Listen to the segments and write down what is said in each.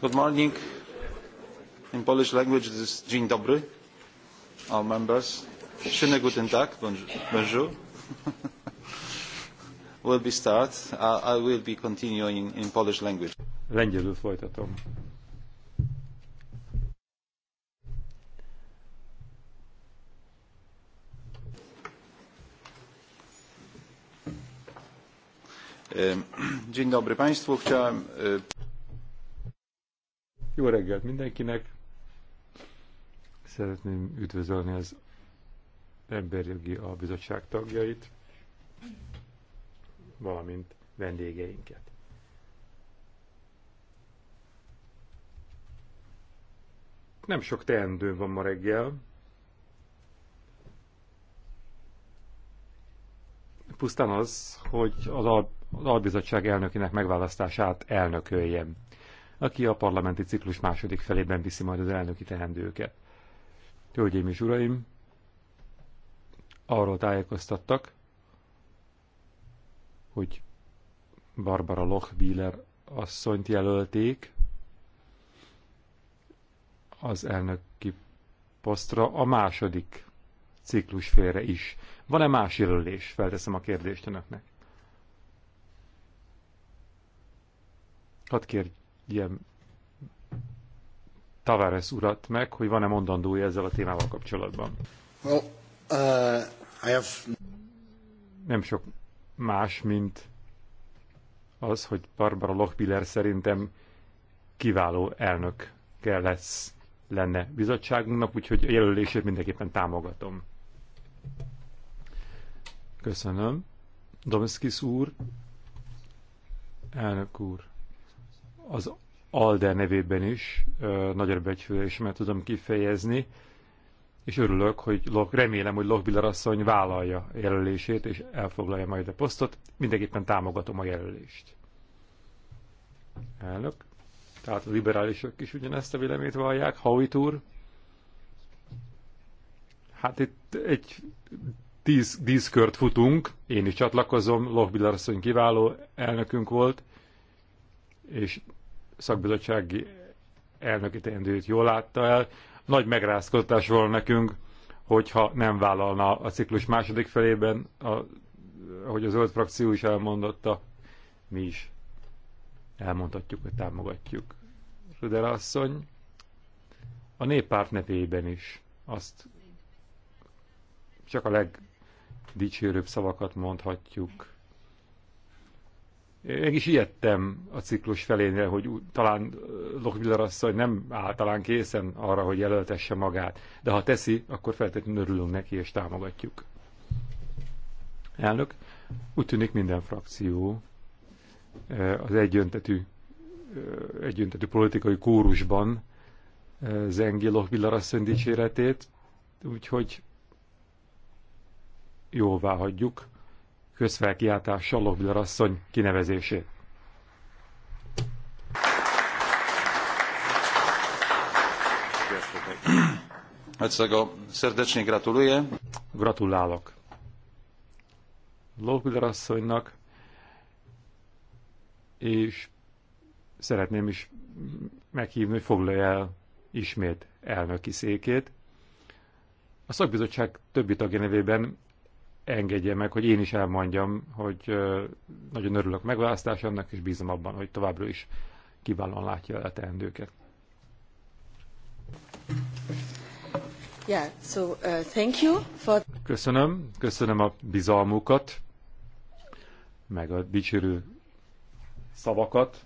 Good morning. In Polish language this is dzień dobry. All members. Schönen guten Tag. Bonjour. will be start. I will be continuing in Polish language. Lengyelül folytatom. Dzień dobry Państwu. Chciałem e, jó reggelt mindenkinek! Szeretném üdvözölni az Emberjogi bizottság tagjait, valamint vendégeinket. Nem sok teendőm van ma reggel. Pusztán az, hogy az, az albizottság elnökének megválasztását elnököljem aki a parlamenti ciklus második felében viszi majd az elnöki teendőket. Hölgyeim és uraim, arról tájékoztattak, hogy Barbara Lochbieler asszonyt jelölték az elnöki posztra a második ciklus félre is. Van-e más jelölés? Felteszem a kérdést önöknek. Hadd kérj ilyen Tavares urat meg, hogy van-e mondandója ezzel a témával kapcsolatban. Well, uh, I have... Nem sok más, mint az, hogy Barbara Lochbiller szerintem kiváló elnök kell lesz lenne bizottságunknak, úgyhogy a jelölését mindenképpen támogatom. Köszönöm. Domszkis úr, elnök úr, az Alde nevében is nagyobb becsülésemet tudom kifejezni, és örülök, hogy remélem, hogy Lokbiller asszony vállalja jelölését, és elfoglalja majd a posztot. Mindenképpen támogatom a jelölést. Elnök. Tehát a liberálisok is ugyanezt a véleményt vallják. Howitt úr. Hát itt egy tíz, díszkört futunk. Én is csatlakozom. Lokbiller asszony kiváló elnökünk volt, és szakbizottsági elnöki teendőt jól látta el. Nagy megrázkodás volt nekünk, hogyha nem vállalna a ciklus második felében, a, ahogy az zöld frakció is elmondotta, mi is elmondhatjuk, hogy támogatjuk. Rüder asszony a néppárt nevében is azt csak a legdicsérőbb szavakat mondhatjuk meg is ijedtem a ciklus felénél, hogy talán Lochmiller asszony nem áll talán készen arra, hogy jelöltesse magát. De ha teszi, akkor feltétlenül örülünk neki és támogatjuk. Elnök, úgy tűnik minden frakció az egyöntetű, egyöntetű politikai kórusban zengi Lochmiller asszony dicséretét, úgyhogy jóvá hagyjuk közfelkiáltás Lohbiller asszony kinevezését. Egyszerűen szerdecsnyi gratuluję. Gratulálok. Lohbiller asszonynak, és szeretném is meghívni, hogy foglalja el ismét elnöki székét. A szakbizottság többi tagja nevében engedje meg, hogy én is elmondjam, hogy nagyon örülök megválasztásomnak, és bízom abban, hogy továbbra is kiválóan látja a teendőket. Yeah, so, uh, thank you for... Köszönöm, köszönöm a bizalmukat, meg a dicsérő szavakat,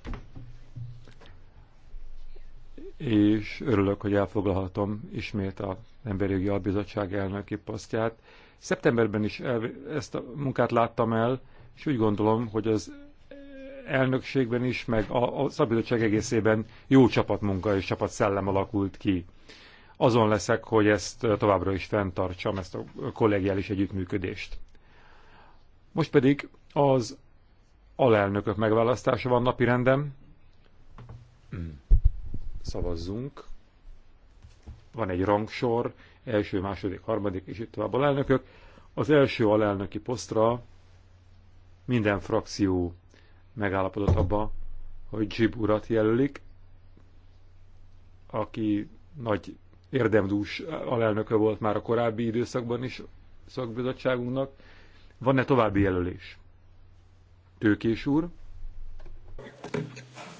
és örülök, hogy elfoglalhatom ismét az Emberi Jogi Albizottság elnöki posztját. Szeptemberben is el, ezt a munkát láttam el, és úgy gondolom, hogy az elnökségben is, meg a, a szabadság egészében jó csapatmunka és szellem alakult ki. Azon leszek, hogy ezt továbbra is fenntartsam, ezt a kollegiális együttműködést. Most pedig az alelnökök megválasztása van rendem. Szavazzunk. Van egy rangsor, első, második, harmadik és itt tovább alelnökök. Az első alelnöki posztra minden frakció megállapodott abba, hogy Jib urat jelölik, aki nagy érdemdús alelnöke volt már a korábbi időszakban is szakbizottságunknak. Van-e további jelölés? Tőkés úr?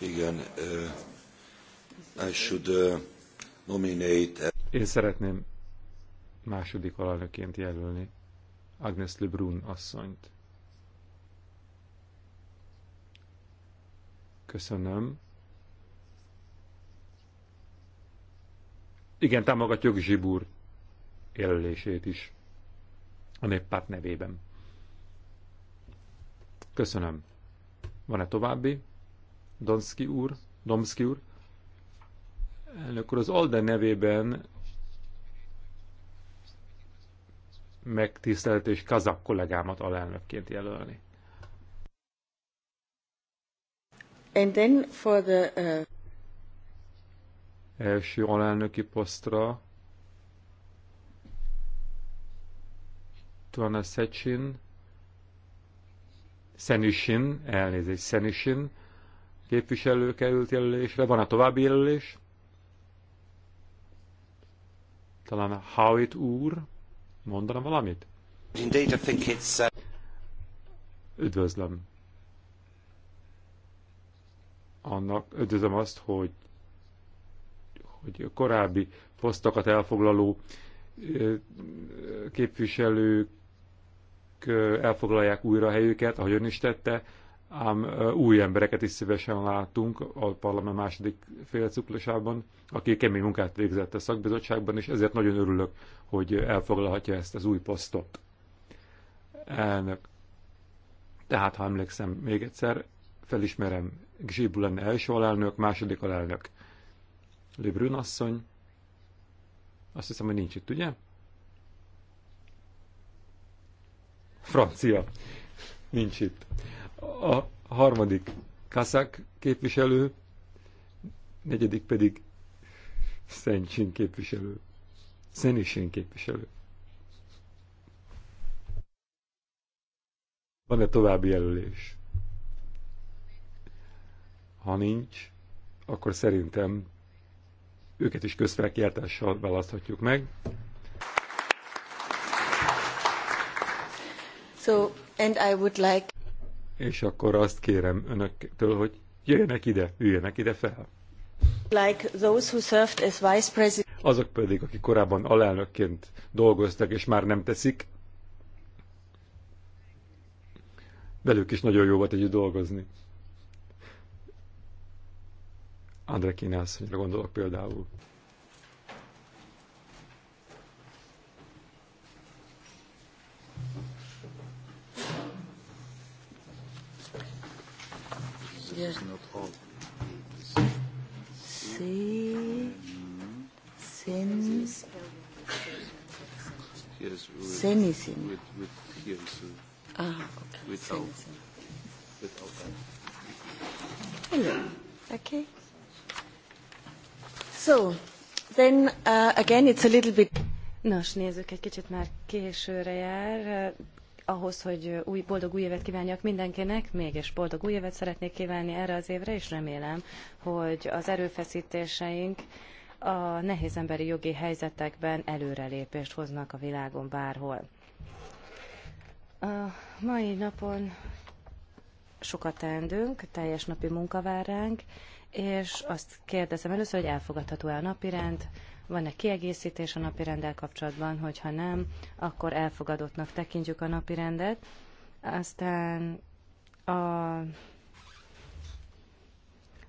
Igen, uh, I should uh, nominate... Én szeretném második alelnöként jelölni Agnes Lebrun asszonyt. Köszönöm. Igen, támogatjuk Zsibur jelölését is a néppárt nevében. Köszönöm. Van-e további? Donski úr? Domski úr? Elnök úr, az Alde nevében és kazak kollégámat alelnökként jelölni. And then for the, uh... Első alelnöki posztra Tuana Szecsin, Szenisin, elnézést, Szenisin képviselő került jelölésre. Van a további jelölés? Talán a Howitt úr. Mondanom valamit? Indeed, I think it's, uh, Üdvözlöm. Annak üdvözlöm azt, hogy, hogy korábbi posztokat elfoglaló képviselők elfoglalják újra helyüket, ahogy ön is tette, ám új embereket is szívesen látunk a parlament második félciklusában, aki kemény munkát végzett a szakbizottságban, és ezért nagyon örülök, hogy elfoglalhatja ezt az új posztot. Elnök. Tehát, ha emlékszem még egyszer, felismerem Gzsibú lenne első alelnök, második alelnök. Lébrün asszony. Azt hiszem, hogy nincs itt, ugye? Francia. Nincs itt a harmadik Kaszák képviselő, negyedik pedig Szentsin képviselő. Szenisén képviselő. Van-e további jelölés? Ha nincs, akkor szerintem őket is közfelkiáltással választhatjuk meg. So, and I would like és akkor azt kérem önöktől, hogy jöjjenek ide, üljenek ide fel. Like those who served as vice president. Azok pedig, akik korábban alelnökként dolgoztak, és már nem teszik, velük is nagyon jó volt együtt dolgozni. André Kínászonyra gondolok például. yeah. not all. sin, yes, with, senisin. With, with here, so ah, okay. without, without. Hello. Okay. So, then uh, again, it's a little bit. Nos, nézzük, egy kicsit már későre jár ahhoz, hogy új, boldog új évet kívánjak mindenkinek, mégis boldog új évet szeretnék kívánni erre az évre, és remélem, hogy az erőfeszítéseink a nehéz emberi jogi helyzetekben előrelépést hoznak a világon bárhol. A mai napon sokat teendünk, teljes napi munka vár ránk, és azt kérdezem először, hogy elfogadható-e a napirend, van-e kiegészítés a rendel kapcsolatban? Hogyha nem, akkor elfogadottnak tekintjük a napirendet. Aztán a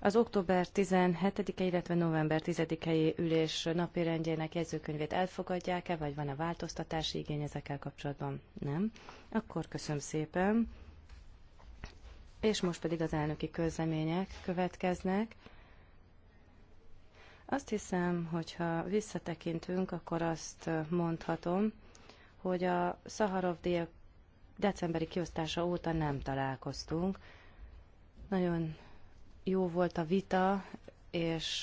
az október 17-e, illetve november 10-i ülés napirendjének jegyzőkönyvét elfogadják-e, vagy van-e változtatási igény ezekkel kapcsolatban? Nem. Akkor köszönöm szépen. És most pedig az elnöki közlemények következnek. Azt hiszem, hogyha visszatekintünk, akkor azt mondhatom, hogy a Szaharov dél decemberi kiosztása óta nem találkoztunk. Nagyon jó volt a vita, és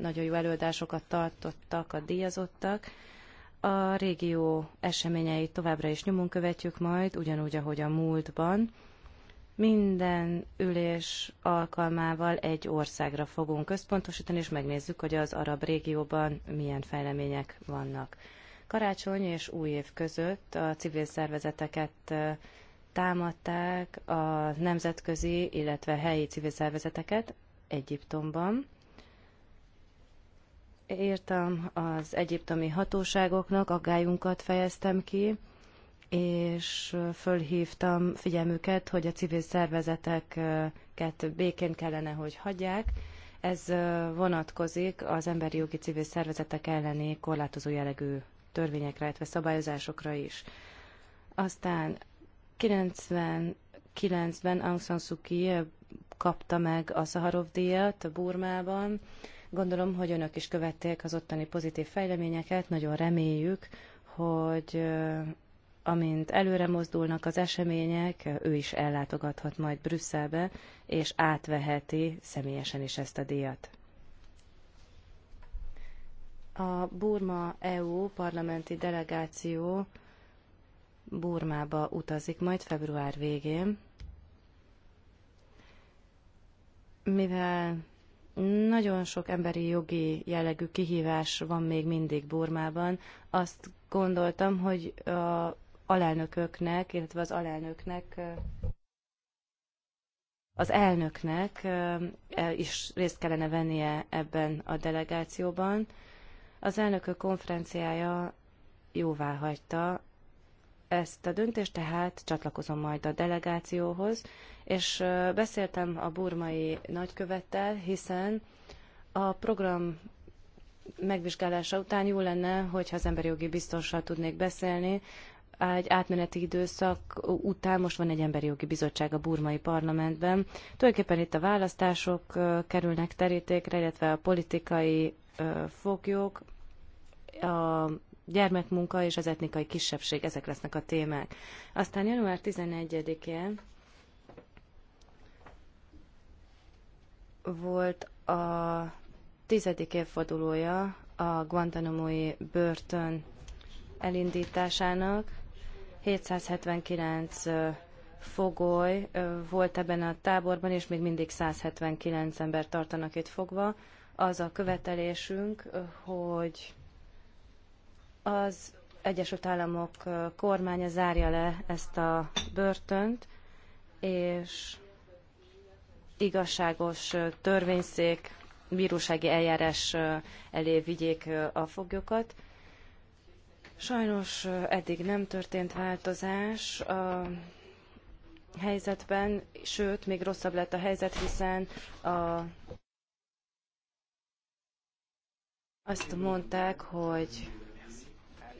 nagyon jó előadásokat tartottak a díjazottak. A régió eseményeit továbbra is nyomon követjük majd, ugyanúgy, ahogy a múltban. Minden ülés alkalmával egy országra fogunk központosítani, és megnézzük, hogy az arab régióban milyen fejlemények vannak. Karácsony és új év között a civil szervezeteket támadták a nemzetközi, illetve helyi civil szervezeteket Egyiptomban. értem az egyiptomi hatóságoknak, aggályunkat fejeztem ki, és fölhívtam figyelmüket, hogy a civil szervezeteket békén kellene, hogy hagyják. Ez vonatkozik az emberi jogi civil szervezetek elleni korlátozó jellegű törvényekre, illetve szabályozásokra is. Aztán 99-ben Aung San Suu Kyi kapta meg a Szaharov díjat Burmában. Gondolom, hogy önök is követték az ottani pozitív fejleményeket. Nagyon reméljük, hogy amint előre mozdulnak az események, ő is ellátogathat majd Brüsszelbe, és átveheti személyesen is ezt a díjat. A Burma EU parlamenti delegáció Burmába utazik majd február végén, mivel nagyon sok emberi jogi jellegű kihívás van még mindig Burmában, azt gondoltam, hogy a alelnököknek, illetve az alelnöknek, az elnöknek e, is részt kellene vennie ebben a delegációban. Az elnökök konferenciája jóvá hagyta ezt a döntést, tehát csatlakozom majd a delegációhoz, és beszéltem a burmai nagykövettel, hiszen a program megvizsgálása után jó lenne, hogyha az emberi jogi biztossal tudnék beszélni egy átmeneti időszak után most van egy emberi jogi bizottság a burmai parlamentben. Tulajdonképpen itt a választások kerülnek terítékre, illetve a politikai foglyok, a gyermekmunka és az etnikai kisebbség, ezek lesznek a témák. Aztán január 11-én volt a tizedik évfordulója a Guantanamo-i börtön elindításának. 779 fogoly volt ebben a táborban, és még mindig 179 ember tartanak itt fogva. Az a követelésünk, hogy az Egyesült Államok kormánya zárja le ezt a börtönt, és igazságos törvényszék bírósági eljárás elé vigyék a foglyokat. Sajnos eddig nem történt változás a helyzetben, sőt, még rosszabb lett a helyzet, hiszen a azt mondták, hogy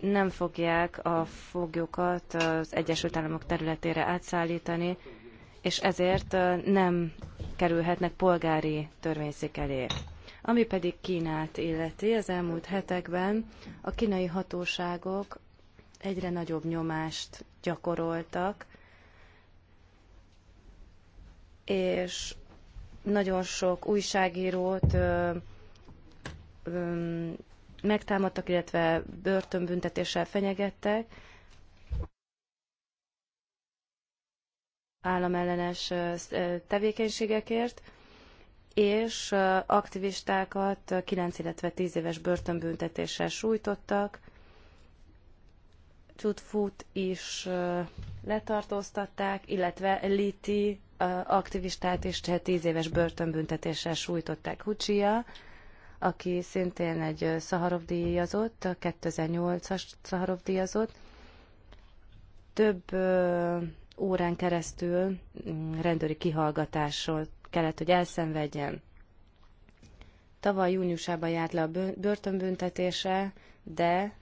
nem fogják a foglyokat az Egyesült Államok területére átszállítani, és ezért nem kerülhetnek polgári törvényszék elé. Ami pedig Kínát illeti, az elmúlt hetekben a kínai hatóságok egyre nagyobb nyomást gyakoroltak, és nagyon sok újságírót ö, ö, megtámadtak, illetve börtönbüntetéssel fenyegettek. államellenes tevékenységekért és aktivistákat 9, illetve 10 éves börtönbüntetéssel sújtottak. Csutfut is letartóztatták, illetve Liti aktivistát is 10 éves börtönbüntetéssel sújtották Hucsia, aki szintén egy Szaharov díjazott, 2008-as Szaharov díjazott. Több órán keresztül mm, rendőri kihallgatáson kellett, hogy elszenvedjen. Tavaly júniusában járt le a börtönbüntetése, de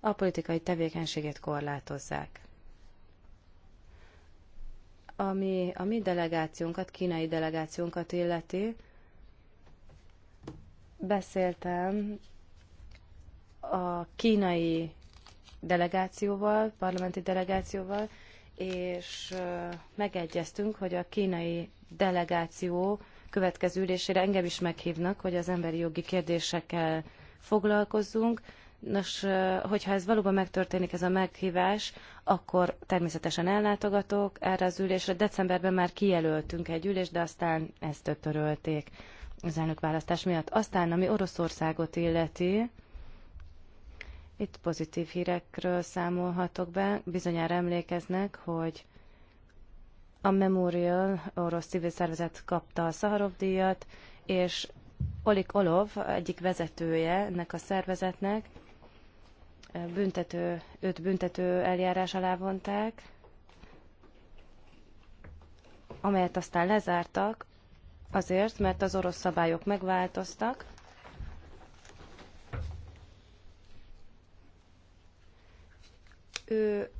a politikai tevékenységét korlátozzák. Ami a mi delegációnkat, kínai delegációnkat illeti, beszéltem a kínai delegációval, parlamenti delegációval, és megegyeztünk, hogy a kínai delegáció következő ülésére engem is meghívnak, hogy az emberi jogi kérdésekkel foglalkozzunk. Nos, hogyha ez valóban megtörténik, ez a meghívás, akkor természetesen ellátogatok erre az ülésre. Decemberben már kijelöltünk egy ülést, de aztán ezt törölték az elnökválasztás miatt. Aztán, ami Oroszországot illeti, itt pozitív hírekről számolhatok be. Bizonyára emlékeznek, hogy a Memorial orosz civil szervezet kapta a Szaharov díjat, és Olik Olov, egyik vezetője ennek a szervezetnek, büntető, őt büntető eljárás alá vonták, amelyet aztán lezártak, azért, mert az orosz szabályok megváltoztak, Ő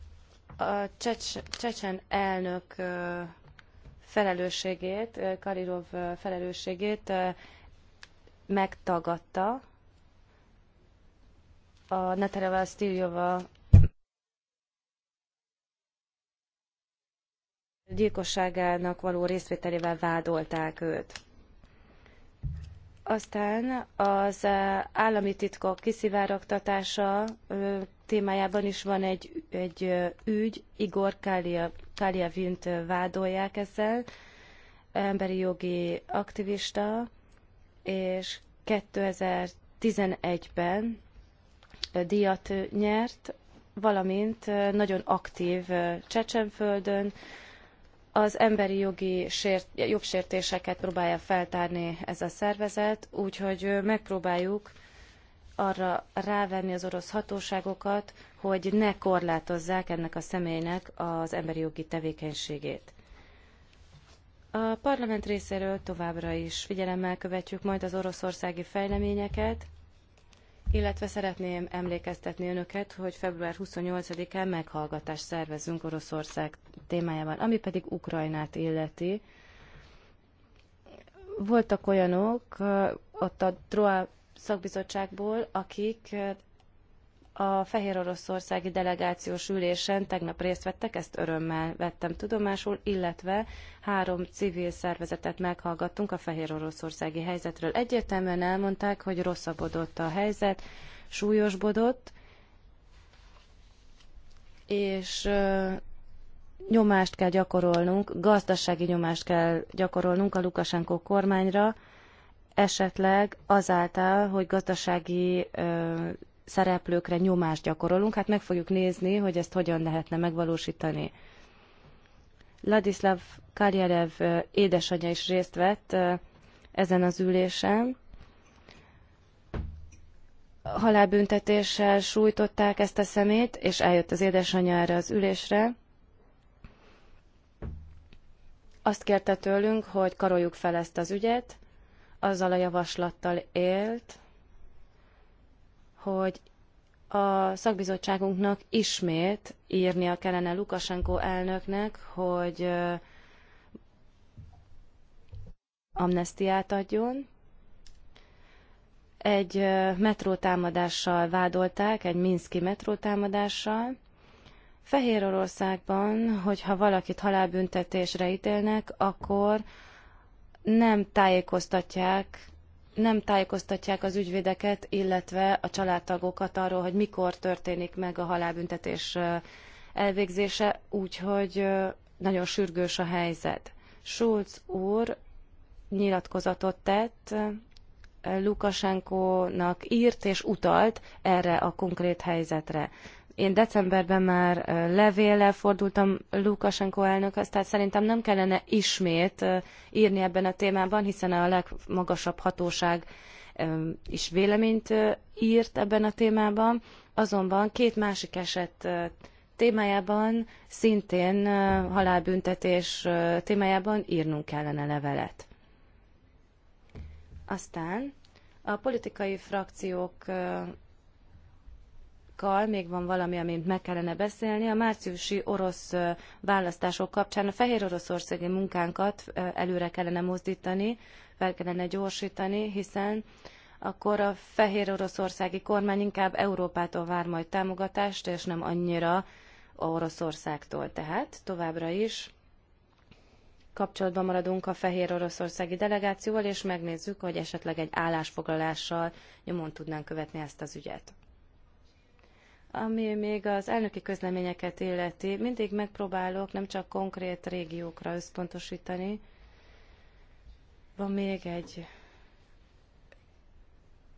a csecs, csecsen elnök felelősségét, Karirov felelősségét megtagadta a Netereva Stiljova gyilkosságának való részvételével vádolták őt. Aztán az állami titkok kiszivárogtatása témájában is van egy, egy ügy, Igor Kália, Kália Vint vádolják ezzel, emberi jogi aktivista, és 2011-ben díjat nyert, valamint nagyon aktív Csecsenföldön, az emberi jogi sért, jogsértéseket próbálja feltárni ez a szervezet, úgyhogy megpróbáljuk arra rávenni az orosz hatóságokat, hogy ne korlátozzák ennek a személynek az emberi jogi tevékenységét. A parlament részéről továbbra is figyelemmel követjük majd az oroszországi fejleményeket, illetve szeretném emlékeztetni önöket, hogy február 28-án meghallgatást szervezünk Oroszország témájában, ami pedig Ukrajnát illeti. Voltak olyanok, ott a Troa szakbizottságból, akik eh, a Fehér Oroszországi delegációs ülésen tegnap részt vettek, ezt örömmel vettem tudomásul, illetve három civil szervezetet meghallgattunk a Fehér Oroszországi helyzetről. Egyértelműen elmondták, hogy rosszabbodott a helyzet, súlyosbodott, és eh, nyomást kell gyakorolnunk, gazdasági nyomást kell gyakorolnunk a Lukasenko kormányra, esetleg azáltal, hogy gazdasági szereplőkre nyomást gyakorolunk, hát meg fogjuk nézni, hogy ezt hogyan lehetne megvalósítani. Ladislav Karjerev édesanyja is részt vett ezen az ülésen. Halálbüntetéssel sújtották ezt a szemét, és eljött az édesanyja erre az ülésre. Azt kérte tőlünk, hogy karoljuk fel ezt az ügyet, azzal a javaslattal élt, hogy a szakbizottságunknak ismét írnia kellene Lukasenko elnöknek, hogy amnestiát adjon. Egy metrótámadással vádolták, egy Minszki metrótámadással. Oroszágban, hogyha valakit halálbüntetésre ítélnek, akkor nem tájékoztatják nem tájékoztatják az ügyvédeket, illetve a családtagokat arról, hogy mikor történik meg a halálbüntetés elvégzése, úgyhogy nagyon sürgős a helyzet. Schulz úr nyilatkozatot tett, Lukasenkónak írt és utalt erre a konkrét helyzetre. Én decemberben már levéllel fordultam Lukasenko elnökhez, tehát szerintem nem kellene ismét írni ebben a témában, hiszen a legmagasabb hatóság is véleményt írt ebben a témában. Azonban két másik eset témájában, szintén halálbüntetés témájában írnunk kellene levelet. Aztán a politikai frakciók kollégákkal még van valami, amit meg kellene beszélni. A márciusi orosz választások kapcsán a fehér oroszországi munkánkat előre kellene mozdítani, fel kellene gyorsítani, hiszen akkor a fehér oroszországi kormány inkább Európától vár majd támogatást, és nem annyira Oroszországtól. Tehát továbbra is kapcsolatban maradunk a fehér oroszországi delegációval, és megnézzük, hogy esetleg egy állásfoglalással nyomon tudnánk követni ezt az ügyet. Ami még az elnöki közleményeket illeti, mindig megpróbálok nem csak konkrét régiókra összpontosítani. Van még egy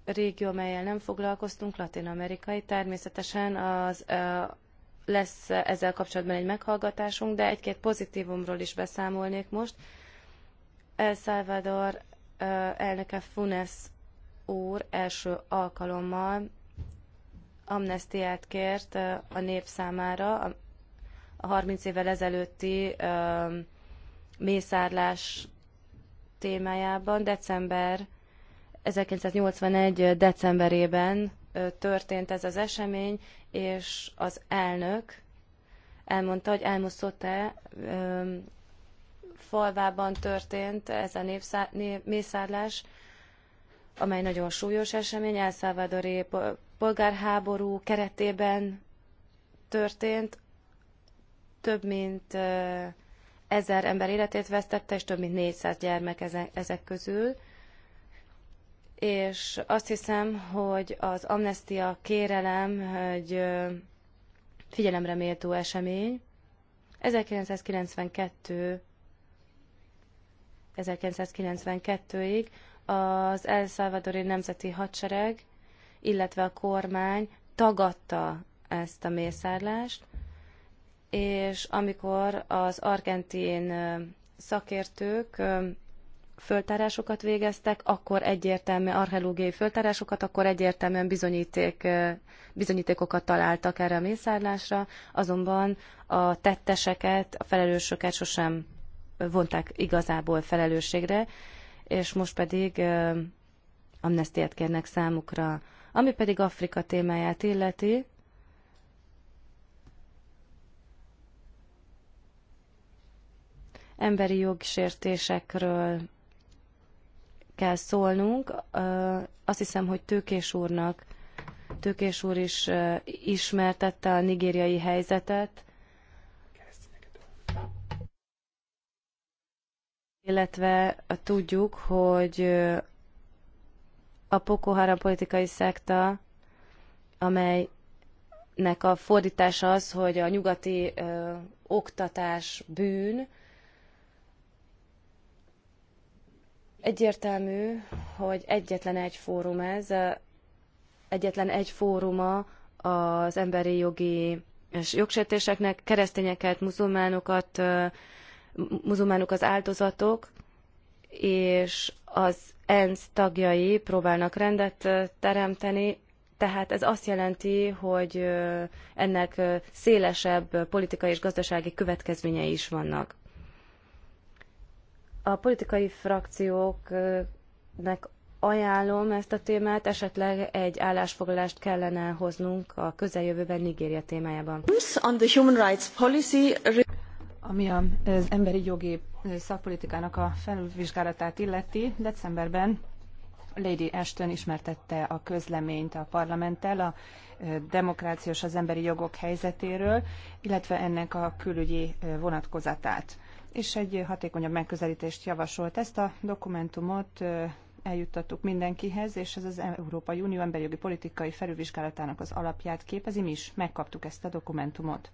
régió, amelyel nem foglalkoztunk, latin-amerikai. Természetesen az, lesz ezzel kapcsolatban egy meghallgatásunk, de egy-két pozitívumról is beszámolnék most. El Salvador elnöke Funes úr első alkalommal amnestiát kért a nép számára a 30 évvel ezelőtti mészárlás témájában. December 1981. decemberében történt ez az esemény, és az elnök elmondta, hogy elmoszott-e falvában történt ez a népszá- né- mészárlás, amely nagyon súlyos esemény, El Salvadori polgárháború keretében történt, több mint ezer ember életét vesztette, és több mint 400 gyermek ezek közül. És azt hiszem, hogy az amnestia kérelem egy figyelemre méltó esemény. 1992 1992-ig az El Salvadori Nemzeti Hadsereg illetve a kormány tagadta ezt a mészárlást, és amikor az argentin szakértők föltárásokat végeztek, akkor egyértelmű archeológiai föltárásokat, akkor egyértelműen bizonyíték, bizonyítékokat találtak erre a mészárlásra, azonban a tetteseket, a felelősöket sosem vonták igazából felelősségre, és most pedig amnestiát kérnek számukra. Ami pedig Afrika témáját illeti, emberi jogsértésekről kell szólnunk. Azt hiszem, hogy Tőkés úrnak, Tőkés úr is ismertette a nigériai helyzetet, illetve tudjuk, hogy a Poko Haram politikai szekta, amelynek a fordítása az, hogy a nyugati ö, oktatás bűn, egyértelmű, hogy egyetlen egy fórum ez, egyetlen egy fóruma az emberi jogi és jogsértéseknek, keresztényeket, muzulmánokat, muzulmánok az áldozatok, és az ENSZ tagjai próbálnak rendet teremteni, tehát ez azt jelenti, hogy ennek szélesebb politikai és gazdasági következményei is vannak. A politikai frakcióknak ajánlom ezt a témát, esetleg egy állásfoglalást kellene hoznunk a közeljövőben Nigéria témájában. Ami az emberi jogi szakpolitikának a felülvizsgálatát illeti, decemberben Lady Ashton ismertette a közleményt a parlamenttel a demokrácia és az emberi jogok helyzetéről, illetve ennek a külügyi vonatkozatát. És egy hatékonyabb megközelítést javasolt. Ezt a dokumentumot eljuttattuk mindenkihez, és ez az Európai Unió emberi jogi politikai felülvizsgálatának az alapját képezi, mi is megkaptuk ezt a dokumentumot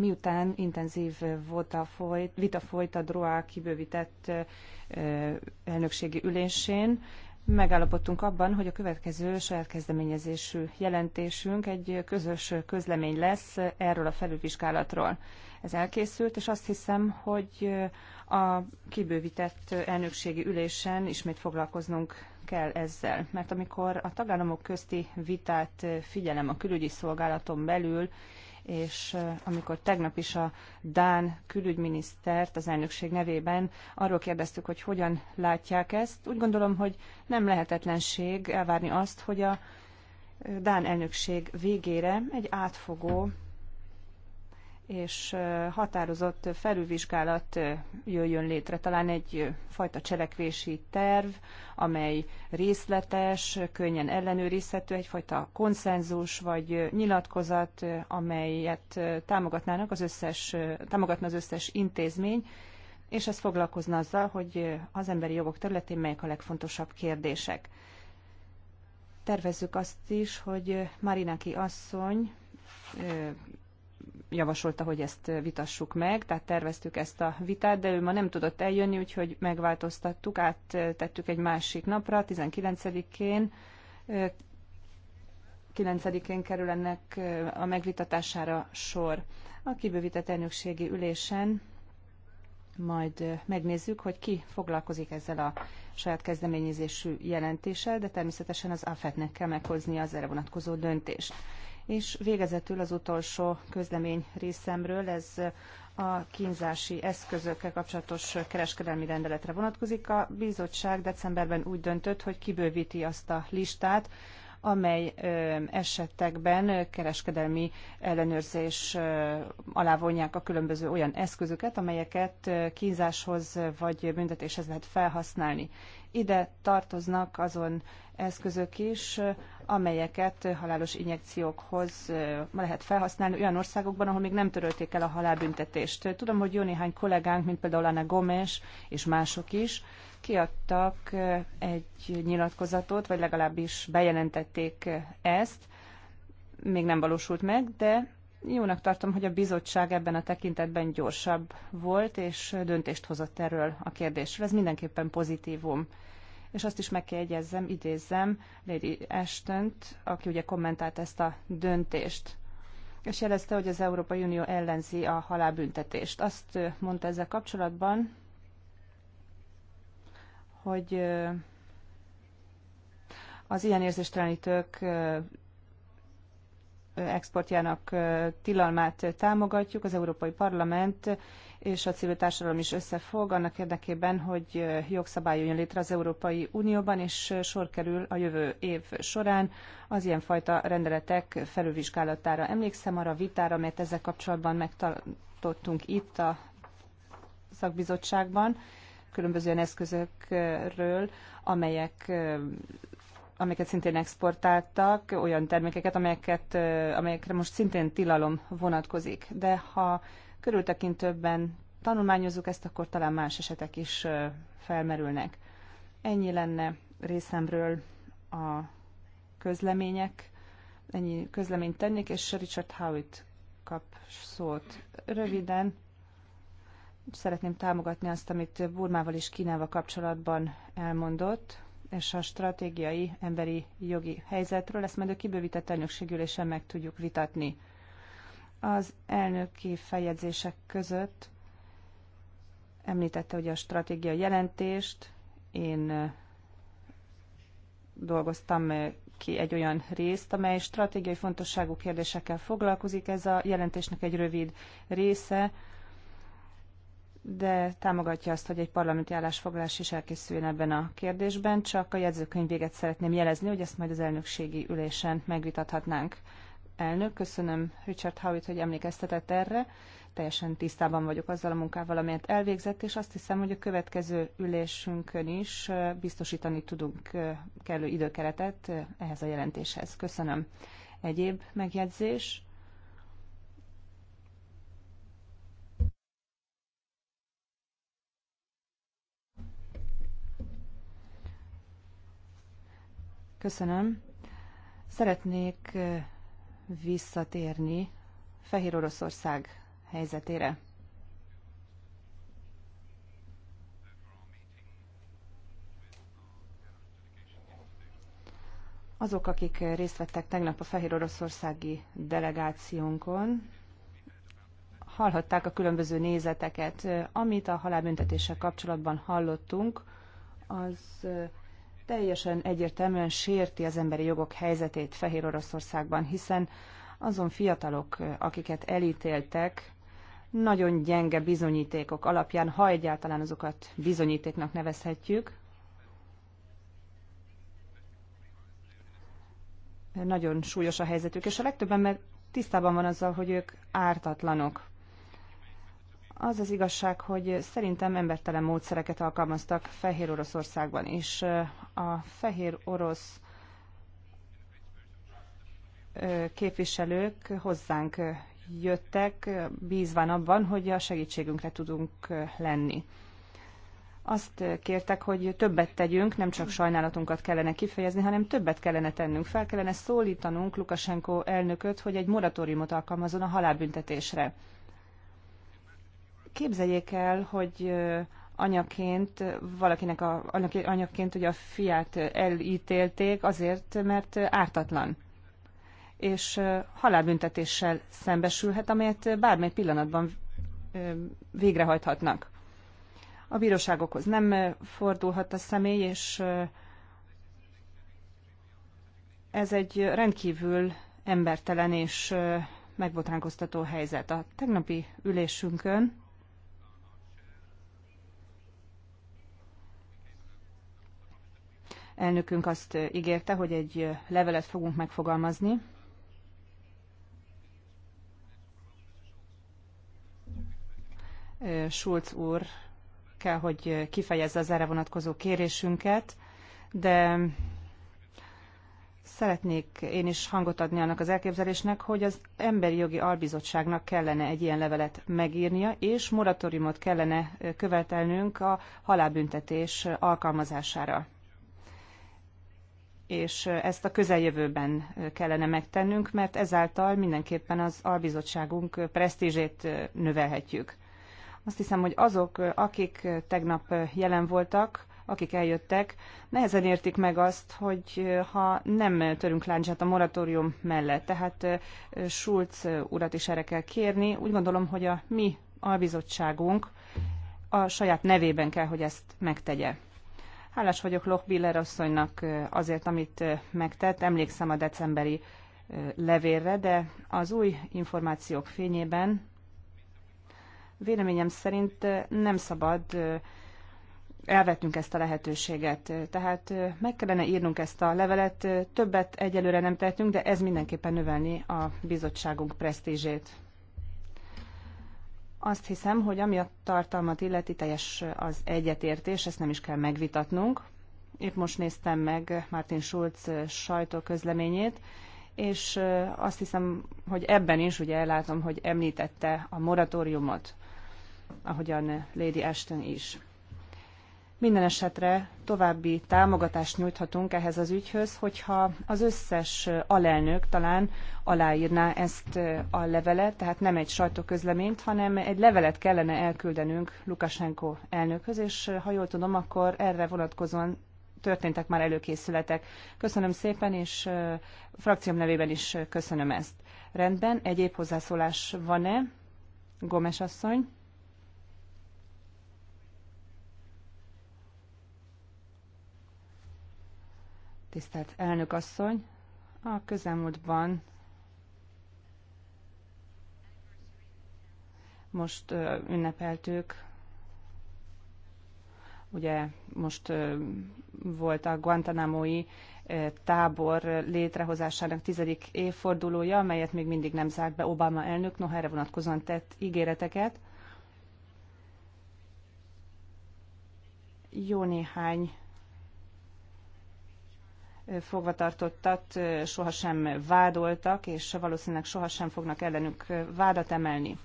miután intenzív a folyt, vita folyt a DROA kibővített elnökségi ülésén, megállapodtunk abban, hogy a következő saját kezdeményezésű jelentésünk egy közös közlemény lesz erről a felülvizsgálatról. Ez elkészült, és azt hiszem, hogy a kibővített elnökségi ülésen ismét foglalkoznunk kell ezzel. Mert amikor a tagállamok közti vitát figyelem a külügyi szolgálaton belül, és amikor tegnap is a Dán külügyminisztert az elnökség nevében arról kérdeztük, hogy hogyan látják ezt, úgy gondolom, hogy nem lehetetlenség elvárni azt, hogy a Dán elnökség végére egy átfogó és határozott felülvizsgálat jöjjön létre. Talán egy fajta cselekvési terv, amely részletes, könnyen ellenőrizhető, egyfajta konszenzus vagy nyilatkozat, amelyet támogatnának az összes, támogatna az összes intézmény, és ez foglalkozna azzal, hogy az emberi jogok területén melyek a legfontosabb kérdések. Tervezzük azt is, hogy Marinaki asszony javasolta, hogy ezt vitassuk meg, tehát terveztük ezt a vitát, de ő ma nem tudott eljönni, úgyhogy megváltoztattuk, áttettük egy másik napra, 19-én, 9-én kerül ennek eh, a megvitatására sor. A kibővített elnökségi ülésen majd eh, megnézzük, hogy ki foglalkozik ezzel a saját kezdeményezésű jelentéssel, de természetesen az AFET-nek kell meghozni az erre vonatkozó döntést. És végezetül az utolsó közlemény részemről, ez a kínzási eszközökkel kapcsolatos kereskedelmi rendeletre vonatkozik. A bizottság decemberben úgy döntött, hogy kibővíti azt a listát, amely esetekben kereskedelmi ellenőrzés alá vonják a különböző olyan eszközöket, amelyeket kínzáshoz vagy büntetéshez lehet felhasználni. Ide tartoznak azon eszközök is, amelyeket halálos injekciókhoz lehet felhasználni olyan országokban, ahol még nem törölték el a halálbüntetést. Tudom, hogy jó néhány kollégánk, mint például Anna Gomes és mások is, kiadtak egy nyilatkozatot, vagy legalábbis bejelentették ezt. Még nem valósult meg, de jónak tartom, hogy a bizottság ebben a tekintetben gyorsabb volt, és döntést hozott erről a kérdésről. Ez mindenképpen pozitívum. És azt is meg kell idézzem Lady ashton aki ugye kommentált ezt a döntést és jelezte, hogy az Európai Unió ellenzi a halálbüntetést. Azt mondta ezzel kapcsolatban, hogy az ilyen érzéstelenítők exportjának tilalmát támogatjuk, az Európai Parlament és a civil társadalom is összefog annak érdekében, hogy jogszabály jön létre az Európai Unióban, és sor kerül a jövő év során az ilyenfajta rendeletek felülvizsgálatára. Emlékszem arra a vitára, amelyet ezzel kapcsolatban megtartottunk itt a szakbizottságban, különböző olyan eszközökről, amelyek amiket szintén exportáltak, olyan termékeket, amelyeket, amelyekre most szintén tilalom vonatkozik. De ha körültekintőbben tanulmányozzuk ezt, akkor talán más esetek is felmerülnek. Ennyi lenne részemről a közlemények. Ennyi közleményt tennék, és Richard Howitt kap szót. Röviden, szeretném támogatni azt, amit Burmával és Kínával kapcsolatban elmondott, és a stratégiai emberi jogi helyzetről, ezt majd a kibővített elnökségülésen meg tudjuk vitatni. Az elnöki feljegyzések között említette, hogy a stratégia jelentést én dolgoztam ki egy olyan részt, amely stratégiai fontosságú kérdésekkel foglalkozik. Ez a jelentésnek egy rövid része, de támogatja azt, hogy egy parlamenti állásfoglalás is elkészüljön ebben a kérdésben, csak a jegyzőkönyvéget szeretném jelezni, hogy ezt majd az elnökségi ülésen megvitathatnánk. Elnök, köszönöm Richard Howitt, hogy emlékeztetett erre. Teljesen tisztában vagyok azzal a munkával, amelyet elvégzett, és azt hiszem, hogy a következő ülésünkön is biztosítani tudunk kellő időkeretet ehhez a jelentéshez. Köszönöm. Egyéb megjegyzés? Köszönöm. Szeretnék visszatérni Fehér Oroszország helyzetére. Azok, akik részt vettek tegnap a Fehér Oroszországi delegációnkon, hallhatták a különböző nézeteket. Amit a halálbüntetéssel kapcsolatban hallottunk, az teljesen egyértelműen sérti az emberi jogok helyzetét Fehér Oroszországban, hiszen azon fiatalok, akiket elítéltek, nagyon gyenge bizonyítékok alapján, ha egyáltalán azokat bizonyítéknak nevezhetjük, nagyon súlyos a helyzetük, és a legtöbben, ember tisztában van azzal, hogy ők ártatlanok. Az az igazság, hogy szerintem embertelen módszereket alkalmaztak Fehér Oroszországban is. A Fehér Orosz képviselők hozzánk jöttek, bízván abban, hogy a segítségünkre tudunk lenni. Azt kértek, hogy többet tegyünk, nem csak sajnálatunkat kellene kifejezni, hanem többet kellene tennünk. Fel kellene szólítanunk Lukasenko elnököt, hogy egy moratóriumot alkalmazon a halálbüntetésre. Képzeljék el, hogy anyaként, valakinek a, anyaként ugye a fiát elítélték azért, mert ártatlan és halálbüntetéssel szembesülhet, amelyet bármely pillanatban végrehajthatnak. A bíróságokhoz nem fordulhat a személy, és ez egy rendkívül embertelen és megbotránkoztató helyzet. A tegnapi ülésünkön elnökünk azt ígérte, hogy egy levelet fogunk megfogalmazni. Schulz úr kell, hogy kifejezze az erre vonatkozó kérésünket, de szeretnék én is hangot adni annak az elképzelésnek, hogy az Emberi Jogi Albizottságnak kellene egy ilyen levelet megírnia, és moratóriumot kellene követelnünk a halálbüntetés alkalmazására és ezt a közeljövőben kellene megtennünk, mert ezáltal mindenképpen az albizottságunk presztízsét növelhetjük. Azt hiszem, hogy azok, akik tegnap jelen voltak, akik eljöttek, nehezen értik meg azt, hogy ha nem törünk láncsát a moratórium mellett, tehát Schulz urat is erre kell kérni, úgy gondolom, hogy a mi albizottságunk a saját nevében kell, hogy ezt megtegye. Hálás vagyok Loch Biller asszonynak azért, amit megtett. Emlékszem a decemberi levélre, de az új információk fényében véleményem szerint nem szabad elvetnünk ezt a lehetőséget. Tehát meg kellene írnunk ezt a levelet, többet egyelőre nem tettünk, de ez mindenképpen növelni a bizottságunk presztízsét. Azt hiszem, hogy ami a tartalmat illeti, teljes az egyetértés, ezt nem is kell megvitatnunk. Épp most néztem meg Martin Schulz sajtóközleményét, és azt hiszem, hogy ebben is ugye ellátom, hogy említette a moratóriumot, ahogyan Lady Ashton is. Minden esetre további támogatást nyújthatunk ehhez az ügyhöz, hogyha az összes alelnök talán aláírná ezt a levelet, tehát nem egy sajtóközleményt, hanem egy levelet kellene elküldenünk Lukasenko elnökhöz, és ha jól tudom, akkor erre vonatkozóan történtek már előkészületek. Köszönöm szépen, és frakcióm nevében is köszönöm ezt. Rendben, egyéb hozzászólás van-e? Gomes asszony. Tisztelt elnök asszony, a közelmúltban most ünnepeltük, ugye most volt a Guantanamo-i tábor létrehozásának tizedik évfordulója, amelyet még mindig nem zárt be Obama elnök, noha erre vonatkozóan tett ígéreteket. Jó néhány fogvatartottat sohasem vádoltak, és valószínűleg sohasem fognak ellenük vádat emelni.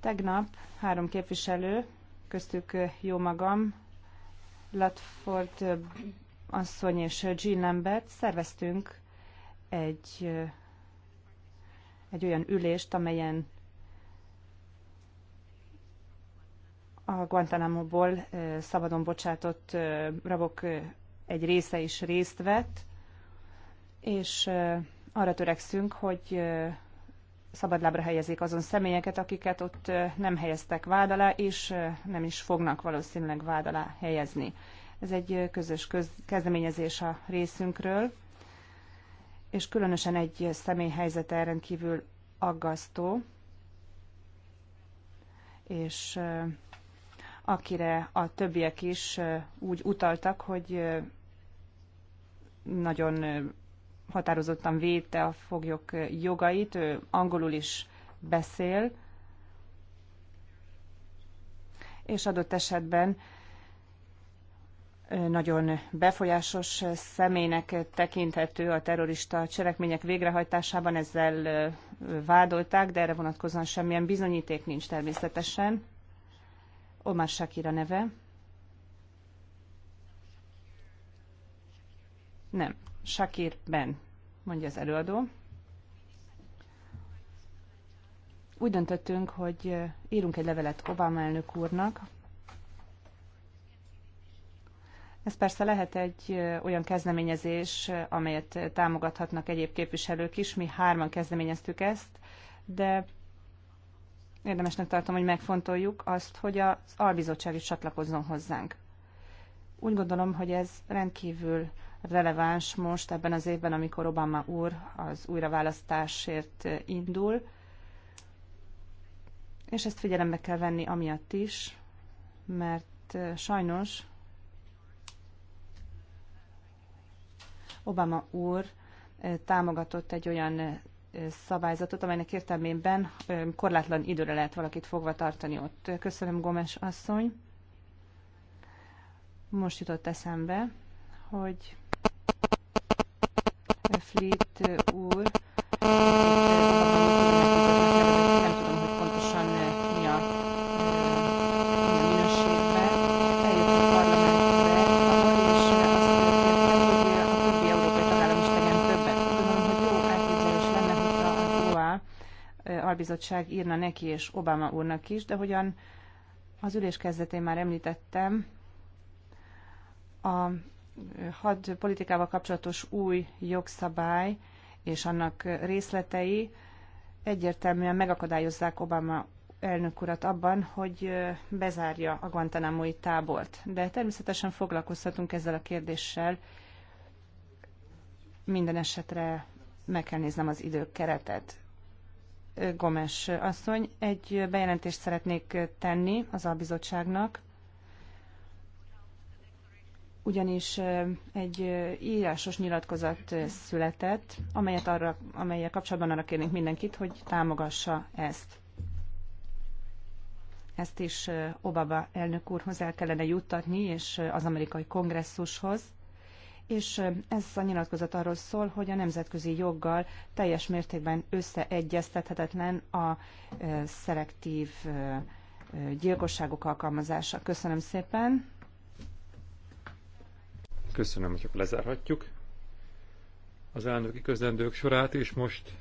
Tegnap három képviselő, köztük jó magam, Latford asszony és Jean Lambert szerveztünk egy, egy olyan ülést, amelyen a Guantanamo-ból szabadon bocsátott rabok egy része is részt vett, és arra törekszünk, hogy szabadlábra helyezik azon személyeket, akiket ott nem helyeztek vád alá, és nem is fognak valószínűleg vád alá helyezni. Ez egy közös köz- kezdeményezés a részünkről, és különösen egy személy helyzete rendkívül aggasztó, és akire a többiek is úgy utaltak, hogy nagyon határozottan védte a foglyok jogait, ő angolul is beszél, és adott esetben nagyon befolyásos személynek tekinthető a terrorista cselekmények végrehajtásában, ezzel vádolták, de erre vonatkozóan semmilyen bizonyíték nincs természetesen. Omar Shakir a neve. Nem, Shakir Ben, mondja az előadó. Úgy döntöttünk, hogy írunk egy levelet Obama elnök úrnak. Ez persze lehet egy olyan kezdeményezés, amelyet támogathatnak egyéb képviselők is. Mi hárman kezdeményeztük ezt, de érdemesnek tartom, hogy megfontoljuk azt, hogy az albizottság is csatlakozzon hozzánk. Úgy gondolom, hogy ez rendkívül releváns most ebben az évben, amikor Obama úr az újraválasztásért indul, és ezt figyelembe kell venni amiatt is, mert eh, sajnos Obama úr eh, támogatott egy olyan eh, szabályzatot, amelynek értelmében korlátlan időre lehet valakit fogva tartani ott. Köszönöm, Gomes asszony. Most jutott eszembe, hogy flit úr bizottság írna neki és Obama úrnak is, de hogyan az ülés kezdetén már említettem, a hadpolitikával kapcsolatos új jogszabály és annak részletei egyértelműen megakadályozzák Obama elnök urat abban, hogy bezárja a Guantanamo-i tábort. De természetesen foglalkozhatunk ezzel a kérdéssel. Minden esetre meg kell néznem az időkeretet. Gomes asszony, egy bejelentést szeretnék tenni az albizottságnak, ugyanis egy írásos nyilatkozat született, amelyet arra, amelyel kapcsolatban arra kérnénk mindenkit, hogy támogassa ezt. Ezt is Obama elnök úrhoz el kellene juttatni, és az amerikai kongresszushoz és ez a nyilatkozat arról szól, hogy a nemzetközi joggal teljes mértékben összeegyeztethetetlen a szelektív gyilkosságok alkalmazása. Köszönöm szépen. Köszönöm, hogy lezárhatjuk az elnöki közlendők sorát, és most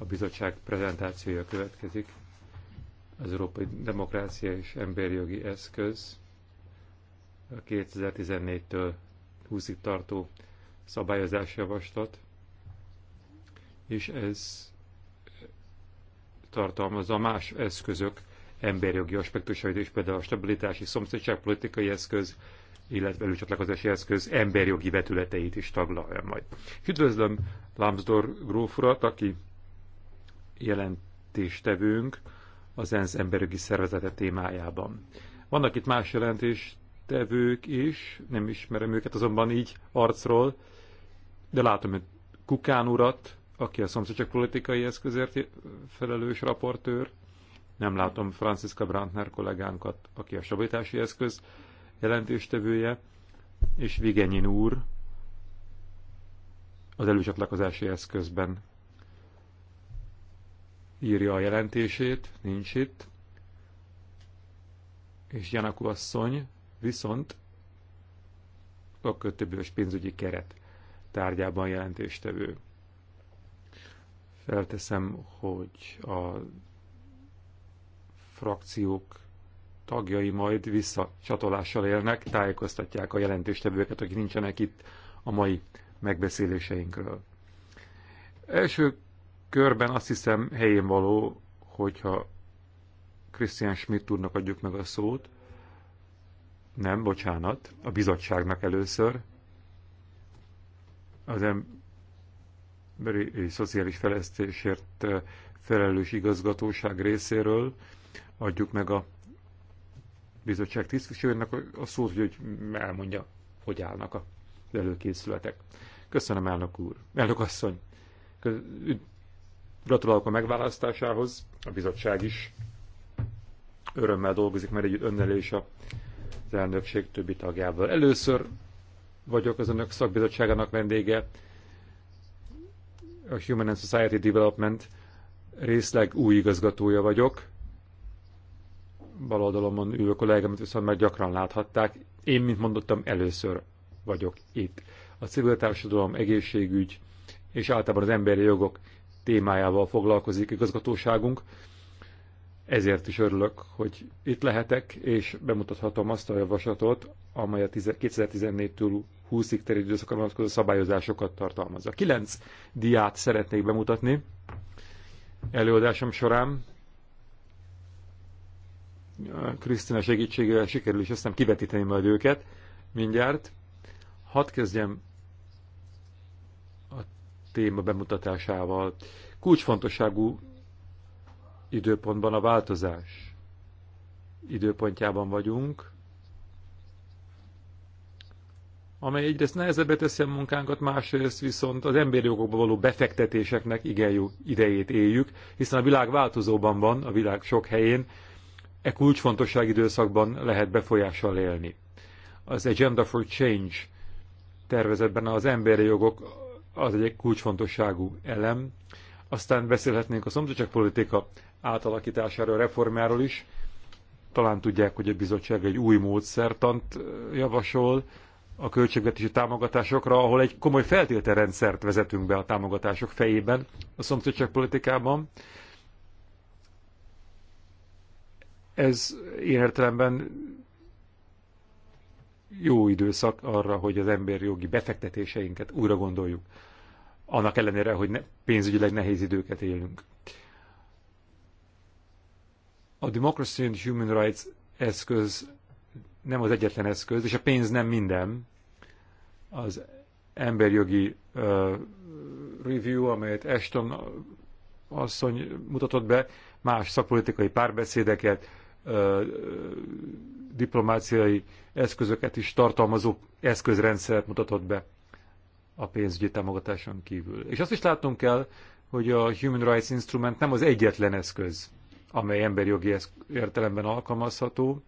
a bizottság prezentációja következik. Az Európai Demokrácia és Emberi Jogi Eszköz 2014-től 20-ig tartó javaslat, és ez tartalmazza más eszközök emberjogi aspektusait is, például a stabilitási szomszédságpolitikai eszköz, illetve előcsatlakozási eszköz emberjogi vetületeit is taglalja majd. Üdvözlöm Lambsdor gróf urat, aki jelentéstevőnk az ENSZ emberjogi szervezete témájában. Vannak itt más jelentés tevők is, nem ismerem őket azonban így arcról, de látom, hogy Kukán urat, aki a szomszédság politikai eszközért felelős raportőr, nem látom Franciska Brandner kollégánkat, aki a stabilitási eszköz jelentéstevője, és Vigenyin úr az előcsatlakozási eszközben írja a jelentését, nincs itt, és Janaku asszony, viszont a kötőbős pénzügyi keret tárgyában jelentéstevő. Felteszem, hogy a frakciók tagjai majd visszacsatolással élnek, tájékoztatják a jelentéstevőket, akik nincsenek itt a mai megbeszéléseinkről. Első körben azt hiszem helyén való, hogyha Christian Schmidt úrnak adjuk meg a szót, nem, bocsánat, a bizottságnak először. Az emberi szociális fejlesztésért felelős igazgatóság részéről adjuk meg a bizottság tisztviselőjének a szót, hogy elmondja, hogy állnak a előkészületek. Köszönöm, elnök úr, elnök asszony. Gratulálok a megválasztásához, a bizottság is örömmel dolgozik, mert együtt önnel és a az elnökség többi tagjával. Először vagyok az önök szakbizottságának vendége, a Human and Society Development részleg új igazgatója vagyok. Bal oldalomon ülő kollégámat viszont már gyakran láthatták. Én, mint mondottam, először vagyok itt. A civil társadalom, egészségügy és általában az emberi jogok témájával foglalkozik igazgatóságunk. Ezért is örülök, hogy itt lehetek, és bemutathatom azt a javaslatot, amely a 2014-től 20-ig terjedő időszakra vonatkozó szabályozásokat tartalmazza. Kilenc diát szeretnék bemutatni előadásom során. Krisztina segítségével sikerül és aztán kivetíteni majd őket mindjárt. Hadd kezdjem a téma bemutatásával. Kulcsfontosságú időpontban a változás időpontjában vagyunk, amely egyrészt nehezebbet teszi a munkánkat, másrészt viszont az emberi jogokba való befektetéseknek igen jó idejét éljük, hiszen a világ változóban van, a világ sok helyén, e kulcsfontosság időszakban lehet befolyással élni. Az Agenda for Change tervezetben az emberi jogok az egy kulcsfontosságú elem, aztán beszélhetnénk a szomszédságpolitika átalakításáról, reformáról is. Talán tudják, hogy a bizottság egy új módszertant javasol a költségvetési támogatásokra, ahol egy komoly feltételrendszert vezetünk be a támogatások fejében a szomszédságpolitikában. Ez én értelemben jó időszak arra, hogy az emberi jogi befektetéseinket újra gondoljuk. Annak ellenére, hogy ne, pénzügyileg nehéz időket élünk a Democracy and Human Rights eszköz nem az egyetlen eszköz, és a pénz nem minden. Az emberjogi uh, review, amelyet Ashton asszony mutatott be, más szakpolitikai párbeszédeket, uh, diplomáciai eszközöket is tartalmazó eszközrendszert mutatott be a pénzügyi támogatáson kívül. És azt is látnunk kell, hogy a Human Rights Instrument nem az egyetlen eszköz amely emberjogi értelemben alkalmazható,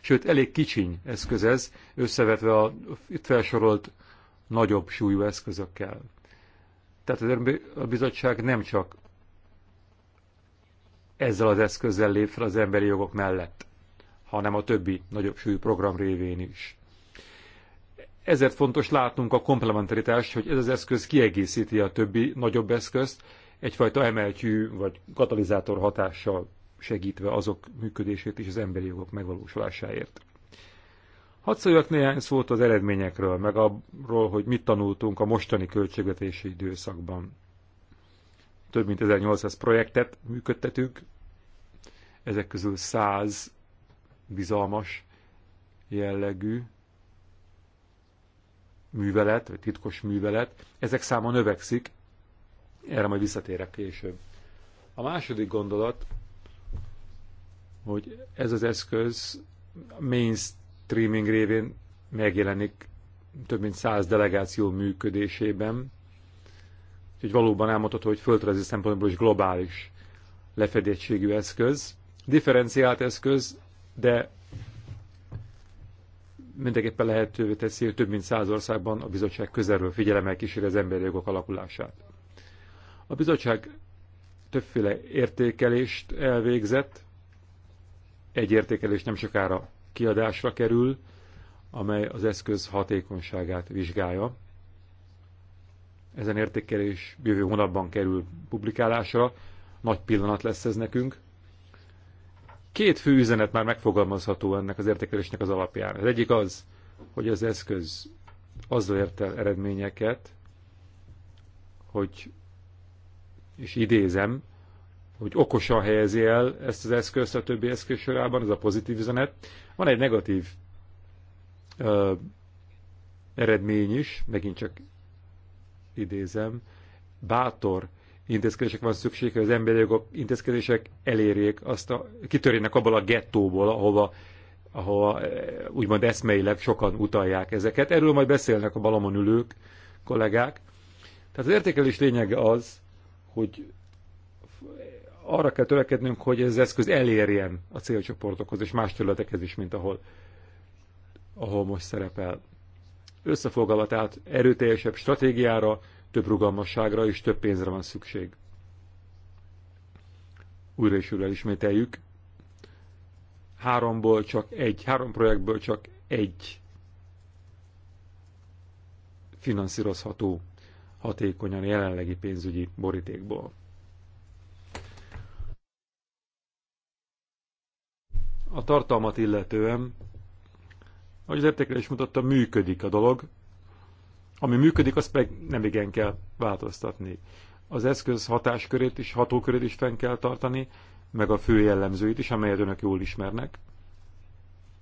sőt elég kicsiny eszköz ez, összevetve a itt felsorolt nagyobb súlyú eszközökkel. Tehát a bizottság nem csak ezzel az eszközzel lép fel az emberi jogok mellett, hanem a többi nagyobb súlyú program révén is. Ezért fontos látnunk a komplementaritást, hogy ez az eszköz kiegészíti a többi nagyobb eszközt, egyfajta emeltyű vagy katalizátor hatással segítve azok működését és az emberi jogok megvalósulásáért. Hadd szóljak néhány szót az eredményekről, meg arról, hogy mit tanultunk a mostani költségvetési időszakban. Több mint 1800 projektet működtetünk, ezek közül 100 bizalmas jellegű művelet, vagy titkos művelet, ezek száma növekszik, erre majd visszatérek később. A második gondolat, hogy ez az eszköz mainstreaming révén megjelenik több mint száz delegáció működésében, úgyhogy valóban elmondható, hogy földrajzi szempontból is globális lefedettségű eszköz, differenciált eszköz, de mindenképpen lehetővé teszi, hogy több mint száz országban a bizottság közelről figyelemmel kíséri az emberi jogok alakulását. A bizottság többféle értékelést elvégzett, egy értékelés nem sokára kiadásra kerül, amely az eszköz hatékonyságát vizsgálja. Ezen értékelés jövő hónapban kerül publikálásra, nagy pillanat lesz ez nekünk. Két fő üzenet már megfogalmazható ennek az értékelésnek az alapján. Az egyik az, hogy az eszköz azzal ért el eredményeket, hogy és idézem, hogy okosan helyezi el ezt az eszközt a többi eszköz sorában, ez a pozitív üzenet. Van egy negatív ö, eredmény is, megint csak idézem, bátor intézkedések van szükség, hogy az emberi jogok intézkedések elérjék azt a, kitörjenek abból a gettóból, ahova, ahova e, úgymond eszmeileg sokan utalják ezeket. Erről majd beszélnek a balamon ülők, kollégák. Tehát az értékelés lényege az, hogy arra kell törekednünk, hogy ez az eszköz elérjen a célcsoportokhoz és más területekhez is, mint ahol, ahol most szerepel. Összefoglalva tehát erőteljesebb stratégiára, több rugalmasságra és több pénzre van szükség. Újra és újra ismételjük. Háromból csak egy, három projektből csak egy finanszírozható hatékonyan jelenlegi pénzügyi borítékból. A tartalmat illetően, ahogy az értékelés mutatta, működik a dolog. Ami működik, azt meg nem igen kell változtatni. Az eszköz hatáskörét is, hatókörét is fenn kell tartani, meg a fő jellemzőit is, amelyet önök jól ismernek.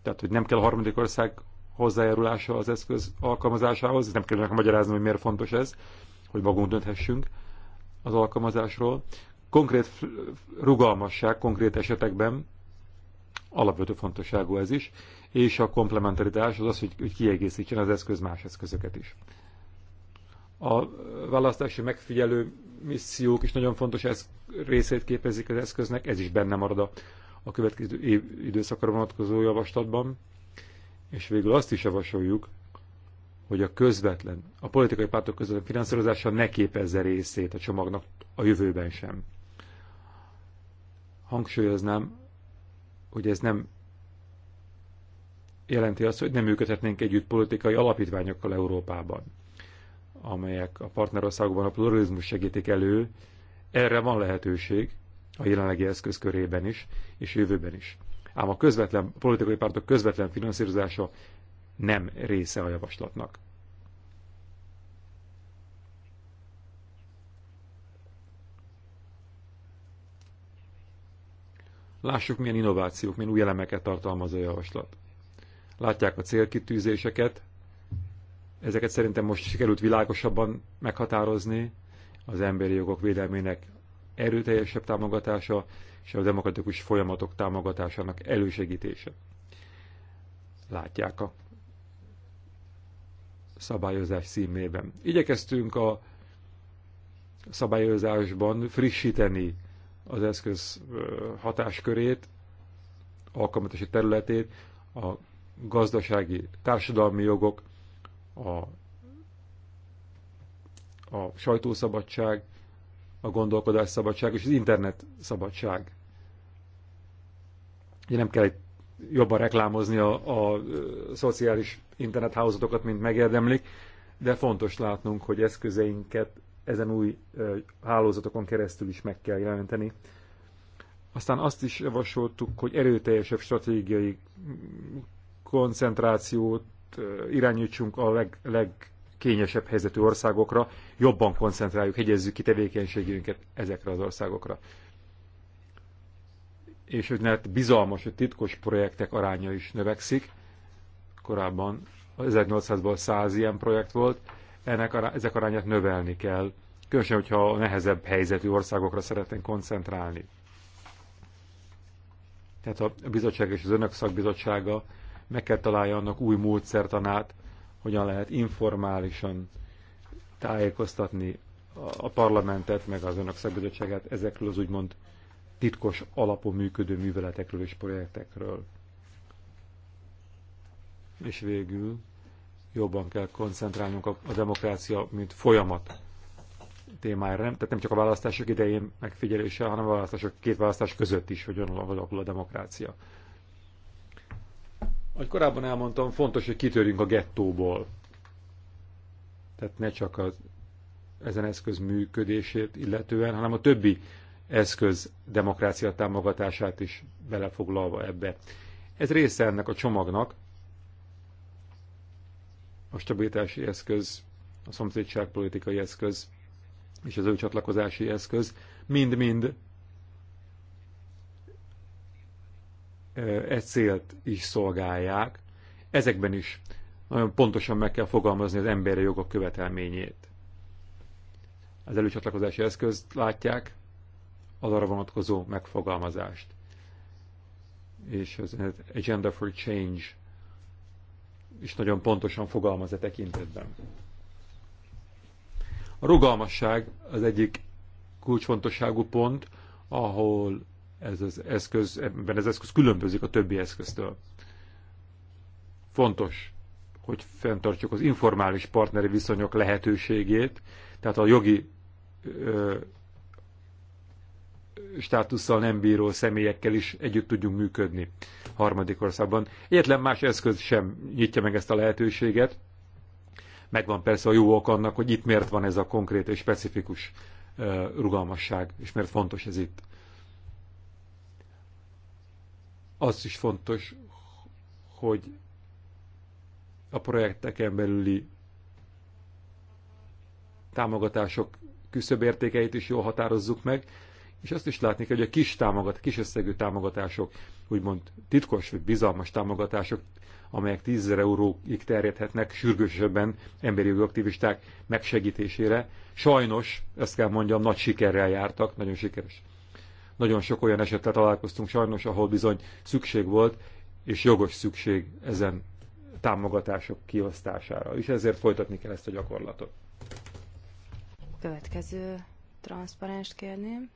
Tehát, hogy nem kell a harmadik ország hozzájárulása az eszköz alkalmazásához, nem kell magyaráznom, hogy miért fontos ez hogy magunk dönthessünk az alkalmazásról. Konkrét rugalmasság konkrét esetekben, alapvető fontosságú ez is, és a komplementaritás az az, hogy, hogy kiegészítsen az eszköz más eszközöket is. A választási megfigyelő missziók is nagyon fontos ez, részét képezik az eszköznek, ez is benne marad a, a következő év, időszakra vonatkozó javaslatban. És végül azt is javasoljuk, hogy a közvetlen, a politikai pártok közvetlen finanszírozása ne képezze részét a csomagnak a jövőben sem. Hangsúlyoznám, hogy ez nem jelenti azt, hogy nem működhetnénk együtt politikai alapítványokkal Európában, amelyek a partnerországokban a pluralizmus segítik elő. Erre van lehetőség a jelenlegi eszközkörében is, és jövőben is. Ám a közvetlen, politikai pártok közvetlen finanszírozása nem része a javaslatnak. Lássuk, milyen innovációk, milyen új elemeket tartalmaz a javaslat. Látják a célkitűzéseket, ezeket szerintem most sikerült világosabban meghatározni, az emberi jogok védelmének erőteljesebb támogatása és a demokratikus folyamatok támogatásának elősegítése. Látják a szabályozás címében. Igyekeztünk a szabályozásban frissíteni az eszköz hatáskörét, alkalmazási területét, a gazdasági, társadalmi jogok, a, a sajtószabadság, a gondolkodás szabadság és az internet szabadság. Ugye nem kell egy jobban reklámozni a, a szociális internethálózatokat, mint megérdemlik, de fontos látnunk, hogy eszközeinket ezen új hálózatokon keresztül is meg kell jelenteni. Aztán azt is javasoltuk, hogy erőteljesebb stratégiai koncentrációt irányítsunk a leg, legkényesebb helyzetű országokra, jobban koncentráljuk, hegyezzük ki tevékenységünket ezekre az országokra és hogy mert bizalmas, hogy titkos projektek aránya is növekszik. Korábban 1800-ból 100 ilyen projekt volt, ennek, ezek arányát növelni kell, különösen, hogyha a nehezebb helyzetű országokra szeretnénk koncentrálni. Tehát a bizottság és az önök szakbizottsága meg kell találja annak új módszertanát, hogyan lehet informálisan tájékoztatni a parlamentet, meg az önök szakbizottságát ezekről az úgymond titkos alapon működő műveletekről és projektekről. És végül jobban kell koncentrálnunk a, a demokrácia, mint folyamat témájára, nem, tehát nem csak a választások idején megfigyelése, hanem a választások, két választás között is, hogy alakul a demokrácia. Ahogy korábban elmondtam, fontos, hogy kitörjünk a gettóból. Tehát ne csak az ezen eszköz működését illetően, hanem a többi eszköz demokrácia támogatását is belefoglalva ebbe. Ez része ennek a csomagnak, a stabilitási eszköz, a szomszédságpolitikai eszköz és az ő csatlakozási eszköz mind-mind e célt is szolgálják. Ezekben is nagyon pontosan meg kell fogalmazni az emberi jogok követelményét. Az előcsatlakozási eszközt látják, az arra vonatkozó megfogalmazást. És az Agenda for Change is nagyon pontosan fogalmaz e tekintetben. A rugalmasság az egyik kulcsfontosságú pont, ahol ez az eszköz, ebben az eszköz különbözik a többi eszköztől. Fontos, hogy fenntartsuk az informális partneri viszonyok lehetőségét, tehát a jogi ö, státusszal nem bíró személyekkel is együtt tudjunk működni harmadik országban. Egyetlen más eszköz sem nyitja meg ezt a lehetőséget. Megvan persze a jó ok annak, hogy itt miért van ez a konkrét és specifikus rugalmasság, és miért fontos ez itt. Az is fontos, hogy a projekteken belüli támogatások küszöbértékeit is jól határozzuk meg, és azt is látni kell, hogy a kis, támogat, kis összegű támogatások, úgymond titkos vagy bizalmas támogatások, amelyek 10 euróig terjedhetnek sürgősebben emberi jogi aktivisták megsegítésére. Sajnos, ezt kell mondjam, nagy sikerrel jártak, nagyon sikeres. Nagyon sok olyan esettel találkoztunk sajnos, ahol bizony szükség volt, és jogos szükség ezen támogatások kiosztására, és ezért folytatni kell ezt a gyakorlatot. Következő transzparenst kérném.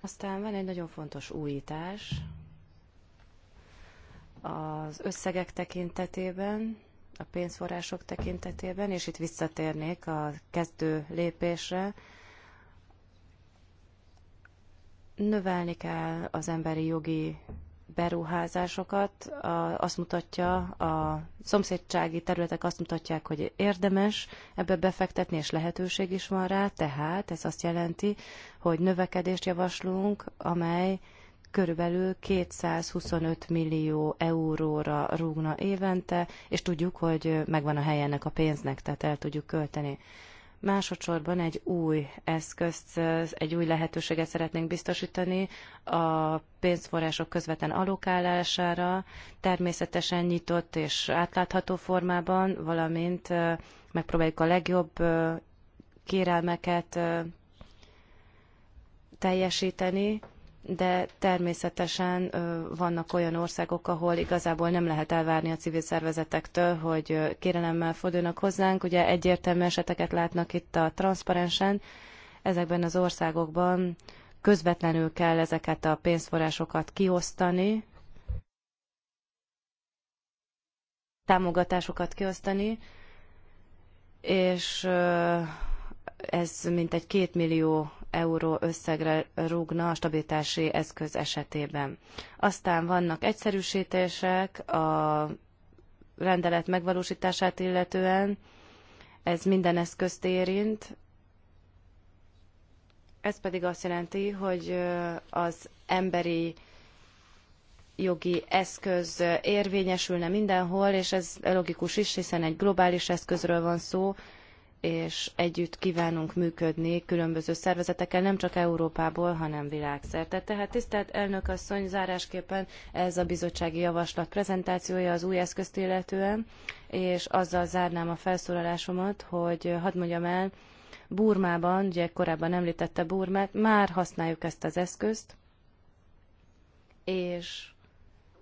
Aztán van egy nagyon fontos újítás az összegek tekintetében, a pénzforrások tekintetében, és itt visszatérnék a kezdő lépésre. Növelni kell az emberi jogi beruházásokat, azt mutatja, a szomszédsági területek azt mutatják, hogy érdemes ebbe befektetni, és lehetőség is van rá, tehát ez azt jelenti, hogy növekedést javaslunk, amely körülbelül 225 millió euróra rúgna évente, és tudjuk, hogy megvan a helye ennek a pénznek, tehát el tudjuk költeni. Másodszorban egy új eszközt, egy új lehetőséget szeretnénk biztosítani a pénzforrások közvetlen alokálására, természetesen nyitott és átlátható formában, valamint megpróbáljuk a legjobb kérelmeket teljesíteni, de természetesen vannak olyan országok, ahol igazából nem lehet elvárni a civil szervezetektől, hogy kérelemmel fordulnak hozzánk. Ugye egyértelmű eseteket látnak itt a transzparensen. Ezekben az országokban közvetlenül kell ezeket a pénzforrásokat kiosztani, támogatásokat kiosztani, és ez mintegy két millió euró összegre rúgna a stabilitási eszköz esetében. Aztán vannak egyszerűsítések a rendelet megvalósítását illetően, ez minden eszközt érint, ez pedig azt jelenti, hogy az emberi jogi eszköz érvényesülne mindenhol, és ez logikus is, hiszen egy globális eszközről van szó, és együtt kívánunk működni különböző szervezetekkel, nem csak Európából, hanem világszerte. Tehát tisztelt elnök asszony, zárásképpen ez a bizottsági javaslat prezentációja az új eszközt illetően, és azzal zárnám a felszólalásomat, hogy hadd mondjam el, Burmában, ugye korábban említette Burmát, már használjuk ezt az eszközt, és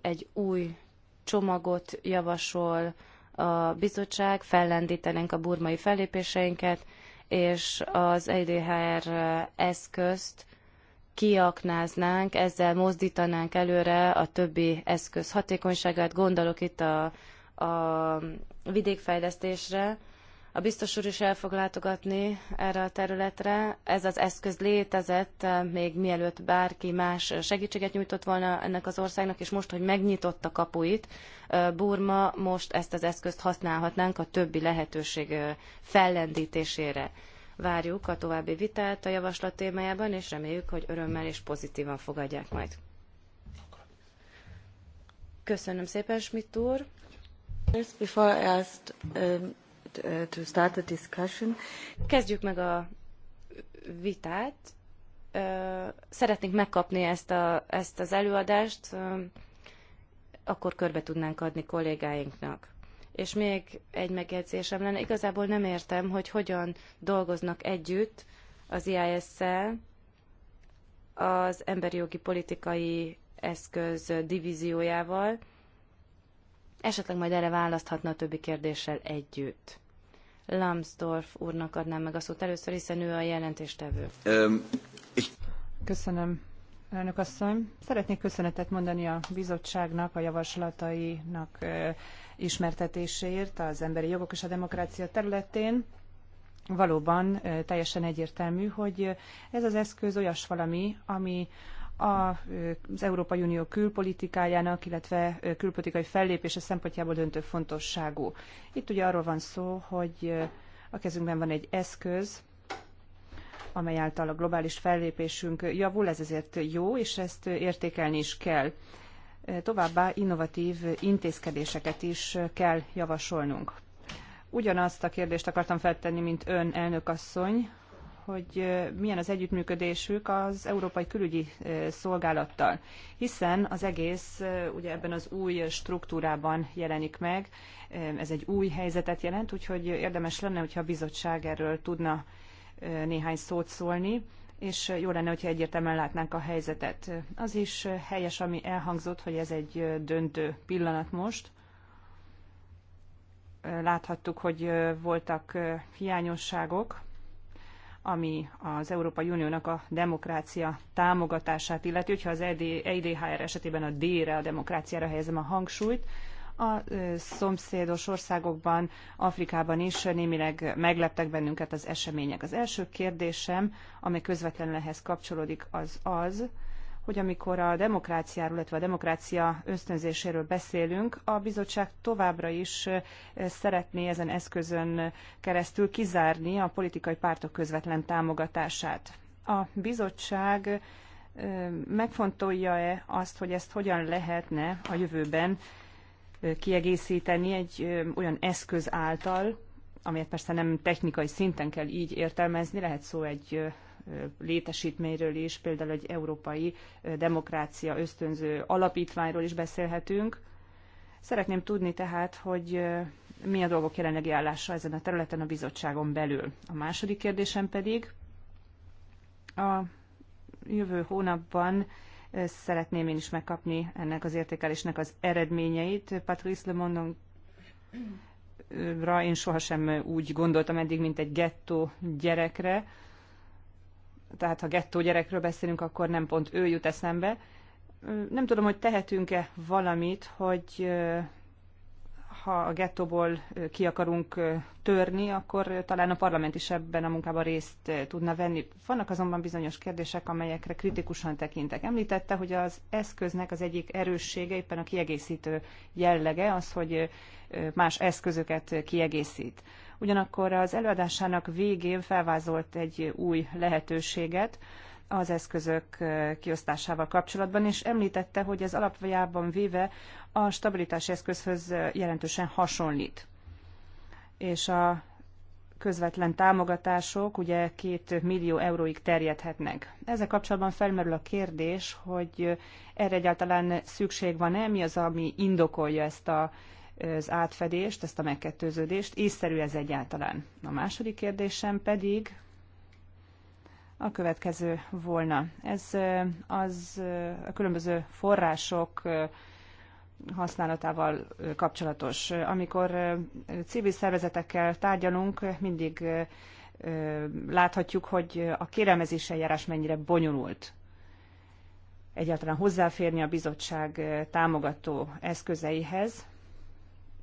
egy új csomagot javasol a bizottság, fellendítenénk a burmai fellépéseinket, és az EDHR eszközt kiaknáznánk, ezzel mozdítanánk előre a többi eszköz hatékonyságát. Gondolok itt a, a vidékfejlesztésre, a biztos úr is el fog látogatni erre a területre. Ez az eszköz létezett eh, még mielőtt bárki más eh, segítséget nyújtott volna ennek az országnak, és most, hogy megnyitotta kapuit, eh, Burma most ezt az eszközt használhatnánk a többi lehetőség fellendítésére. Várjuk a további vitát a javaslat témájában, és reméljük, hogy örömmel és pozitívan fogadják majd. Köszönöm szépen, Schmidt úr. Before I asked, um... Uh, to start discussion. Kezdjük meg a vitát. Uh, szeretnénk megkapni ezt, a, ezt az előadást, um, akkor körbe tudnánk adni kollégáinknak. És még egy megjegyzésem lenne, igazából nem értem, hogy hogyan dolgoznak együtt az IIS-szel az emberi jogi politikai eszköz divíziójával, Esetleg majd erre választhatna a többi kérdéssel együtt. Lambsdorff úrnak adnám meg a szót először, hiszen ő a jelentéstevő. Köszönöm, elnök asszony. Szeretnék köszönetet mondani a bizottságnak, a javaslatainak ismertetéséért az emberi jogok és a demokrácia területén. Valóban teljesen egyértelmű, hogy ez az eszköz olyas valami, ami az Európai Unió külpolitikájának, illetve külpolitikai fellépése szempontjából döntő fontosságú. Itt ugye arról van szó, hogy a kezünkben van egy eszköz, amely által a globális fellépésünk javul, ez ezért jó, és ezt értékelni is kell. Továbbá innovatív intézkedéseket is kell javasolnunk. Ugyanazt a kérdést akartam feltenni, mint ön elnökasszony, hogy milyen az együttműködésük az Európai Külügyi Szolgálattal, hiszen az egész ugye ebben az új struktúrában jelenik meg, ez egy új helyzetet jelent, úgyhogy érdemes lenne, hogyha a bizottság erről tudna néhány szót szólni, és jó lenne, hogyha egyértelműen látnánk a helyzetet. Az is helyes, ami elhangzott, hogy ez egy döntő pillanat most, láthattuk, hogy voltak hiányosságok, ami az Európai Uniónak a demokrácia támogatását illeti, hogyha az EIDHR e esetében a D-re, a demokráciára helyezem a hangsúlyt, a szomszédos országokban, Afrikában is némileg megleptek bennünket az események. Az első kérdésem, amely közvetlenül ehhez kapcsolódik, az az, hogy amikor a demokráciáról, illetve a demokrácia ösztönzéséről beszélünk, a bizottság továbbra is szeretné ezen eszközön keresztül kizárni a politikai pártok közvetlen támogatását. A bizottság megfontolja-e azt, hogy ezt hogyan lehetne a jövőben kiegészíteni egy olyan eszköz által, amelyet persze nem technikai szinten kell így értelmezni, lehet szó egy létesítményről is, például egy európai demokrácia ösztönző alapítványról is beszélhetünk. Szeretném tudni tehát, hogy mi a dolgok jelenlegi állása ezen a területen a bizottságon belül. A második kérdésem pedig a jövő hónapban szeretném én is megkapni ennek az értékelésnek az eredményeit. Patrice Le monde ra én sohasem úgy gondoltam eddig, mint egy gettó gyerekre, tehát ha gettó gyerekről beszélünk, akkor nem pont ő jut eszembe. Nem tudom, hogy tehetünk-e valamit, hogy ha a gettóból ki akarunk törni, akkor talán a parlament is ebben a munkában részt tudna venni. Vannak azonban bizonyos kérdések, amelyekre kritikusan tekintek. Említette, hogy az eszköznek az egyik erőssége éppen a kiegészítő jellege az, hogy más eszközöket kiegészít ugyanakkor az előadásának végén felvázolt egy új lehetőséget, az eszközök kiosztásával kapcsolatban, és említette, hogy ez alapjában véve a stabilitási eszközhöz jelentősen hasonlít. És a közvetlen támogatások ugye két millió euróig terjedhetnek. Ezzel kapcsolatban felmerül a kérdés, hogy erre egyáltalán szükség van-e, mi az, ami indokolja ezt a az átfedést, ezt a megkettőződést. Észszerű ez egyáltalán. A második kérdésem pedig a következő volna. Ez az a különböző források használatával kapcsolatos. Amikor civil szervezetekkel tárgyalunk, mindig láthatjuk, hogy a kérelmezés eljárás mennyire bonyolult. Egyáltalán hozzáférni a bizottság támogató eszközeihez,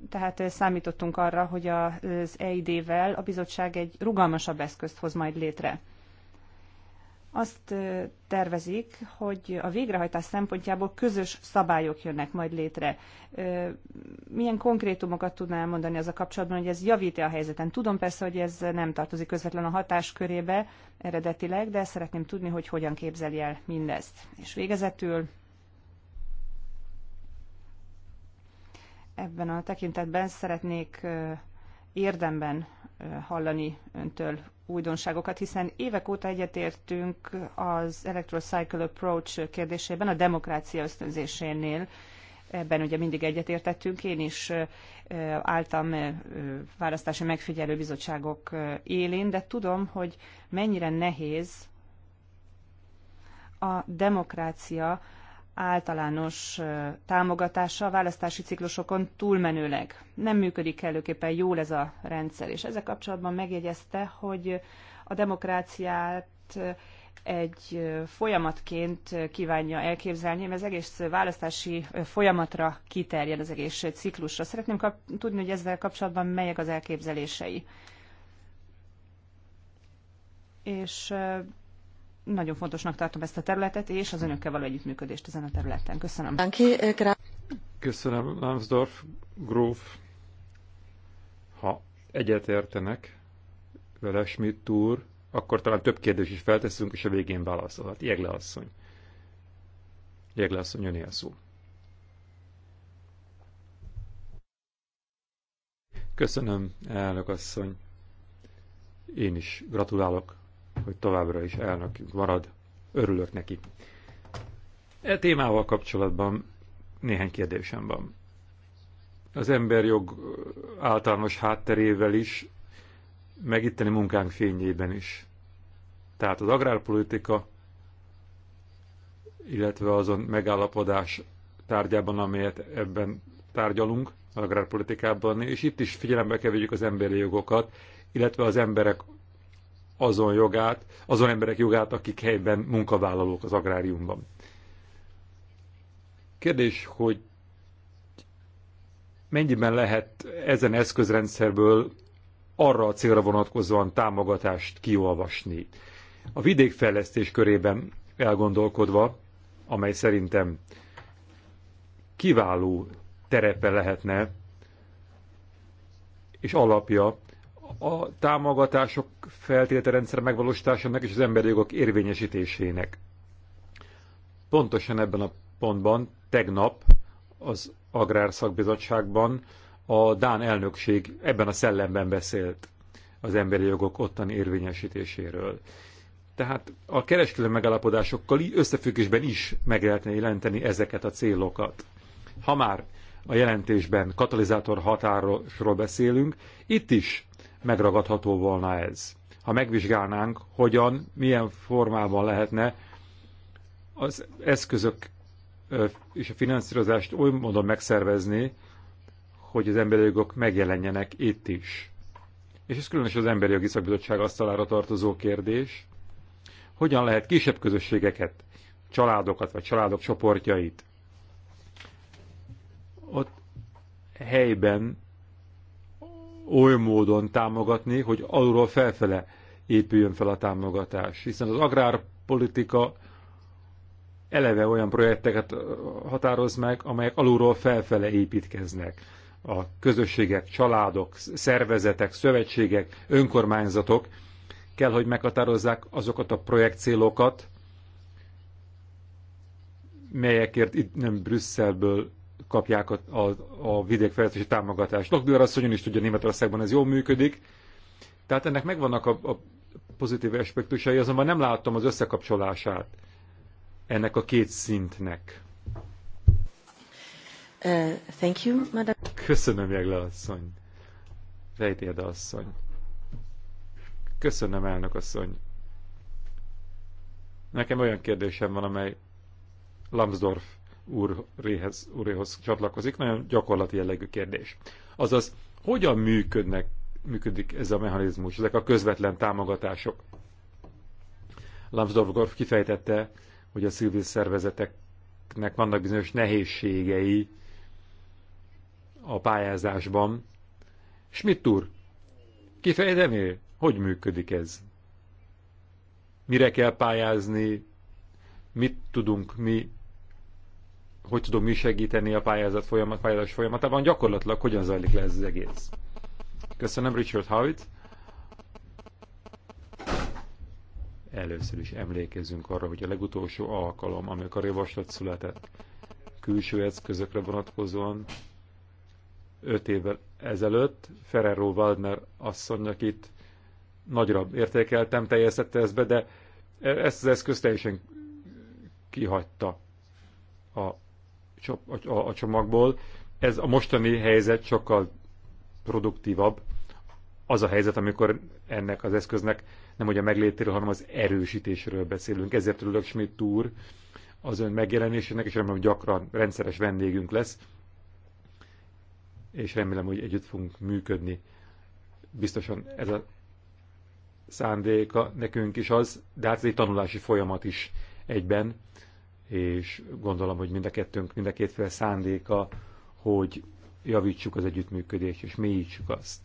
tehát eh, számítottunk arra, hogy az EID-vel a bizottság egy rugalmasabb eszközt hoz majd létre. Azt eh, tervezik, hogy a végrehajtás szempontjából közös szabályok jönnek majd létre. Eh, milyen konkrétumokat tudnál mondani az a kapcsolatban, hogy ez javít-e a helyzeten? Tudom persze, hogy ez nem tartozik közvetlen a hatáskörébe eredetileg, de szeretném tudni, hogy hogyan képzeli el mindezt. És végezetül ebben a tekintetben szeretnék érdemben hallani öntől újdonságokat, hiszen évek óta egyetértünk az Electrocycle Approach kérdésében a demokrácia ösztönzésénél, ebben ugye mindig egyetértettünk. Én is álltam választási megfigyelő bizottságok élén, de tudom, hogy mennyire nehéz a demokrácia általános támogatása a választási ciklusokon túlmenőleg. Nem működik előképpen jól ez a rendszer, és ezzel kapcsolatban megjegyezte, hogy a demokráciát egy folyamatként kívánja elképzelni, mert az egész választási folyamatra kiterjed az egész ciklusra. Szeretném kap- tudni, hogy ezzel kapcsolatban melyek az elképzelései. És nagyon fontosnak tartom ezt a területet, és az önökkel való együttműködést ezen a területen. Köszönöm. Eh, Köszönöm, Lansdorf, Gróf. Ha egyetértenek vele, Schmidt úr, akkor talán több kérdést is felteszünk, és a végén válaszolhat. Jegle asszony. Jegle asszony, jön a szó. Köszönöm, elnök asszony. Én is gratulálok hogy továbbra is elnök marad. Örülök neki. E témával kapcsolatban néhány kérdésem van. Az emberjog általános hátterével is, meg itteni munkánk fényében is. Tehát az agrárpolitika, illetve azon megállapodás tárgyában, amelyet ebben tárgyalunk, az agrárpolitikában, és itt is figyelembe kell vegyük az emberi jogokat, illetve az emberek azon jogát, azon emberek jogát, akik helyben munkavállalók az agráriumban. Kérdés, hogy mennyiben lehet ezen eszközrendszerből arra a célra vonatkozóan támogatást kiolvasni. A vidékfejlesztés körében elgondolkodva, amely szerintem kiváló terepe lehetne és alapja a támogatások rendszer megvalósításának és az emberi jogok érvényesítésének. Pontosan ebben a pontban tegnap az Agrárszakbizottságban a Dán elnökség ebben a szellemben beszélt az emberi jogok ottani érvényesítéséről. Tehát a kereskedelmi megállapodásokkal összefüggésben is meg lehetne jelenteni ezeket a célokat. Ha már a jelentésben katalizátor határosról beszélünk, itt is megragadható volna ez. Ha megvizsgálnánk, hogyan, milyen formában lehetne az eszközök és a finanszírozást oly módon megszervezni, hogy az emberi jogok megjelenjenek itt is. És ez különösen az Emberi Jogi Szakbizottság asztalára tartozó kérdés, hogyan lehet kisebb közösségeket, családokat vagy családok csoportjait ott helyben oly módon támogatni, hogy alulról felfele épüljön fel a támogatás. Hiszen az agrárpolitika eleve olyan projekteket határoz meg, amelyek alulról felfele építkeznek. A közösségek, családok, szervezetek, szövetségek, önkormányzatok kell, hogy meghatározzák azokat a projektcélokat, melyekért itt nem Brüsszelből kapják a, a, a vidékfejlesztési támogatást. Lokbőr asszonyon is tudja, Németországban ez jól működik. Tehát ennek megvannak a, a pozitív aspektusai, azonban nem látom az összekapcsolását ennek a két szintnek. Uh, thank you, madam. Köszönöm, Jegle asszony. Rejtélde asszony. Köszönöm, elnök asszony. Nekem olyan kérdésem van, amely Lambsdorff úréhez, úréhoz csatlakozik, nagyon gyakorlati jellegű kérdés. Azaz, hogyan működnek, működik ez a mechanizmus, ezek a közvetlen támogatások? Lambsdorff kifejtette, hogy a civil szervezeteknek vannak bizonyos nehézségei a pályázásban. Schmidt úr, kifejtené, hogy működik ez? Mire kell pályázni? Mit tudunk mi hogy tudom mi segíteni a pályázat folyamat, pályázás folyamatában, gyakorlatilag hogyan zajlik le ez az egész. Köszönöm Richard Howitt. Először is emlékezzünk arra, hogy a legutolsó alkalom, amikor javaslat született külső eszközökre vonatkozóan 5 évvel ezelőtt Ferrero Waldner asszonynak itt nagyra értékeltem, teljesítette ezt be, de e- ezt az eszközt teljesen kihagyta a a csomagból. Ez a mostani helyzet sokkal produktívabb. Az a helyzet, amikor ennek az eszköznek nem hogy a meglétéről, hanem az erősítésről beszélünk. Ezért örülök Schmidt túr az ön megjelenésének, és remélem, hogy gyakran rendszeres vendégünk lesz, és remélem, hogy együtt fogunk működni. Biztosan ez a szándéka nekünk is az, de hát ez egy tanulási folyamat is egyben, és gondolom, hogy mind a kettőnk, mind a két fél szándéka, hogy javítsuk az együttműködést, és mélyítsük azt.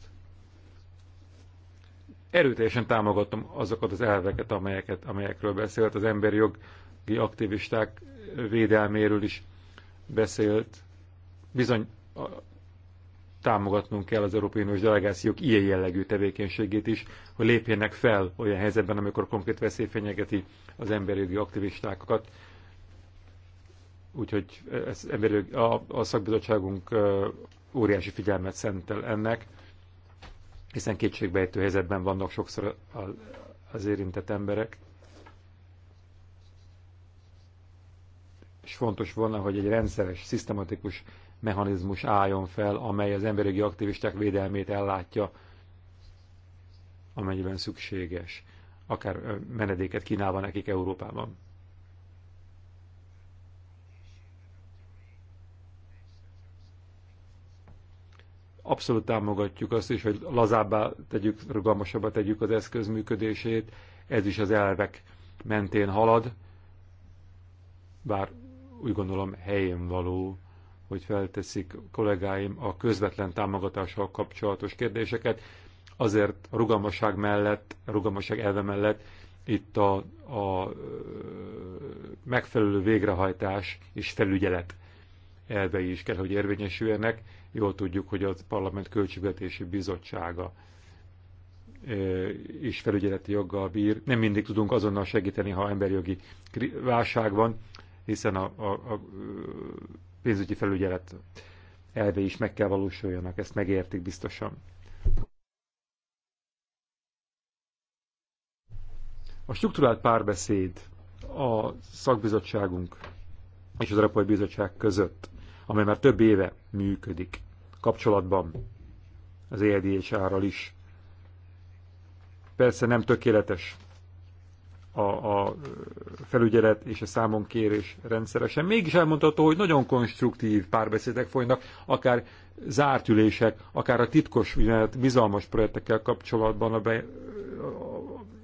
Erőteljesen támogatom azokat az elveket, amelyeket, amelyekről beszélt, az emberi jogi aktivisták védelméről is beszélt. Bizony a, támogatnunk kell az Európai Uniós delegációk ilyen jellegű tevékenységét is, hogy lépjenek fel olyan helyzetben, amikor konkrét veszély fenyegeti az emberi jogi aktivistákat Úgyhogy ez, a, a szakbizottságunk óriási figyelmet szentel ennek, hiszen kétségbejtő helyzetben vannak sokszor az érintett emberek. És fontos volna, hogy egy rendszeres, szisztematikus mechanizmus álljon fel, amely az emberi aktivisták védelmét ellátja, amennyiben szükséges, akár menedéket kínálva nekik Európában. Abszolút támogatjuk azt is, hogy lazábbá tegyük, rugalmasabbá tegyük az eszköz működését. Ez is az elvek mentén halad, bár úgy gondolom helyén való, hogy felteszik kollégáim a közvetlen támogatással kapcsolatos kérdéseket. Azért a rugalmasság mellett, a rugalmasság elve mellett itt a, a megfelelő végrehajtás és felügyelet elvei is kell, hogy érvényesüljenek. Jól tudjuk, hogy a Parlament Költségvetési Bizottsága és felügyeleti joggal bír. Nem mindig tudunk azonnal segíteni, ha emberjogi válság van, hiszen a, a, a pénzügyi felügyelet elve is meg kell valósuljanak, ezt megértik biztosan. A struktúrált párbeszéd a szakbizottságunk és az Európai Bizottság között amely már több éve működik kapcsolatban az ELDHR-ral is. Persze nem tökéletes a, a felügyelet és a számonkérés rendszeresen. Mégis elmondható, hogy nagyon konstruktív párbeszédek folynak, akár zárt ülések, akár a titkos, bizalmas projektekkel kapcsolatban, amely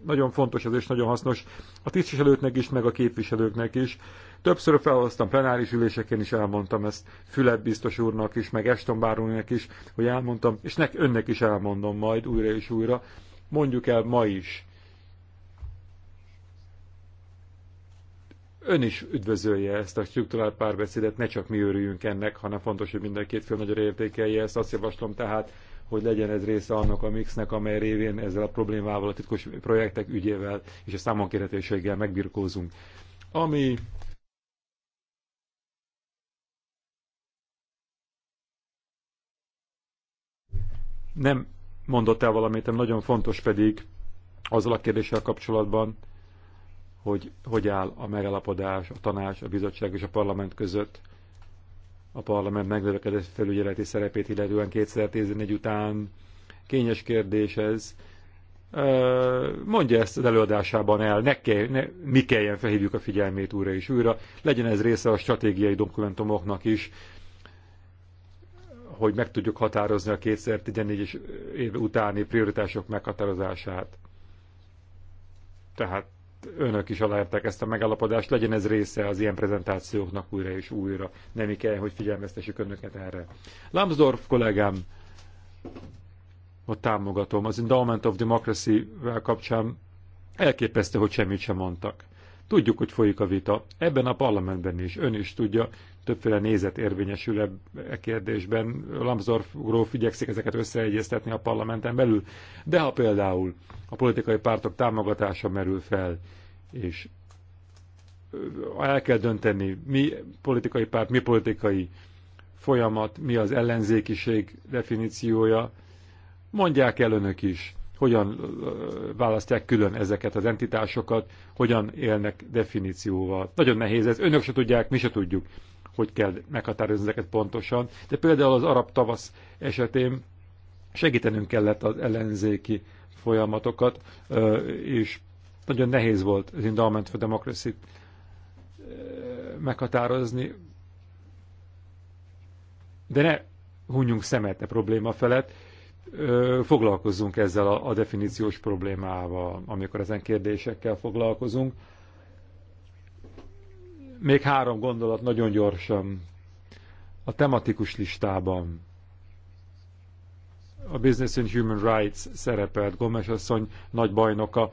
nagyon fontos ez és nagyon hasznos a tisztviselőknek is, meg a képviselőknek is. Többször felhoztam plenáris üléseken is elmondtam ezt Fület biztos úrnak is, meg Eston Bárónak is, hogy elmondtam, és nek, önnek is elmondom majd újra és újra. Mondjuk el ma is. Ön is üdvözölje ezt a struktúrált párbeszédet, ne csak mi örüljünk ennek, hanem fontos, hogy mindenkét fél nagyra értékelje ezt. Azt javaslom tehát, hogy legyen ez része annak a mixnek, amely révén ezzel a problémával, a titkos projektek ügyével és a számonkérhetőséggel megbirkózunk. Ami nem mondott el valamit, nem nagyon fontos pedig azzal a kérdéssel kapcsolatban, hogy hogy áll a megállapodás, a tanács, a bizottság és a parlament között a parlament megnövekedett felügyeleti szerepét, illetően 2014 után. Kényes kérdés ez. Mondja ezt az előadásában el, ne, kell, ne mi kelljen felhívjuk a figyelmét újra és újra. Legyen ez része a stratégiai dokumentumoknak is, hogy meg tudjuk határozni a 2014 év utáni prioritások meghatározását. Tehát önök is aláírták ezt a megállapodást, legyen ez része az ilyen prezentációknak újra és újra. Nem kell, hogy figyelmeztessük önöket erre. Lambsdorff kollégám, ott támogatom. Az Endowment of Democracy-vel kapcsán elképesztő, hogy semmit sem mondtak. Tudjuk, hogy folyik a vita. Ebben a parlamentben is. Ön is tudja, többféle nézet érvényesül e, kérdésben. Lambsdorff gróf igyekszik ezeket összeegyeztetni a parlamenten belül. De ha például a politikai pártok támogatása merül fel, és el kell dönteni, mi politikai párt, mi politikai folyamat, mi az ellenzékiség definíciója, mondják el önök is, hogyan választják külön ezeket az entitásokat, hogyan élnek definícióval. Nagyon nehéz ez, önök se tudják, mi se tudjuk hogy kell meghatározni ezeket pontosan. De például az arab tavasz esetén segítenünk kellett az ellenzéki folyamatokat, és nagyon nehéz volt az Endowment for democracy meghatározni. De ne hunyunk szemet a probléma felett, foglalkozzunk ezzel a, definíciós problémával, amikor ezen kérdésekkel foglalkozunk, még három gondolat nagyon gyorsan. A tematikus listában a Business and Human Rights szerepelt Gomes asszony nagy bajnoka,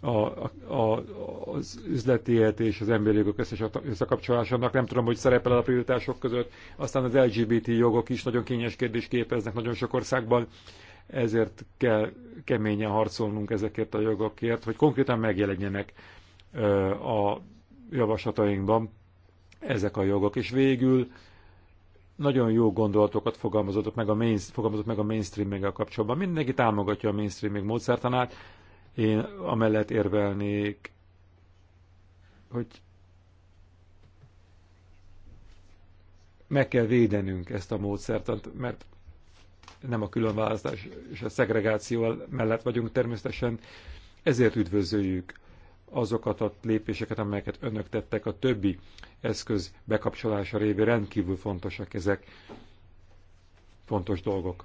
a, a, az üzleti élet és az emberi jogok összes összekapcsolásának. Nem tudom, hogy szerepel a prioritások között. Aztán az LGBT jogok is nagyon kényes kérdés képeznek nagyon sok országban. Ezért kell keményen harcolnunk ezekért a jogokért, hogy konkrétan megjelenjenek a javaslatainkban ezek a jogok. És végül nagyon jó gondolatokat fogalmazott meg a, main, fogalmazott meg a mainstream kapcsolatban. Mindenki támogatja a mainstream módszertanát. Én amellett érvelnék, hogy meg kell védenünk ezt a módszertant, mert nem a különválasztás és a szegregáció mellett vagyunk természetesen, ezért üdvözöljük azokat a lépéseket, amelyeket önök tettek a többi eszköz bekapcsolása révén rendkívül fontosak ezek, fontos dolgok.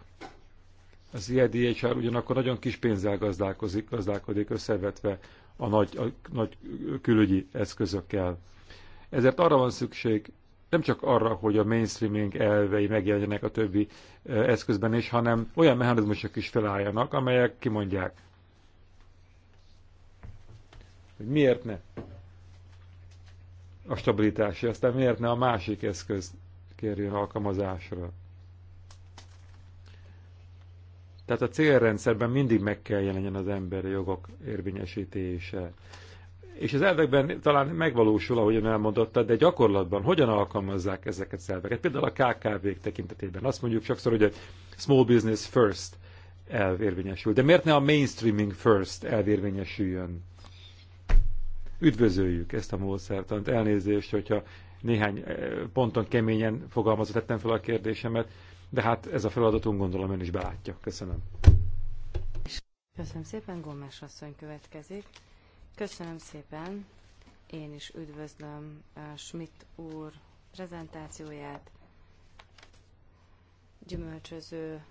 Az IEDHR ugyanakkor nagyon kis pénzzel gazdálkozik, gazdálkodik összevetve a nagy, a nagy külügyi eszközökkel. Ezért arra van szükség, nem csak arra, hogy a mainstreaming elvei megjelenjenek a többi e, eszközben is, hanem olyan mechanizmusok is felálljanak, amelyek kimondják, hogy miért ne a stabilitási, aztán miért ne a másik eszköz kérjön alkalmazásra. Tehát a célrendszerben mindig meg kell jelenjen az emberi jogok érvényesítése. És az elvekben talán megvalósul, ahogy elmondotta, de gyakorlatban hogyan alkalmazzák ezeket az elveket? Például a kkv tekintetében azt mondjuk sokszor, hogy a small business first elv érvényesül. De miért ne a mainstreaming first elv érvényesüljön? Üdvözöljük ezt a módszertant. Elnézést, hogyha néhány eh, ponton keményen fogalmazott tettem fel a kérdésemet, de hát ez a feladatunk gondolom ön is belátja. Köszönöm. Köszönöm szépen, Gómez asszony következik. Köszönöm szépen, én is üdvözlöm eh, Schmidt úr prezentációját. Gyümölcsöző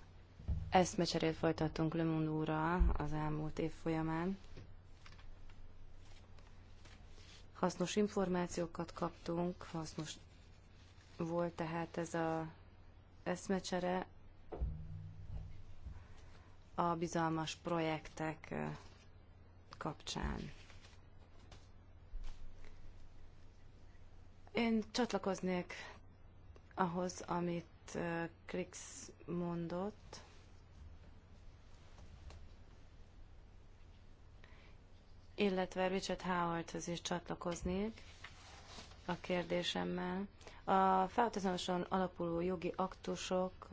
eszmecserét folytattunk Lemon úrral az elmúlt év folyamán. hasznos információkat kaptunk, hasznos volt tehát ez a eszmecsere a bizalmas projektek kapcsán. Én csatlakoznék ahhoz, amit Krix mondott. illetve Richard Howardhoz is csatlakoznék a kérdésemmel. A felhatalmazáson alapuló jogi aktusok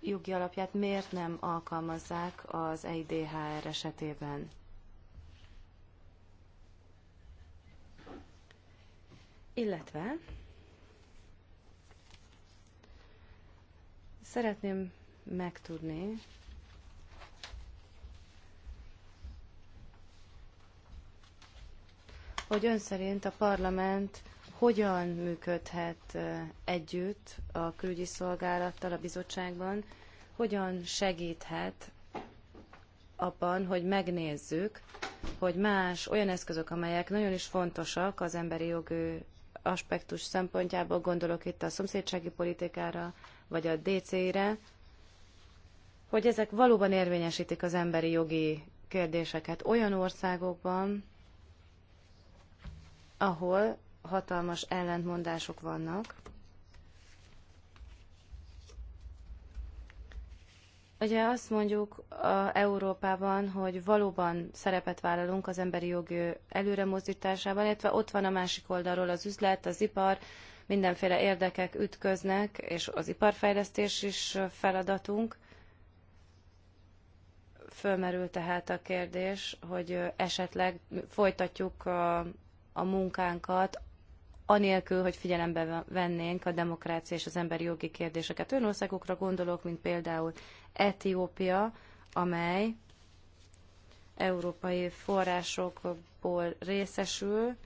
jogi alapját miért nem alkalmazzák az EIDHR esetében? Illetve szeretném megtudni, hogy ön szerint a parlament hogyan működhet együtt a külügyi szolgálattal a bizottságban, hogyan segíthet abban, hogy megnézzük, hogy más olyan eszközök, amelyek nagyon is fontosak az emberi jogi aspektus szempontjából, gondolok itt a szomszédsági politikára, vagy a DC-re, hogy ezek valóban érvényesítik az emberi jogi kérdéseket olyan országokban, ahol hatalmas ellentmondások vannak. Ugye azt mondjuk a Európában, hogy valóban szerepet vállalunk az emberi jog előremozdításában, illetve ott van a másik oldalról az üzlet, az ipar, mindenféle érdekek ütköznek, és az iparfejlesztés is feladatunk. Fölmerül tehát a kérdés, hogy esetleg folytatjuk a, a munkánkat, anélkül, hogy figyelembe vennénk a demokrácia és az emberi jogi kérdéseket. Ön országokra gondolok, mint például Etiópia, amely európai forrásokból részesül,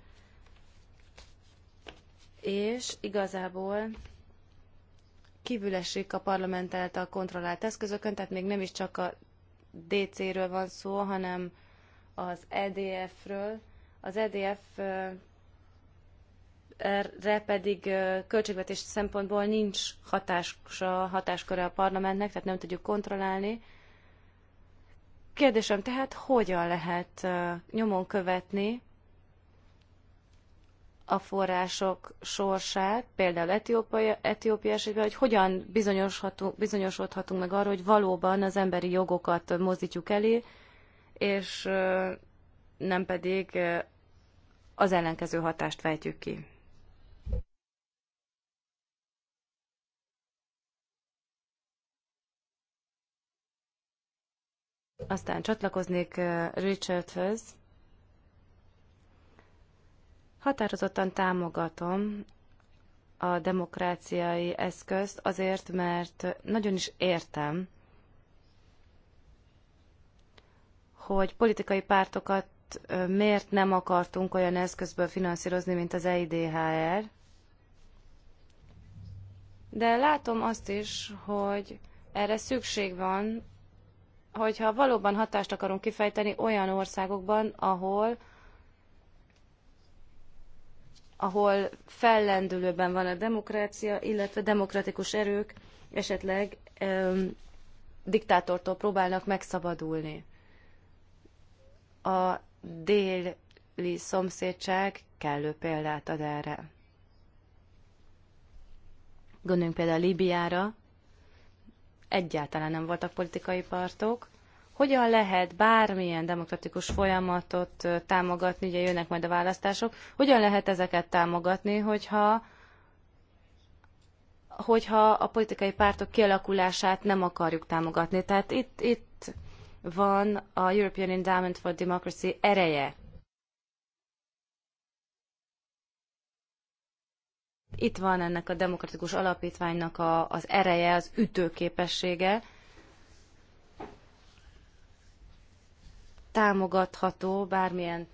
és igazából kívül esik a parlament által kontrollált eszközökön, tehát még nem is csak a DC-ről van szó, hanem az EDF-ről, az EDF-re pedig költségvetés szempontból nincs hatás, hatásköre a parlamentnek, tehát nem tudjuk kontrollálni. Kérdésem tehát, hogyan lehet nyomon követni a források sorsát, például Etiópia, Etiópia esetben, hogy hogyan bizonyosodhatunk meg arról, hogy valóban az emberi jogokat mozdítjuk elé, és nem pedig az ellenkező hatást vejtjük ki. Aztán csatlakoznék Richardhöz. Határozottan támogatom a demokráciai eszközt azért, mert nagyon is értem, hogy politikai pártokat miért nem akartunk olyan eszközből finanszírozni, mint az EIDHR. De látom azt is, hogy erre szükség van, hogyha valóban hatást akarunk kifejteni olyan országokban, ahol ahol fellendülőben van a demokrácia, illetve demokratikus erők esetleg öm, diktátortól próbálnak megszabadulni. A déli szomszédság kellő példát ad erre. Gondoljunk például Líbiára, egyáltalán nem voltak politikai pártok. Hogyan lehet bármilyen demokratikus folyamatot támogatni, ugye jönnek majd a választások, hogyan lehet ezeket támogatni, hogyha hogyha a politikai pártok kialakulását nem akarjuk támogatni. Tehát itt, itt van a European Endowment for Democracy ereje. Itt van ennek a demokratikus alapítványnak a, az ereje, az ütőképessége. Támogatható bármilyen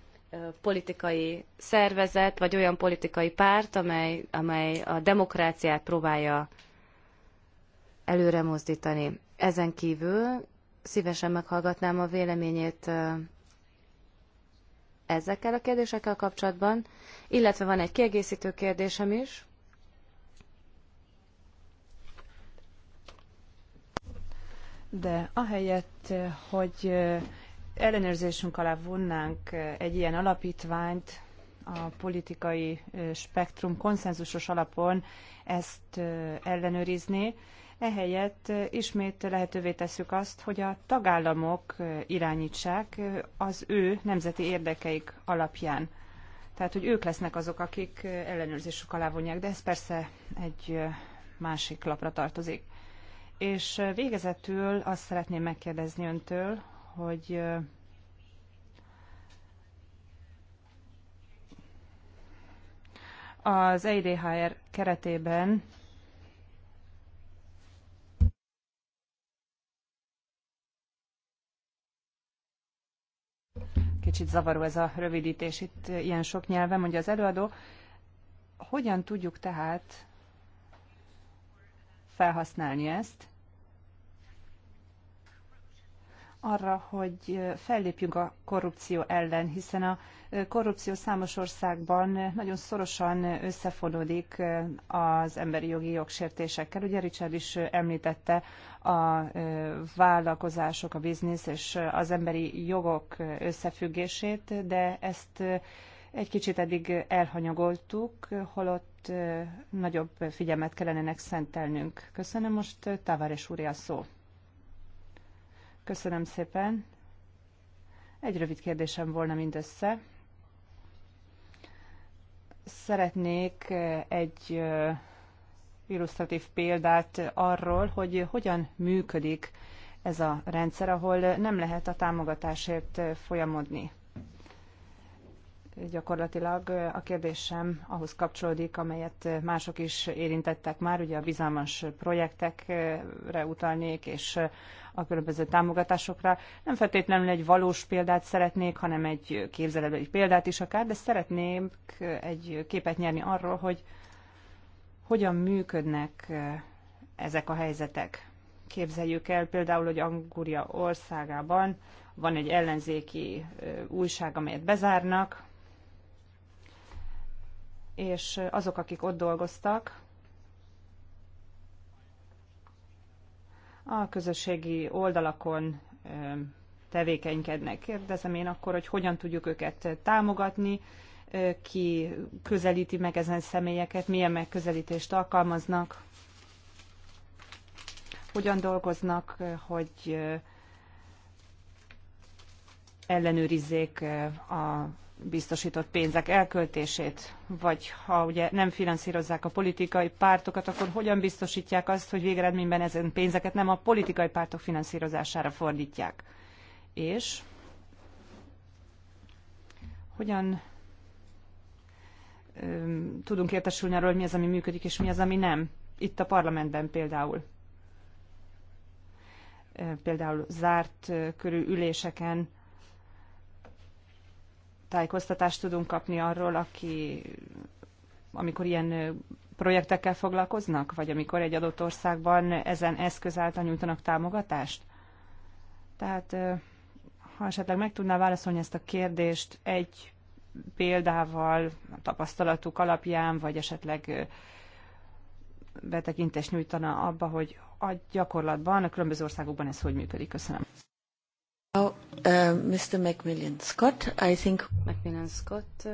politikai szervezet, vagy olyan politikai párt, amely, amely a demokráciát próbálja előre mozdítani. Ezen kívül szívesen meghallgatnám a véleményét ezekkel a kérdésekkel kapcsolatban, illetve van egy kiegészítő kérdésem is. De ahelyett, hogy ellenőrzésünk alá vonnánk egy ilyen alapítványt, a politikai spektrum konszenzusos alapon ezt ellenőrizni, ehelyett ismét lehetővé tesszük azt, hogy a tagállamok irányítsák az ő nemzeti érdekeik alapján. Tehát, hogy ők lesznek azok, akik ellenőrzésük alá vonják, de ez persze egy másik lapra tartozik. És végezetül azt szeretném megkérdezni öntől, hogy eh, az EIDHR keretében Kicsit zavaró ez a rövidítés, itt ilyen sok nyelven mondja az előadó. Hogyan tudjuk tehát felhasználni ezt? arra, hogy fellépjünk a korrupció ellen, hiszen a korrupció számos országban nagyon szorosan összefonódik az emberi jogi jogsértésekkel. Ugye Richard is említette a vállalkozások, a biznisz és az emberi jogok összefüggését, de ezt egy kicsit eddig elhanyagoltuk, holott nagyobb figyelmet kellene szentelnünk. Köszönöm, most Tavares úr a szót. Köszönöm szépen. Egy rövid kérdésem volna mindössze. Szeretnék eh, egy eh, illusztratív példát arról, hogy hogyan működik ez a rendszer, ahol nem lehet a támogatásért eh, folyamodni. Gyakorlatilag a kérdésem ahhoz kapcsolódik, amelyet mások is érintettek már, ugye a bizalmas projektekre utalnék, és a különböző támogatásokra. Nem feltétlenül egy valós példát szeretnék, hanem egy képzeletbeli példát is akár, de szeretném egy képet nyerni arról, hogy hogyan működnek ezek a helyzetek. Képzeljük el például, hogy Anguria országában van egy ellenzéki újság, amelyet bezárnak, és azok, akik ott dolgoztak, a közösségi oldalakon tevékenykednek. Kérdezem én akkor, hogy hogyan tudjuk őket támogatni, ki közelíti meg ezen személyeket, milyen megközelítést alkalmaznak, hogyan dolgoznak, hogy ellenőrizzék a biztosított pénzek elköltését, vagy ha ugye nem finanszírozzák a politikai pártokat, akkor hogyan biztosítják azt, hogy végeredményben ezen pénzeket nem a politikai pártok finanszírozására fordítják? És hogyan öm, tudunk értesülni arról, hogy mi az, ami működik, és mi az, ami nem? Itt a parlamentben például. Például zárt körű üléseken tájékoztatást tudunk kapni arról, aki, amikor ilyen projektekkel foglalkoznak, vagy amikor egy adott országban ezen eszköz által nyújtanak támogatást? Tehát, ha esetleg meg tudná válaszolni ezt a kérdést egy példával, a tapasztalatuk alapján, vagy esetleg betekintést nyújtana abba, hogy a gyakorlatban, a különböző országokban ez hogy működik. Köszönöm. Oh, uh, Mr. Macmillan Scott, I think... Macmillan Scott uh,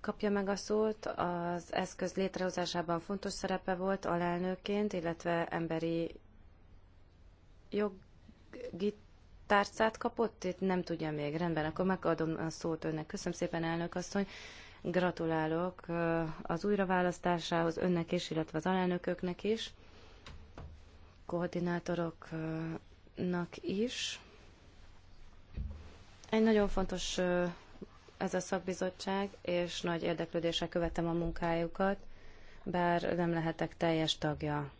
kapja meg a szót. Az eszköz létrehozásában fontos szerepe volt alelnőként, illetve emberi jogi tárcát kapott, itt nem tudja még. Rendben, akkor megadom a szót önnek. Köszönöm szépen, elnök asszony. Gratulálok uh, az újraválasztásához önnek is, illetve az alelnököknek is. Koordinátorok uh, nak is. Egy nagyon fontos ez a szakbizottság, és nagy érdeklődéssel követem a munkájukat, bár nem lehetek teljes tagja.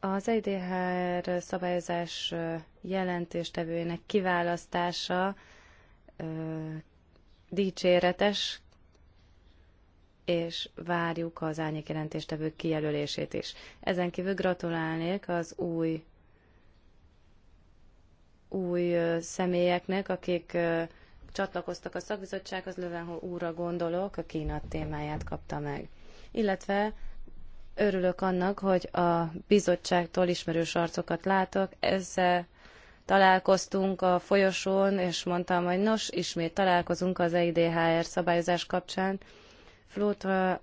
Az EIDHR szabályozás jelentéstevőjének kiválasztása dicséretes és várjuk az árnyékjelentéstevők kijelölését is. Ezen kívül gratulálnék az új új személyeknek, akik csatlakoztak a szakbizottsághoz, Lövenho úra gondolok, a kínat témáját kapta meg. Illetve örülök annak, hogy a bizottságtól ismerős arcokat látok. Ezzel találkoztunk a folyosón, és mondtam, hogy nos, ismét találkozunk az EIDHR szabályozás kapcsán. Flótra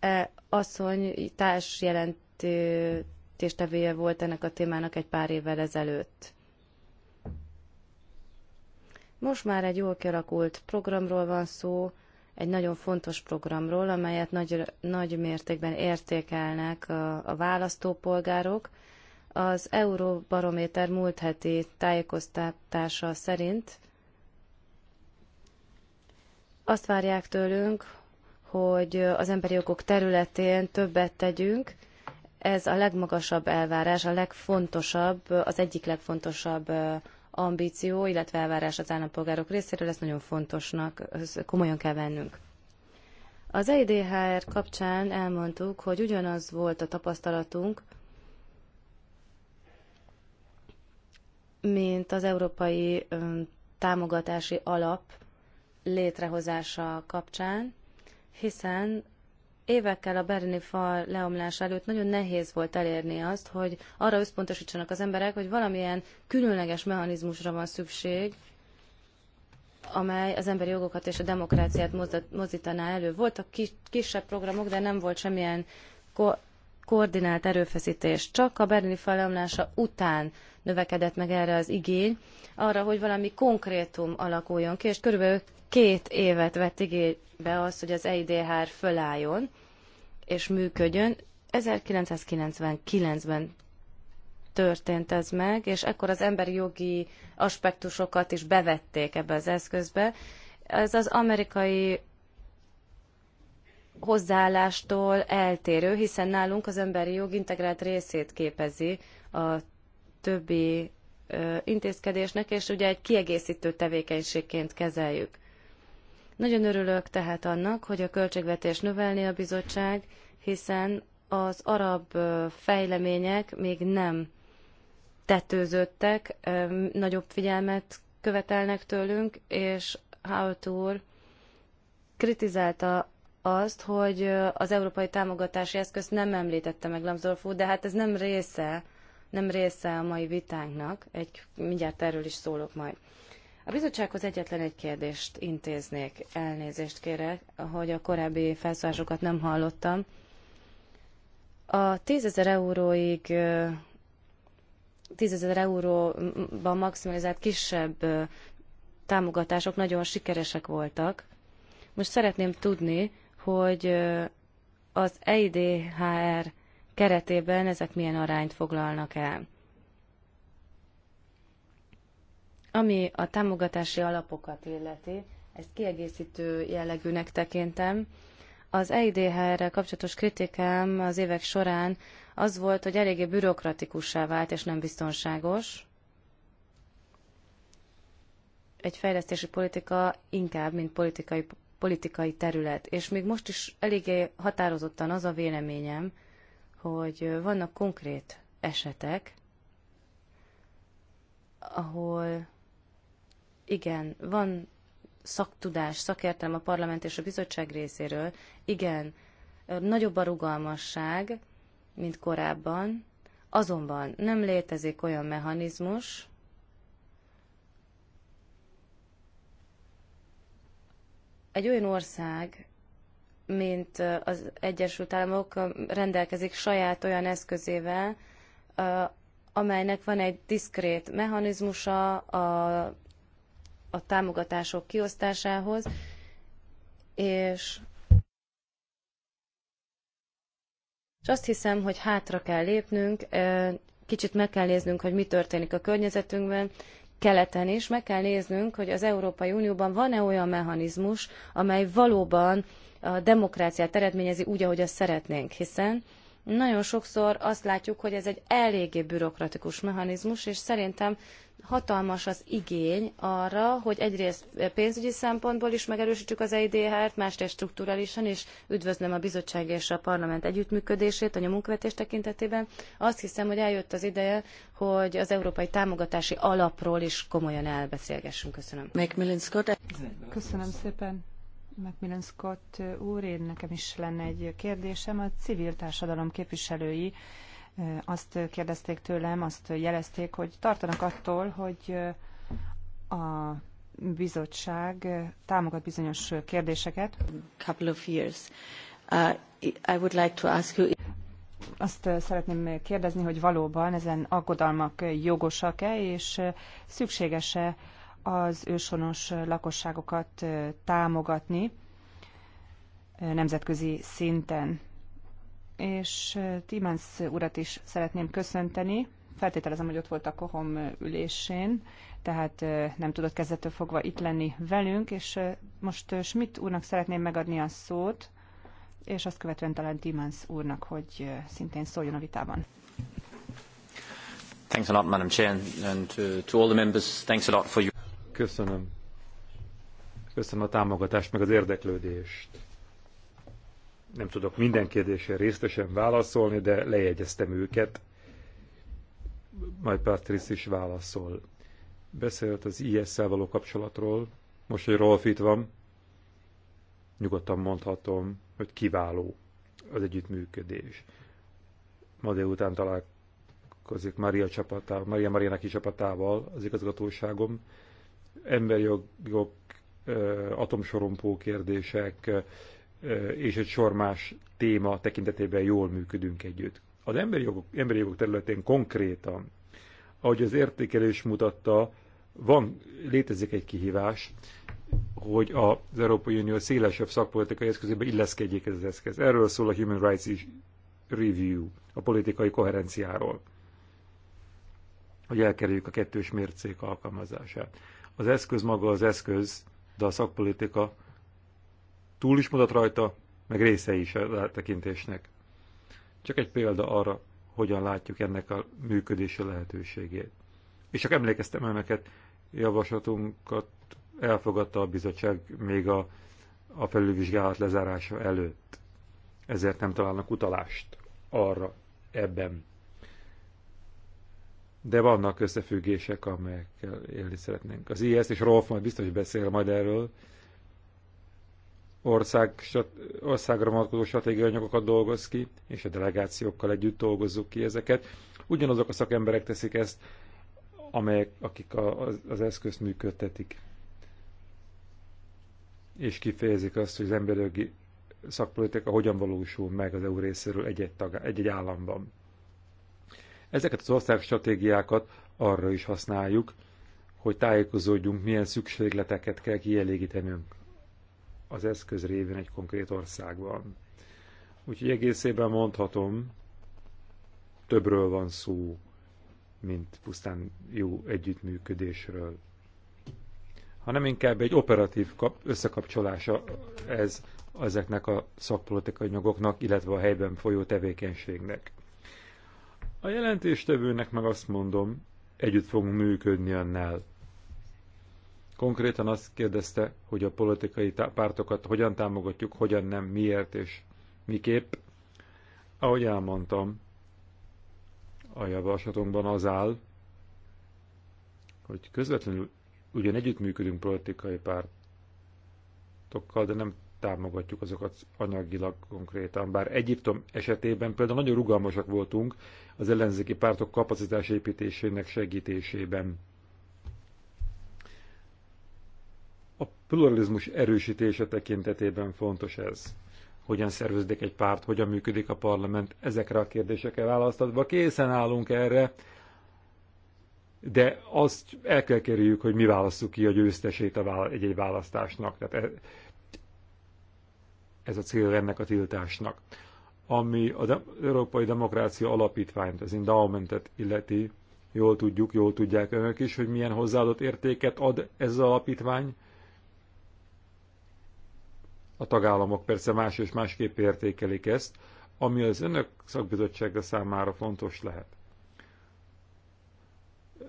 e, asszony társ jelentéstevője volt ennek a témának egy pár évvel ezelőtt. Most már egy jól kialakult programról van szó, egy nagyon fontos programról, amelyet nagy, nagy mértékben értékelnek a, a választópolgárok. Az Euróbarométer múlt heti tájékoztatása szerint azt várják tőlünk, hogy az emberi jogok területén többet tegyünk. Ez a legmagasabb elvárás, a legfontosabb, az egyik legfontosabb ambíció, illetve elvárás az állampolgárok részéről, Ez nagyon fontosnak, ezt komolyan kell vennünk. Az EIDHR kapcsán elmondtuk, hogy ugyanaz volt a tapasztalatunk, mint az európai támogatási alap létrehozása kapcsán, hiszen évekkel a Berni fal leomlás előtt nagyon nehéz volt elérni azt, hogy arra összpontosítsanak az emberek, hogy valamilyen különleges mechanizmusra van szükség, amely az emberi jogokat és a demokráciát mozdítaná elő. Voltak kisebb programok, de nem volt semmilyen koordinált erőfeszítés. Csak a berlini felemlása után növekedett meg erre az igény, arra, hogy valami konkrétum alakuljon ki, és körülbelül két évet vett igénybe az, hogy az EIDHR fölálljon és működjön. 1999-ben történt ez meg, és ekkor az emberi jogi aspektusokat is bevették ebbe az eszközbe. Ez az amerikai hozzáállástól eltérő, hiszen nálunk az emberi jog integrált részét képezi a többi intézkedésnek, és ugye egy kiegészítő tevékenységként kezeljük. Nagyon örülök tehát annak, hogy a költségvetés növelni a bizottság, hiszen az arab fejlemények még nem tetőzöttek, nagyobb figyelmet követelnek tőlünk, és Haut kritizálta azt, hogy az európai támogatási eszközt nem említette meg Lambsdorff úr, de hát ez nem része, nem része a mai vitánknak, egy, mindjárt erről is szólok majd. A bizottsághoz egyetlen egy kérdést intéznék, elnézést kérek, hogy a korábbi felszólásokat nem hallottam. A 10 euróig 10 euróban maximalizált kisebb támogatások nagyon sikeresek voltak. Most szeretném tudni, hogy az EIDHR keretében ezek milyen arányt foglalnak el. Ami a támogatási alapokat illeti, ezt kiegészítő jellegűnek tekintem. Az EIDHR-rel kapcsolatos kritikám az évek során az volt, hogy eléggé bürokratikussá vált és nem biztonságos. Egy fejlesztési politika inkább, mint politikai politikai terület, és még most is eléggé határozottan az a véleményem, hogy vannak konkrét esetek, ahol igen, van szaktudás, szakértelem a parlament és a bizottság részéről, igen, nagyobb a rugalmasság, mint korábban, azonban nem létezik olyan mechanizmus, egy olyan ország, mint az Egyesült Államok rendelkezik saját olyan eszközével, amelynek van egy diszkrét mechanizmusa a, a támogatások kiosztásához, és, és azt hiszem, hogy hátra kell lépnünk, kicsit meg kell néznünk, hogy mi történik a környezetünkben, keleten is, meg kell néznünk, hogy az Európai Unióban van-e olyan mechanizmus, amely valóban a demokráciát eredményezi úgy, ahogy azt szeretnénk, hiszen nagyon sokszor azt látjuk, hogy ez egy eléggé bürokratikus mechanizmus, és szerintem hatalmas az igény arra, hogy egyrészt pénzügyi szempontból is megerősítsük az EIDH-t, másrészt strukturálisan is üdvözlöm a bizottság és a parlament együttműködését a nyomunkvetés tekintetében. Azt hiszem, hogy eljött az ideje, hogy az európai támogatási alapról is komolyan elbeszélgessünk. Köszönöm. Köszönöm szépen. Macmillan Scott úr, én nekem is lenne egy kérdésem. A civil társadalom képviselői azt kérdezték tőlem, azt jelezték, hogy tartanak attól, hogy a bizottság támogat bizonyos kérdéseket. Couple of years. Uh, I would like to ask you... Azt szeretném kérdezni, hogy valóban ezen aggodalmak jogosak-e, és szükséges-e az őshonos lakosságokat támogatni nemzetközi szinten. És Timánsz urat is szeretném köszönteni. Feltételezem, hogy ott volt a Kohom ülésén, tehát nem tudott kezdettől fogva itt lenni velünk, és most Schmidt úrnak szeretném megadni a szót, és azt követően talán Timánsz úrnak, hogy szintén szóljon a vitában. Thanks a lot, Madam Chair, and to, uh, to all the members, thanks a lot for you. Köszönöm. Köszönöm a támogatást, meg az érdeklődést. Nem tudok minden kérdésre részletesen válaszolni, de lejegyeztem őket. Majd Patrice is válaszol. Beszélt az IS-szel való kapcsolatról. Most, hogy Rolf itt van, nyugodtan mondhatom, hogy kiváló az együttműködés. Ma délután találkozik Maria csapatával, Maria Marianaki csapatával az igazgatóságom, emberjogok, atomsorompó kérdések és egy sor más téma tekintetében jól működünk együtt. Az emberi jogok, emberi jogok területén konkrétan, ahogy az értékelés mutatta, van, létezik egy kihívás, hogy az Európai Unió szélesebb szakpolitikai eszközébe illeszkedjék ez az eszköz. Erről szól a Human Rights Review, a politikai koherenciáról, hogy elkerüljük a kettős mércék alkalmazását. Az eszköz maga az eszköz, de a szakpolitika túl is mutat rajta, meg része is a tekintésnek. Csak egy példa arra, hogyan látjuk ennek a működési lehetőségét. És csak emlékeztem önöket, javaslatunkat elfogadta a bizottság még a, a felülvizsgálat lezárása előtt. Ezért nem találnak utalást arra ebben de vannak összefüggések, amelyekkel élni szeretnénk. Az IS és Rolf majd biztos beszél majd erről, ország, országra vonatkozó stratégiai anyagokat dolgoz ki, és a delegációkkal együtt dolgozzuk ki ezeket. Ugyanazok a szakemberek teszik ezt, amelyek, akik a, az, az eszközt működtetik, és kifejezik azt, hogy az emberi szakpolitika hogyan valósul meg az EU részéről egy-egy, egy-egy államban. Ezeket az ország stratégiákat arra is használjuk, hogy tájékozódjunk, milyen szükségleteket kell kielégítenünk az eszköz révén egy konkrét országban. Úgyhogy egészében mondhatom, többről van szó, mint pusztán jó együttműködésről, hanem inkább egy operatív összekapcsolása ez ezeknek a szakpolitikai nyugoknak, illetve a helyben folyó tevékenységnek. A jelentéstevőnek meg azt mondom, együtt fogunk működni annál. Konkrétan azt kérdezte, hogy a politikai pártokat hogyan támogatjuk, hogyan nem, miért és miképp. Ahogy elmondtam, a javaslatunkban az áll, hogy közvetlenül ugyan együttműködünk politikai pártokkal, de nem támogatjuk azokat anyagilag konkrétan. Bár Egyiptom esetében például nagyon rugalmasak voltunk az ellenzéki pártok kapacitásépítésének segítésében. A pluralizmus erősítése tekintetében fontos ez. Hogyan szerveződik egy párt, hogyan működik a parlament, ezekre a kérdésekre választatva készen állunk erre, de azt el kell kerüljük, hogy mi választjuk ki a győztesét egy-egy választásnak. Tehát e- ez a cél ennek a tiltásnak. Ami az Európai Demokrácia Alapítványt, az endowmentet illeti, jól tudjuk, jól tudják önök is, hogy milyen hozzáadott értéket ad ez az alapítvány. A tagállamok persze más és másképp értékelik ezt, ami az önök szakbizottsága számára fontos lehet.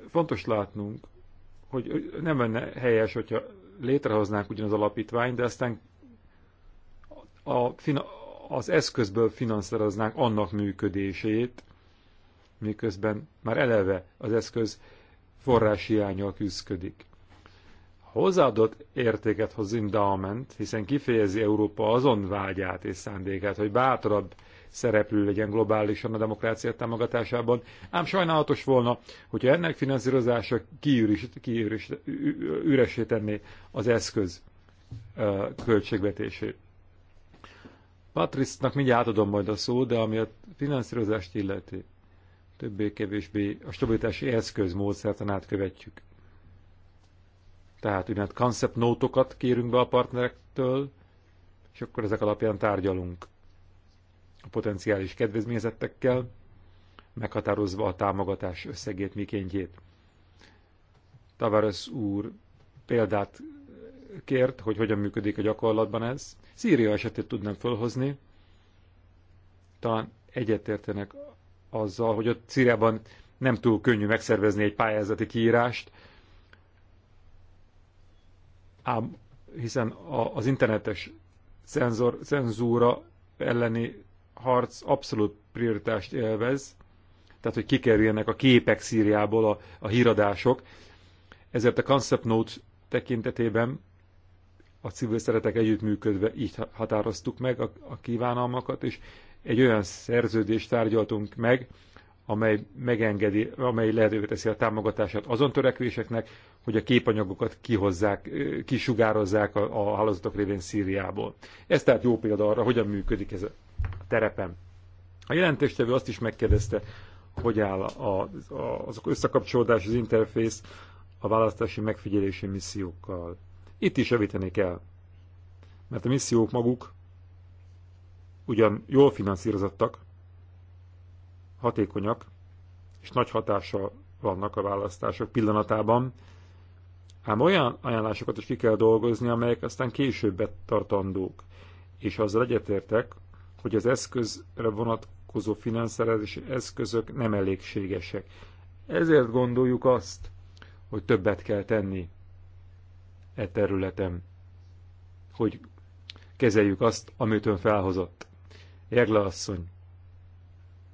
Fontos látnunk, hogy nem lenne helyes, hogyha létrehoznánk ugyanaz alapítványt, de aztán a, az eszközből finanszíroznák annak működését, miközben már eleve az eszköz forráshiányjal küzdik. Hozzáadott értéket hoz endowment, hiszen kifejezi Európa azon vágyát és szándékát, hogy bátrabb szereplő legyen globálisan a demokrácia támogatásában, ám sajnálatos volna, hogyha ennek finanszírozása kiüris, tenné az eszköz költségvetését. Patrisznak mindjárt átadom majd a szót, de ami a finanszírozást illeti, többé-kevésbé a stabilitási eszköz módszertanát követjük. Tehát úgynevezett concept notokat kérünk be a partnerektől, és akkor ezek alapján tárgyalunk a potenciális kedvezményezettekkel, meghatározva a támogatás összegét, mikéntjét. Tavares úr példát kért, hogy hogyan működik a gyakorlatban ez. Szíria esetét tudnám fölhozni. Talán egyetértenek azzal, hogy ott Szíriában nem túl könnyű megszervezni egy pályázati kiírást, ám hiszen a, az internetes cenzor, cenzúra elleni harc abszolút prioritást élvez, tehát hogy kikerüljenek a képek Szíriából a, a híradások. Ezért a Concept Note tekintetében a civil szeretek együttműködve így határoztuk meg a, a kívánalmakat, és egy olyan szerződést tárgyaltunk meg, amely megengedi, amely lehetővé teszi a támogatását azon törekvéseknek, hogy a képanyagokat kihozzák, kisugározzák a, a hálózatok révén Szíriából. Ez tehát jó példa arra, hogyan működik ez a terepen. A jelentéstevő azt is megkérdezte, hogy áll a, a, az összekapcsolódás, az interfész a választási megfigyelési missziókkal. Itt is javítani kell, mert a missziók maguk ugyan jól finanszírozottak, hatékonyak, és nagy hatással vannak a választások pillanatában, ám olyan ajánlásokat is ki kell dolgozni, amelyek aztán később betartandók. És azzal egyetértek, hogy az eszközre vonatkozó finanszírozási eszközök nem elégségesek. Ezért gondoljuk azt, hogy többet kell tenni e területen, hogy kezeljük azt, amit ön felhozott. Jegle asszony,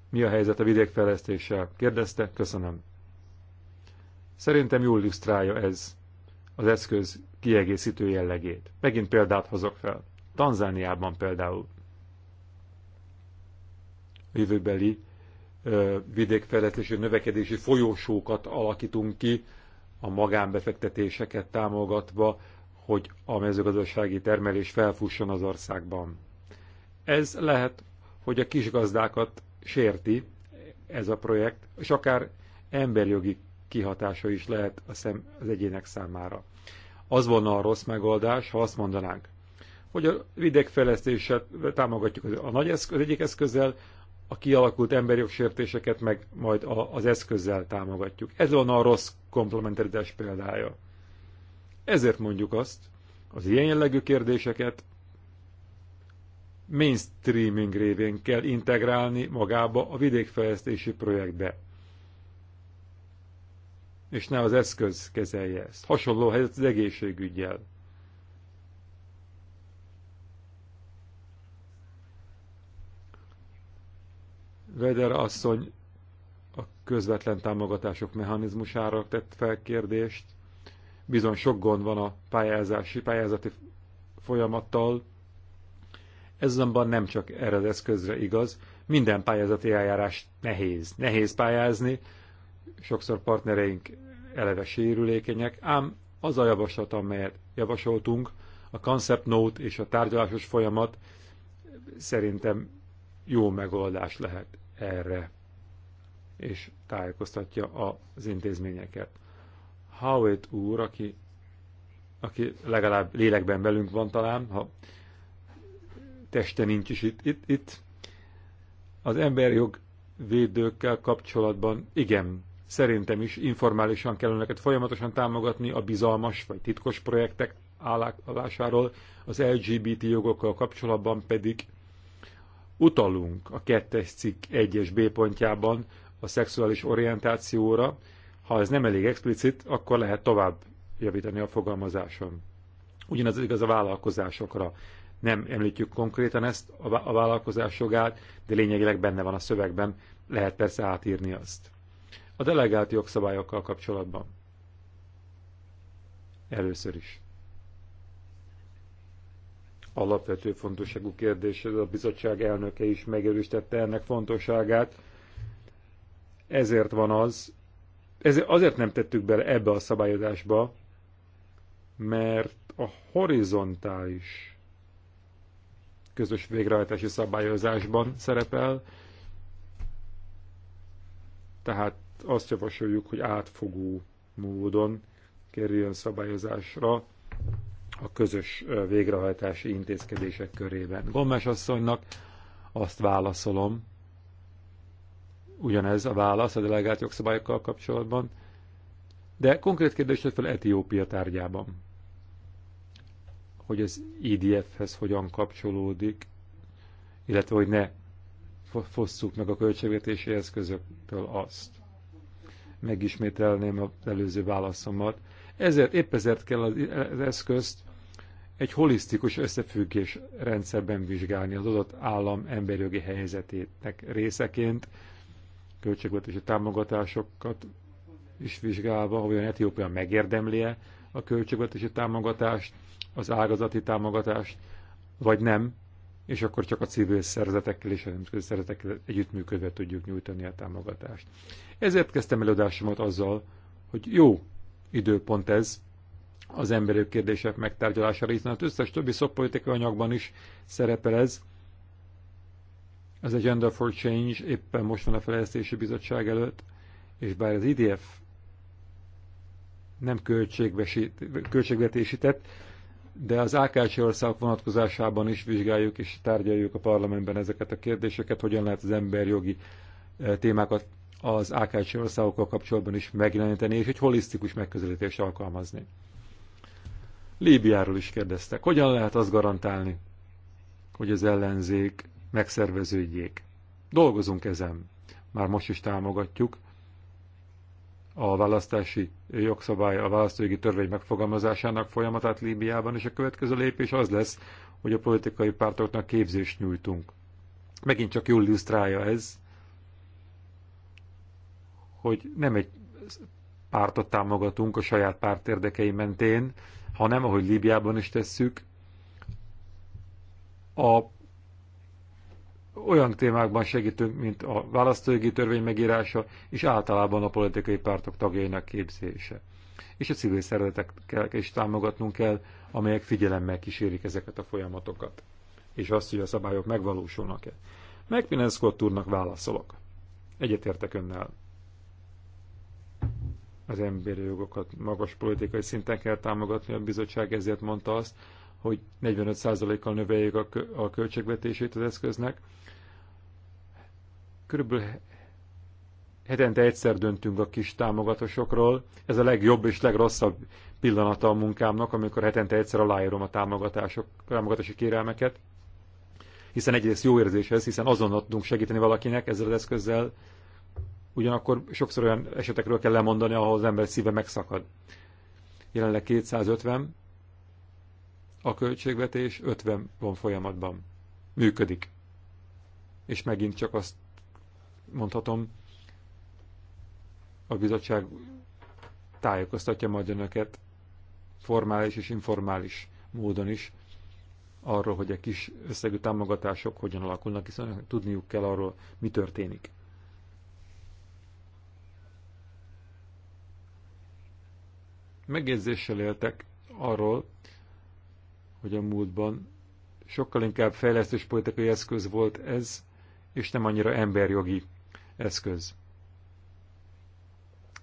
mi a helyzet a vidékfejlesztéssel? Kérdezte, köszönöm. Szerintem jól illusztrálja ez az eszköz kiegészítő jellegét. Megint példát hozok fel. Tanzániában például a jövőbeli vidékfejlesztési növekedési folyósókat alakítunk ki, a magánbefektetéseket támogatva, hogy a mezőgazdasági termelés felfusson az országban. Ez lehet, hogy a kisgazdákat sérti ez a projekt, és akár emberjogi kihatása is lehet a szem, az egyének számára. Az volna a rossz megoldás, ha azt mondanánk, hogy a vidékfejlesztéset támogatjuk a nagy eszköz, az egyik eszközzel, a kialakult emberjogsértéseket meg majd az eszközzel támogatjuk. Ez volna a rossz komplementaritás példája. Ezért mondjuk azt, az ilyen jellegű kérdéseket mainstreaming révén kell integrálni magába a vidékfejlesztési projektbe. És ne az eszköz kezelje ezt. Hasonló helyzet az egészségügyjel. Veder asszony közvetlen támogatások mechanizmusára tett kérdést. Bizony sok gond van a pályázási, pályázati folyamattal. Ez azonban nem csak erre az eszközre igaz. Minden pályázati eljárás nehéz. Nehéz pályázni, sokszor partnereink eleve sérülékenyek, ám az a javaslat, amelyet javasoltunk, a concept note és a tárgyalásos folyamat szerintem jó megoldás lehet erre és tájékoztatja az intézményeket. Howard úr, aki, aki legalább lélekben velünk van talán, ha teste nincs is itt, itt, itt az emberjog védőkkel kapcsolatban igen, szerintem is informálisan kell önöket folyamatosan támogatni a bizalmas vagy titkos projektek állásáról, az LGBT jogokkal kapcsolatban pedig utalunk a kettes cikk 1 es B pontjában a szexuális orientációra. Ha ez nem elég explicit, akkor lehet tovább javítani a fogalmazáson. Ugyanaz igaz a vállalkozásokra. Nem említjük konkrétan ezt a vállalkozás jogát, de lényegileg benne van a szövegben, lehet persze átírni azt. A delegált jogszabályokkal kapcsolatban. Először is. Alapvető fontosságú kérdés, a bizottság elnöke is megerősítette ennek fontosságát ezért van az, ezért azért nem tettük bele ebbe a szabályozásba, mert a horizontális közös végrehajtási szabályozásban szerepel, tehát azt javasoljuk, hogy átfogó módon kerüljön szabályozásra a közös végrehajtási intézkedések körében. Gomes asszonynak azt válaszolom, ugyanez a válasz a delegált jogszabályokkal kapcsolatban, de konkrét kérdés fel Etiópia tárgyában, hogy az IDF-hez e hogyan kapcsolódik, illetve hogy ne fosszuk meg a költségvetési eszközöktől azt. Megismételném az előző válaszomat. Ezért, épp ezért kell az, az eszközt egy holisztikus összefüggés rendszerben vizsgálni az adott állam emberjogi helyzetének részeként, költségvetési támogatásokat is vizsgálva, hogy olyan Etiópia -e a költségvetési támogatást, az ágazati támogatást, vagy nem, és akkor csak a civil szerzetekkel és a nemzetközi szerzetekkel együttműködve tudjuk nyújtani a támogatást. Ezért kezdtem előadásomat azzal, hogy jó időpont ez az emberi kérdések megtárgyalására, hiszen az összes többi szakpolitikai anyagban is szerepel ez, az Agenda for Change éppen most van a Fejlesztési Bizottság előtt, és bár az IDF nem költségvetésített, de az AKC országok vonatkozásában is vizsgáljuk és tárgyaljuk a parlamentben ezeket a kérdéseket, hogyan lehet az emberjogi eh, témákat az AKC országokkal kapcsolatban is megjeleníteni, és egy holisztikus megközelítést alkalmazni. Líbiáról is kérdeztek. Hogyan lehet azt garantálni, hogy az ellenzék megszerveződjék. Dolgozunk ezen. Már most is támogatjuk a választási jogszabály, a választójogi törvény megfogalmazásának folyamatát Líbiában, és a következő lépés az lesz, hogy a politikai pártoknak képzést nyújtunk. Megint csak jól illusztrálja ez, hogy nem egy pártot támogatunk a saját párt érdekei mentén, hanem, ahogy Líbiában is tesszük, a olyan témákban segítünk, mint a választójogi törvény megírása, és általában a politikai pártok tagjainak képzése. És a civil szervezetekkel is támogatnunk kell, amelyek figyelemmel kísérik ezeket a folyamatokat, és azt, hogy a szabályok megvalósulnak-e. Megpinen Scott úrnak válaszolok. Egyetértek önnel. Az emberi jogokat magas politikai szinten kell támogatni, a bizottság ezért mondta azt, hogy 45%-kal növeljék a, költségvetését az eszköznek, Körülbelül hetente egyszer döntünk a kis támogatásokról. Ez a legjobb és legrosszabb pillanata a munkámnak, amikor hetente egyszer aláírom a támogatások, támogatási kérelmeket. Hiszen egyrészt jó érzés ez, hiszen azonnal tudunk segíteni valakinek ezzel az eszközzel, ugyanakkor sokszor olyan esetekről kell lemondani, ahol az ember szíve megszakad. Jelenleg 250, a költségvetés 50 van folyamatban. Működik. És megint csak azt mondhatom, a bizottság tájékoztatja majd önöket formális és informális módon is arról, hogy a kis összegű támogatások hogyan alakulnak, hiszen tudniuk kell arról, mi történik. Megjegyzéssel éltek arról, hogy a múltban sokkal inkább fejlesztéspolitikai eszköz volt ez, és nem annyira emberjogi eszköz.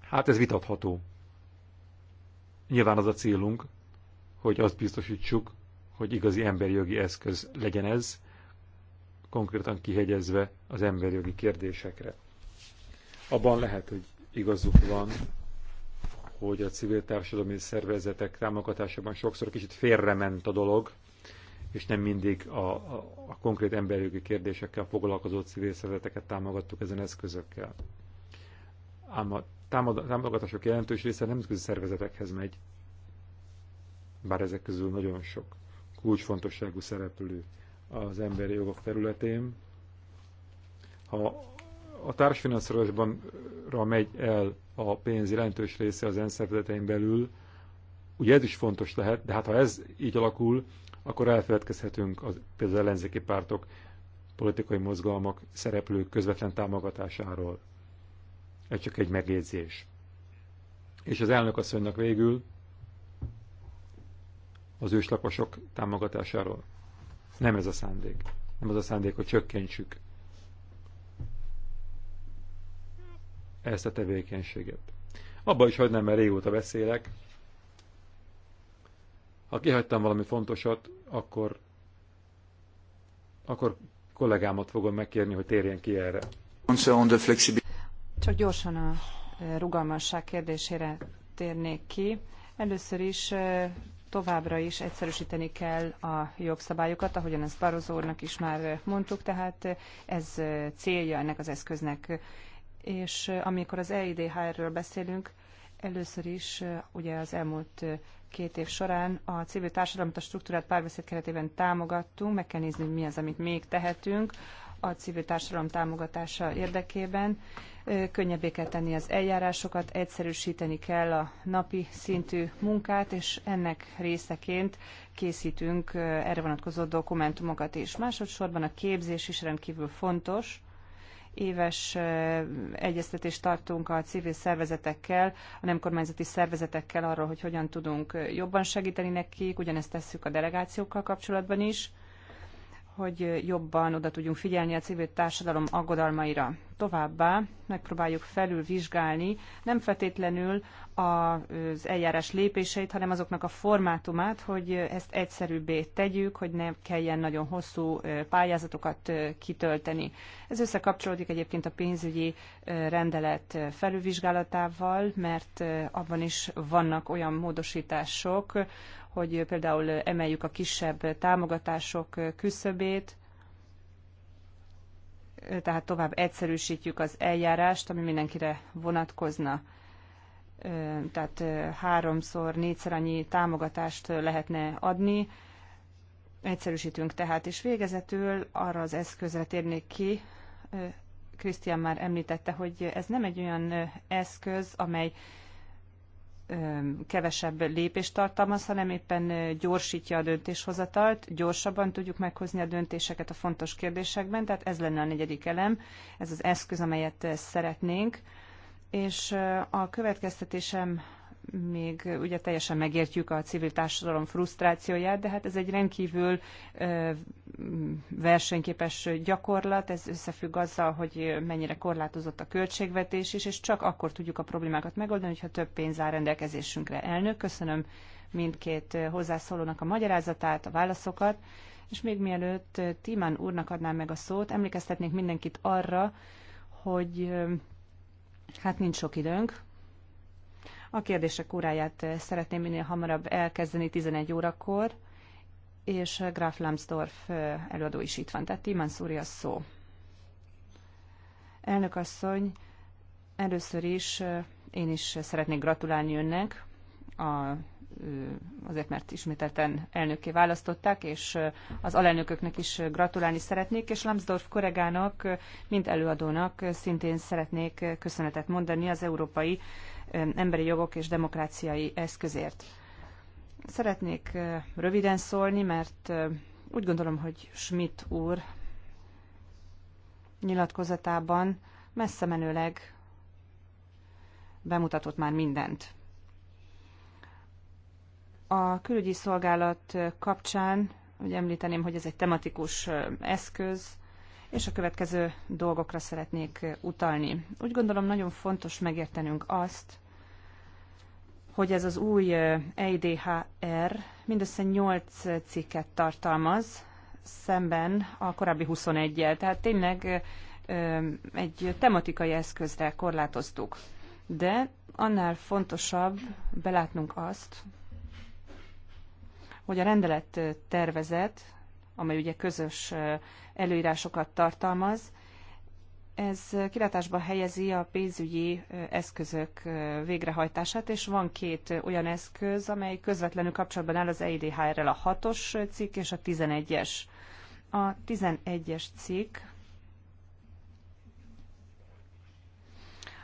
Hát ez vitatható. Nyilván az a célunk, hogy azt biztosítsuk, hogy igazi emberi jogi eszköz legyen ez, konkrétan kihegyezve az emberi jogi kérdésekre. Abban lehet, hogy igazuk van, hogy a civil társadalmi szervezetek támogatásában sokszor kicsit félrement a dolog, és nem mindig a, a, a konkrét emberjogi kérdésekkel foglalkozó civil szervezeteket támogattuk ezen eszközökkel. Ám a támogatások jelentős része nemzetközi szervezetekhez megy, bár ezek közül nagyon sok kulcsfontosságú szereplő az emberi jogok területén. Ha a társfinanszírozásban megy el a pénz jelentős része az ENSZ belül, ugye ez is fontos lehet, de hát ha ez így alakul, akkor elfeledkezhetünk az, például az ellenzéki pártok, politikai mozgalmak, szereplők közvetlen támogatásáról. Ez csak egy megjegyzés. És az elnök asszonynak végül az őslakosok támogatásáról. Nem ez a szándék. Nem az a szándék, hogy csökkentsük ezt a tevékenységet. Abba is hagynám, mert régóta beszélek, ha kihagytam valami fontosat, akkor, akkor kollégámat fogom megkérni, hogy térjen ki erre. Csak gyorsan a rugalmasság kérdésére térnék ki. Először is továbbra is egyszerűsíteni kell a jogszabályokat, ahogyan ezt Barozó úrnak is már mondtuk, tehát ez célja ennek az eszköznek. És amikor az EIDHR-ről beszélünk, először is ugye az elmúlt két év során a civil társadalmat a struktúrát párbeszéd keretében támogattunk, meg kell nézni, mi az, amit még tehetünk a civil társadalom támogatása érdekében. Könnyebbé kell tenni az eljárásokat, egyszerűsíteni kell a napi szintű munkát, és ennek részeként készítünk erre vonatkozó dokumentumokat is. Másodszorban a képzés is rendkívül fontos éves egyeztetést tartunk a civil szervezetekkel, a nem kormányzati szervezetekkel arról, hogy hogyan tudunk jobban segíteni nekik, ugyanezt tesszük a delegációkkal kapcsolatban is hogy jobban oda tudjunk figyelni a civil társadalom aggodalmaira. Továbbá megpróbáljuk felülvizsgálni nem feltétlenül az eljárás lépéseit, hanem azoknak a formátumát, hogy ezt egyszerűbbé tegyük, hogy ne kelljen nagyon hosszú pályázatokat kitölteni. Ez összekapcsolódik egyébként a pénzügyi rendelet felülvizsgálatával, mert abban is vannak olyan módosítások, hogy például emeljük a kisebb támogatások küszöbét, tehát tovább egyszerűsítjük az eljárást, ami mindenkire vonatkozna. Tehát háromszor, négyszer annyi támogatást lehetne adni, egyszerűsítünk tehát, és végezetül arra az eszközre térnék ki, Krisztián már említette, hogy ez nem egy olyan eszköz, amely kevesebb lépést tartalmaz, hanem éppen gyorsítja a döntéshozatalt, gyorsabban tudjuk meghozni a döntéseket a fontos kérdésekben, tehát ez lenne a negyedik elem, ez az eszköz, amelyet szeretnénk. És a következtetésem még ugye teljesen megértjük a civil társadalom frusztrációját, de hát ez egy rendkívül versenyképes gyakorlat, ez összefügg azzal, hogy mennyire korlátozott a költségvetés is, és csak akkor tudjuk a problémákat megoldani, hogyha több pénz áll rendelkezésünkre. Elnök, köszönöm mindkét hozzászólónak a magyarázatát, a válaszokat, és még mielőtt Timán úrnak adnám meg a szót, emlékeztetnék mindenkit arra, hogy hát nincs sok időnk, a kérdések óráját eh, szeretném minél hamarabb elkezdeni 11 órakor, és eh, Graf Lambsdorff eh, előadó is itt van, tehát Timán Szúri a szó. Elnök asszony, először is én is szeretnék gratulálni önnek a azért, mert ismételten elnökké választották, és az alelnököknek is gratulálni szeretnék, és Lambsdorff koregának, mint előadónak szintén szeretnék köszönetet mondani az Európai emberi jogok és demokráciai eszközért. Szeretnék röviden szólni, mert úgy gondolom, hogy Schmidt úr nyilatkozatában messze menőleg bemutatott már mindent. A külügyi szolgálat kapcsán, hogy említeném, hogy ez egy tematikus eszköz, és a következő dolgokra szeretnék utalni. Úgy gondolom nagyon fontos megértenünk azt, hogy ez az új EIDHR mindössze 8 cikket tartalmaz, szemben a korábbi 21-jel. Tehát tényleg egy tematikai eszközre korlátoztuk. De annál fontosabb belátnunk azt, hogy a rendelet tervezet, amely ugye közös előírásokat tartalmaz. Ez kilátásba helyezi a pénzügyi eszközök végrehajtását, és van két olyan eszköz, amely közvetlenül kapcsolatban áll az EIDHR-rel a 6-os cikk és a 11-es. A 11-es cikk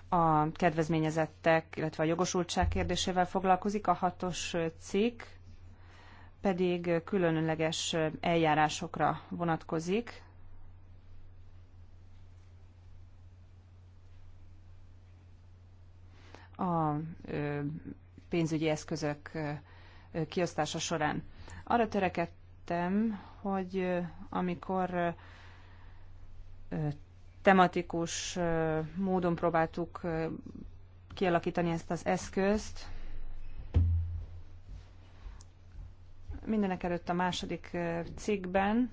a kedvezményezettek, illetve a jogosultság kérdésével foglalkozik, a 6-os cikk pedig különleges eljárásokra vonatkozik, a pénzügyi eszközök kiosztása során. Arra törekedtem, hogy amikor tematikus módon próbáltuk kialakítani ezt az eszközt, mindenek előtt a második cikkben,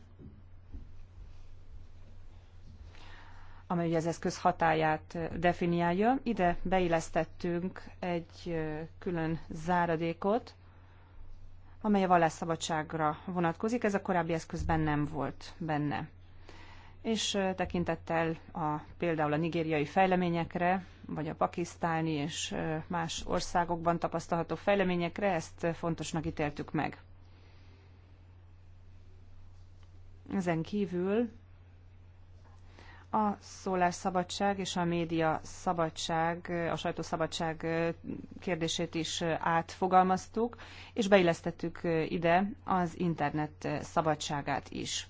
amely ugye az eszköz hatáját definiálja. Ide beillesztettünk egy külön záradékot, amely a vallásszabadságra vonatkozik. Ez a korábbi eszközben nem volt benne. És tekintettel a, például a nigériai fejleményekre, vagy a pakisztáni és más országokban tapasztalható fejleményekre ezt fontosnak ítéltük meg. Ezen kívül a szólásszabadság és a média szabadság, a sajtószabadság kérdését is átfogalmaztuk, és beillesztettük ide az internet szabadságát is.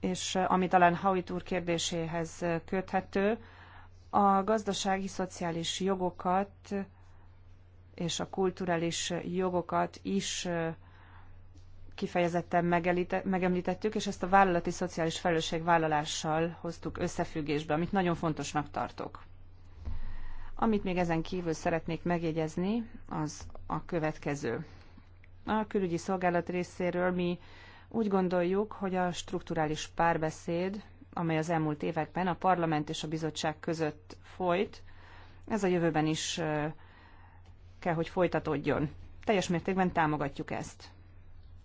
És ami talán Hauit úr kérdéséhez köthető, a gazdasági, szociális jogokat és a kulturális jogokat is kifejezetten megemlítettük, és ezt a vállalati szociális felelősségvállalással hoztuk összefüggésbe, amit nagyon fontosnak tartok. Amit még ezen kívül szeretnék megjegyezni, az a következő. A külügyi szolgálat részéről mi úgy gondoljuk, hogy a strukturális párbeszéd, amely az elmúlt években a parlament és a bizottság között folyt, ez a jövőben is kell, hogy folytatódjon. Teljes mértékben támogatjuk ezt.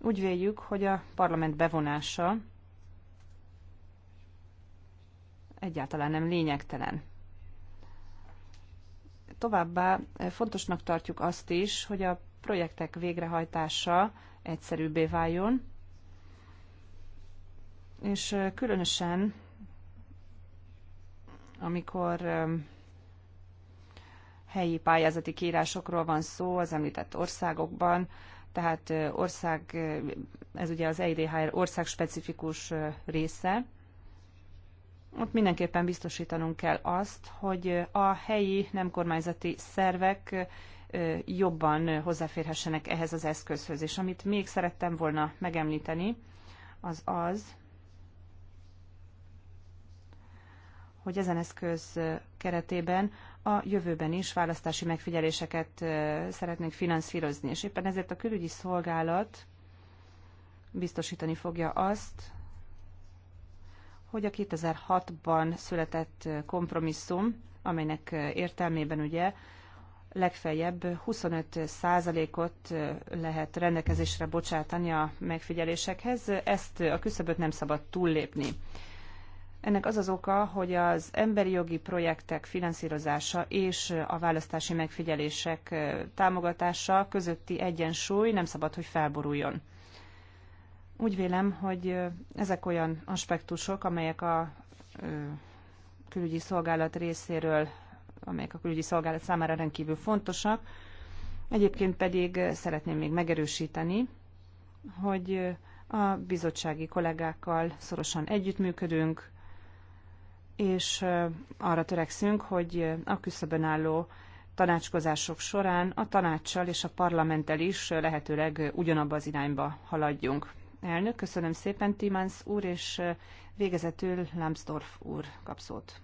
Úgy véljük, hogy a parlament bevonása egyáltalán nem lényegtelen. Továbbá fontosnak tartjuk azt is, hogy a projektek végrehajtása egyszerűbbé váljon, és különösen amikor helyi pályázati kírásokról van szó az említett országokban, tehát ország, ez ugye az EIDHR specifikus része. Ott mindenképpen biztosítanunk kell azt, hogy a helyi nem kormányzati szervek jobban hozzáférhessenek ehhez az eszközhöz. És amit még szerettem volna megemlíteni, az az, hogy ezen eszköz keretében a jövőben is választási megfigyeléseket szeretnénk finanszírozni, és éppen ezért a külügyi szolgálat biztosítani fogja azt, hogy a 2006-ban született kompromisszum, amelynek értelmében ugye legfeljebb 25%-ot lehet rendelkezésre bocsátani a megfigyelésekhez. Ezt a küszöböt nem szabad túllépni. Ennek az az oka, hogy az emberi jogi projektek finanszírozása és a választási megfigyelések támogatása közötti egyensúly nem szabad, hogy felboruljon. Úgy vélem, hogy ezek olyan aspektusok, amelyek a külügyi szolgálat részéről, amelyek a külügyi szolgálat számára rendkívül fontosak. Egyébként pedig szeretném még megerősíteni, hogy a bizottsági kollégákkal szorosan együttműködünk, és arra törekszünk, hogy a küszöbön álló tanácskozások során a tanácssal és a parlamenttel is lehetőleg ugyanabba az irányba haladjunk. Elnök, köszönöm szépen, Timánsz úr, és végezetül Lambsdorff úr kap szót.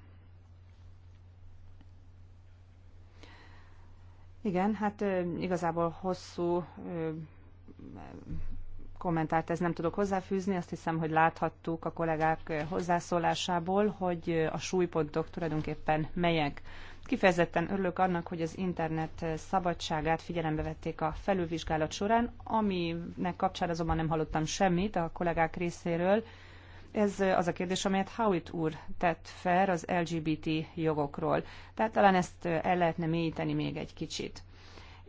Igen, hát igazából hosszú kommentárt ez nem tudok hozzáfűzni. Azt hiszem, hogy láthattuk a kollégák hozzászólásából, hogy a súlypontok tulajdonképpen melyek. Kifejezetten örülök annak, hogy az internet szabadságát figyelembe vették a felülvizsgálat során, aminek kapcsán azonban nem hallottam semmit a kollégák részéről. Ez az a kérdés, amelyet Howitt úr tett fel az LGBT jogokról. Tehát talán ezt el lehetne mélyíteni még egy kicsit.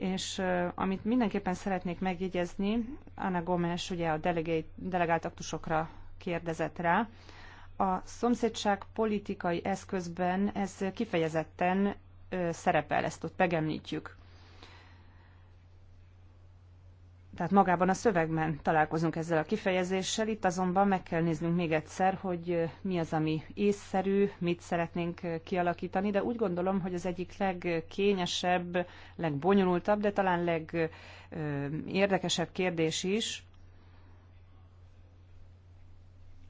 És amit mindenképpen szeretnék megjegyezni, Anna Gomes ugye a delegé, delegált aktusokra kérdezett rá, a szomszédság politikai eszközben ez kifejezetten szerepel, ezt ott megemlítjük. tehát magában a szövegben találkozunk ezzel a kifejezéssel, itt azonban meg kell néznünk még egyszer, hogy mi az, ami észszerű, mit szeretnénk kialakítani, de úgy gondolom, hogy az egyik legkényesebb, legbonyolultabb, de talán legérdekesebb kérdés is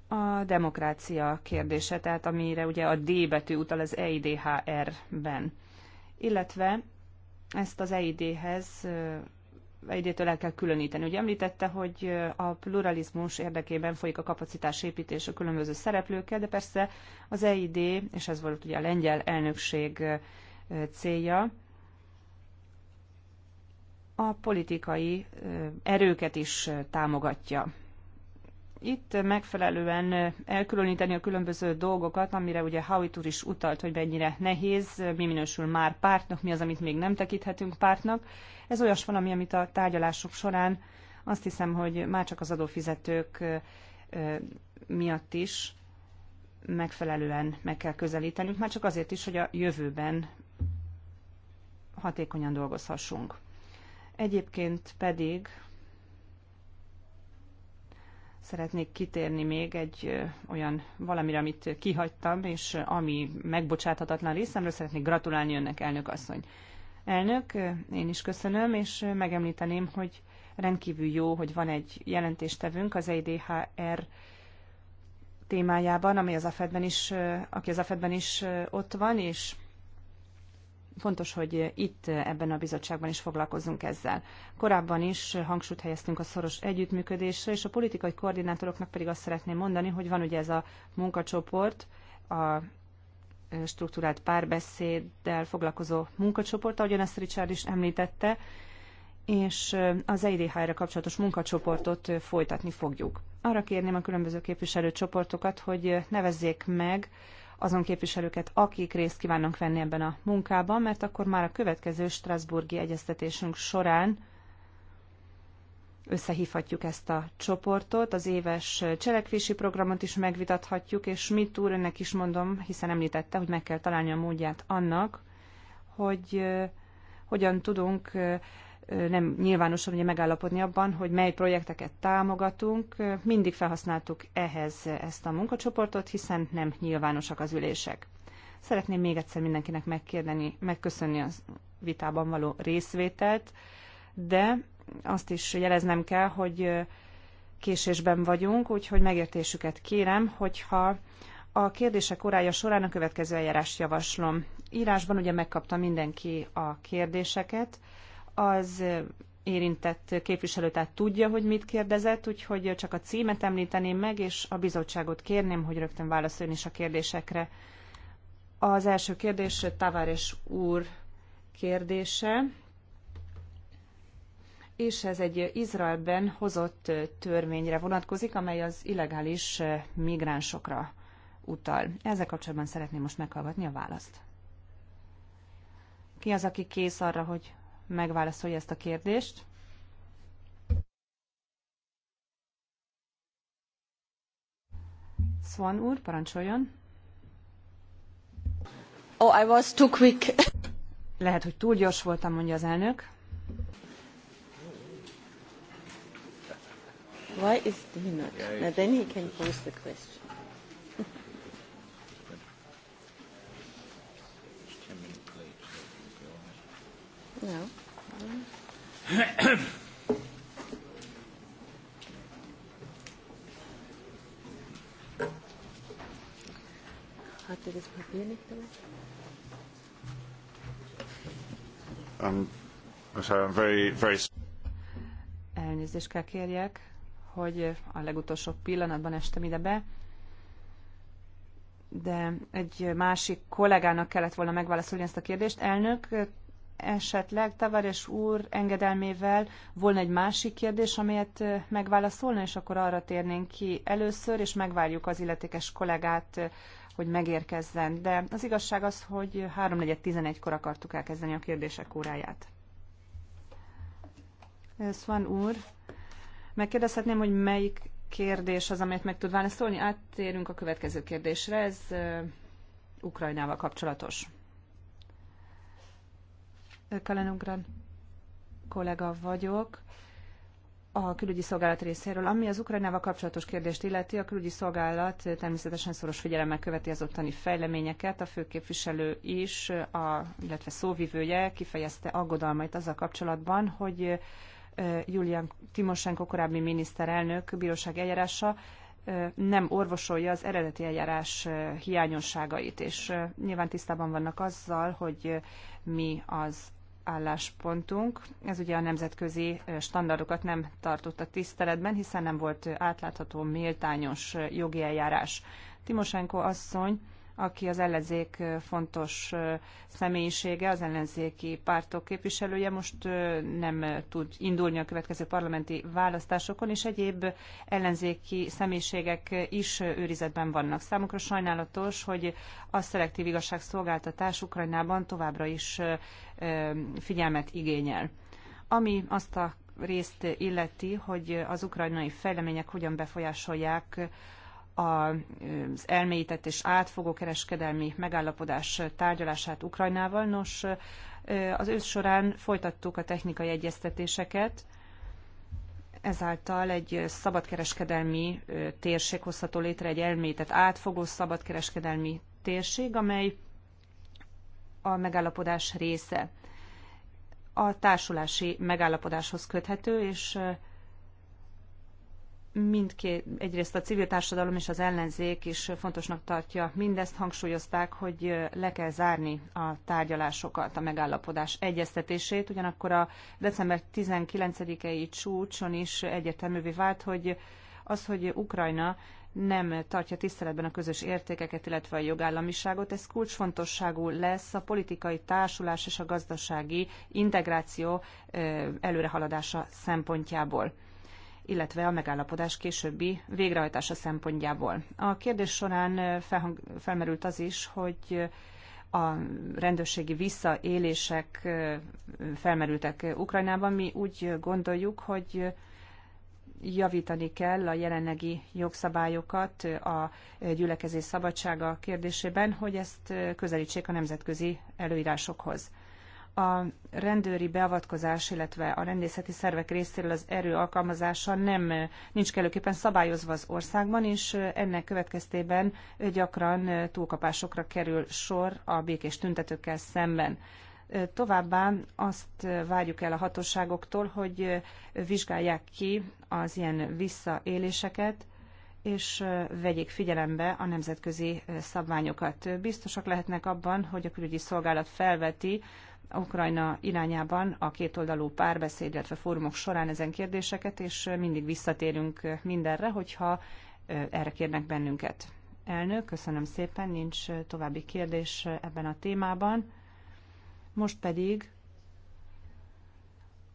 a demokrácia kérdése, tehát amire ugye a D betű utal az EIDHR-ben. Illetve ezt az EID-hez egyétől el kell különíteni. Ugye említette, hogy a pluralizmus érdekében folyik a kapacitásépítés a különböző szereplőkkel, de persze az EID, és ez volt ugye a lengyel elnökség célja, a politikai erőket is támogatja itt megfelelően elkülöníteni a különböző dolgokat, amire ugye Howitt úr is utalt, hogy mennyire nehéz, mi minősül már pártnak, mi az, amit még nem tekinthetünk pártnak. Ez olyas valami, amit a tárgyalások során azt hiszem, hogy már csak az adófizetők miatt is megfelelően meg kell közelítenünk, már csak azért is, hogy a jövőben hatékonyan dolgozhassunk. Egyébként pedig Szeretnék kitérni még egy olyan valamire, amit kihagytam, és ami megbocsáthatatlan részemről, szeretnék gratulálni önnek, elnök asszony. Elnök, én is köszönöm, és megemlíteném, hogy rendkívül jó, hogy van egy jelentéstevünk az EIDHR témájában, ami az afed is, aki az afed is ott van, és fontos, hogy itt ebben a bizottságban is foglalkozzunk ezzel. Korábban is hangsúlyt helyeztünk a szoros együttműködésre, és a politikai koordinátoroknak pedig azt szeretném mondani, hogy van ugye ez a munkacsoport, a struktúrált párbeszéddel foglalkozó munkacsoport, ahogyan ezt Richard is említette, és az EIDH-ra kapcsolatos munkacsoportot folytatni fogjuk. Arra kérném a különböző képviselőcsoportokat, hogy nevezzék meg azon képviselőket, akik részt kívánnak venni ebben a munkában, mert akkor már a következő Strasburgi egyeztetésünk során összehívhatjuk ezt a csoportot, az éves cselekvési programot is megvitathatjuk, és mit úr, önnek is mondom, hiszen említette, hogy meg kell találni a módját annak, hogy eh, hogyan tudunk eh, nem nyilvánosan ugye megállapodni abban, hogy mely projekteket támogatunk. Mindig felhasználtuk ehhez ezt a munkacsoportot, hiszen nem nyilvánosak az ülések. Szeretném még egyszer mindenkinek megkérdeni, megköszönni a vitában való részvételt, de azt is jeleznem kell, hogy késésben vagyunk, úgyhogy megértésüket kérem, hogyha a kérdések órája során a következő eljárást javaslom. Írásban ugye megkapta mindenki a kérdéseket, az érintett képviselő tehát tudja, hogy mit kérdezett, úgyhogy csak a címet említeném meg, és a bizottságot kérném, hogy rögtön válaszoljon is a kérdésekre. Az első kérdés Tavares úr kérdése, és ez egy Izraelben hozott törvényre vonatkozik, amely az illegális migránsokra utal. Ezzel kapcsolatban szeretném most meghallgatni a választ. Ki az, aki kész arra, hogy megválaszolja ezt a kérdést. Swan úr, parancsoljon. Oh, I was too quick. Lehet, hogy túl gyors voltam, mondja az elnök. Why is he not? Yeah, Now then he can pose the question. No. Hatte das Papier nicht dabei? very, very... Elnézést kell kérjek, hogy a legutolsó pillanatban estem ide be de egy másik kollégának kellett volna megválaszolni ezt a kérdést. Elnök, esetleg Tavares úr engedelmével volna egy másik kérdés, amelyet megválaszolna, és akkor arra térnénk ki először, és megvárjuk az illetékes kollégát, hogy megérkezzen. De az igazság az, hogy 3.4.11-kor akartuk elkezdeni a kérdések óráját. Szóval úr, megkérdezhetném, hogy melyik kérdés az, amelyet meg tud válaszolni? Áttérünk a következő kérdésre, ez Ukrajnával kapcsolatos. Kalenugran kollega vagyok a külügyi szolgálat részéről. Ami az Ukrajnával kapcsolatos kérdést illeti, a külügyi szolgálat természetesen szoros figyelemmel követi az ottani fejleményeket. A főképviselő is, a, illetve szóvivője kifejezte aggodalmait azzal kapcsolatban, hogy Julian Timoshenko korábbi miniszterelnök bíróság eljárása nem orvosolja az eredeti eljárás hiányosságait, és nyilván tisztában vannak azzal, hogy mi az álláspontunk. Ez ugye a nemzetközi standardokat nem tartotta tiszteletben, hiszen nem volt átlátható, méltányos jogi eljárás. Timosenko asszony aki az ellenzék fontos személyisége, az ellenzéki pártok képviselője, most nem tud indulni a következő parlamenti választásokon, és egyéb ellenzéki személyiségek is őrizetben vannak. Számukra sajnálatos, hogy a szelektív igazságszolgáltatás Ukrajnában továbbra is figyelmet igényel. Ami azt a részt illeti, hogy az ukrajnai fejlemények hogyan befolyásolják az elmélyített és átfogó kereskedelmi megállapodás tárgyalását Ukrajnával. Nos, az ősz során folytattuk a technikai egyeztetéseket, ezáltal egy szabadkereskedelmi térség hozható létre, egy elmélyített átfogó szabadkereskedelmi térség, amely a megállapodás része. A társulási megállapodáshoz köthető, és mindkét, egyrészt a civil társadalom és az ellenzék is fontosnak tartja mindezt, hangsúlyozták, hogy le kell zárni a tárgyalásokat, a megállapodás egyeztetését, ugyanakkor a december 19-i csúcson is egyértelművé vált, hogy az, hogy Ukrajna nem tartja tiszteletben a közös értékeket, illetve a jogállamiságot. Ez kulcsfontosságú lesz a politikai társulás és a gazdasági integráció előrehaladása szempontjából illetve a megállapodás későbbi végrehajtása szempontjából. A kérdés során felhang, felmerült az is, hogy a rendőrségi visszaélések felmerültek Ukrajnában. Mi úgy gondoljuk, hogy javítani kell a jelenlegi jogszabályokat a gyülekezés szabadsága kérdésében, hogy ezt közelítsék a nemzetközi előírásokhoz a rendőri beavatkozás, illetve a rendészeti szervek részéről az erő alkalmazása nem nincs kellőképpen szabályozva az országban, és ennek következtében gyakran túlkapásokra kerül sor a békés tüntetőkkel szemben. Továbbá azt várjuk el a hatóságoktól, hogy vizsgálják ki az ilyen visszaéléseket, és vegyék figyelembe a nemzetközi szabványokat. Biztosak lehetnek abban, hogy a külügyi szolgálat felveti Ukrajna irányában a kétoldalú párbeszéd, illetve fórumok során ezen kérdéseket, és mindig visszatérünk mindenre, hogyha erre kérnek bennünket. Elnök, köszönöm szépen, nincs további kérdés ebben a témában. Most pedig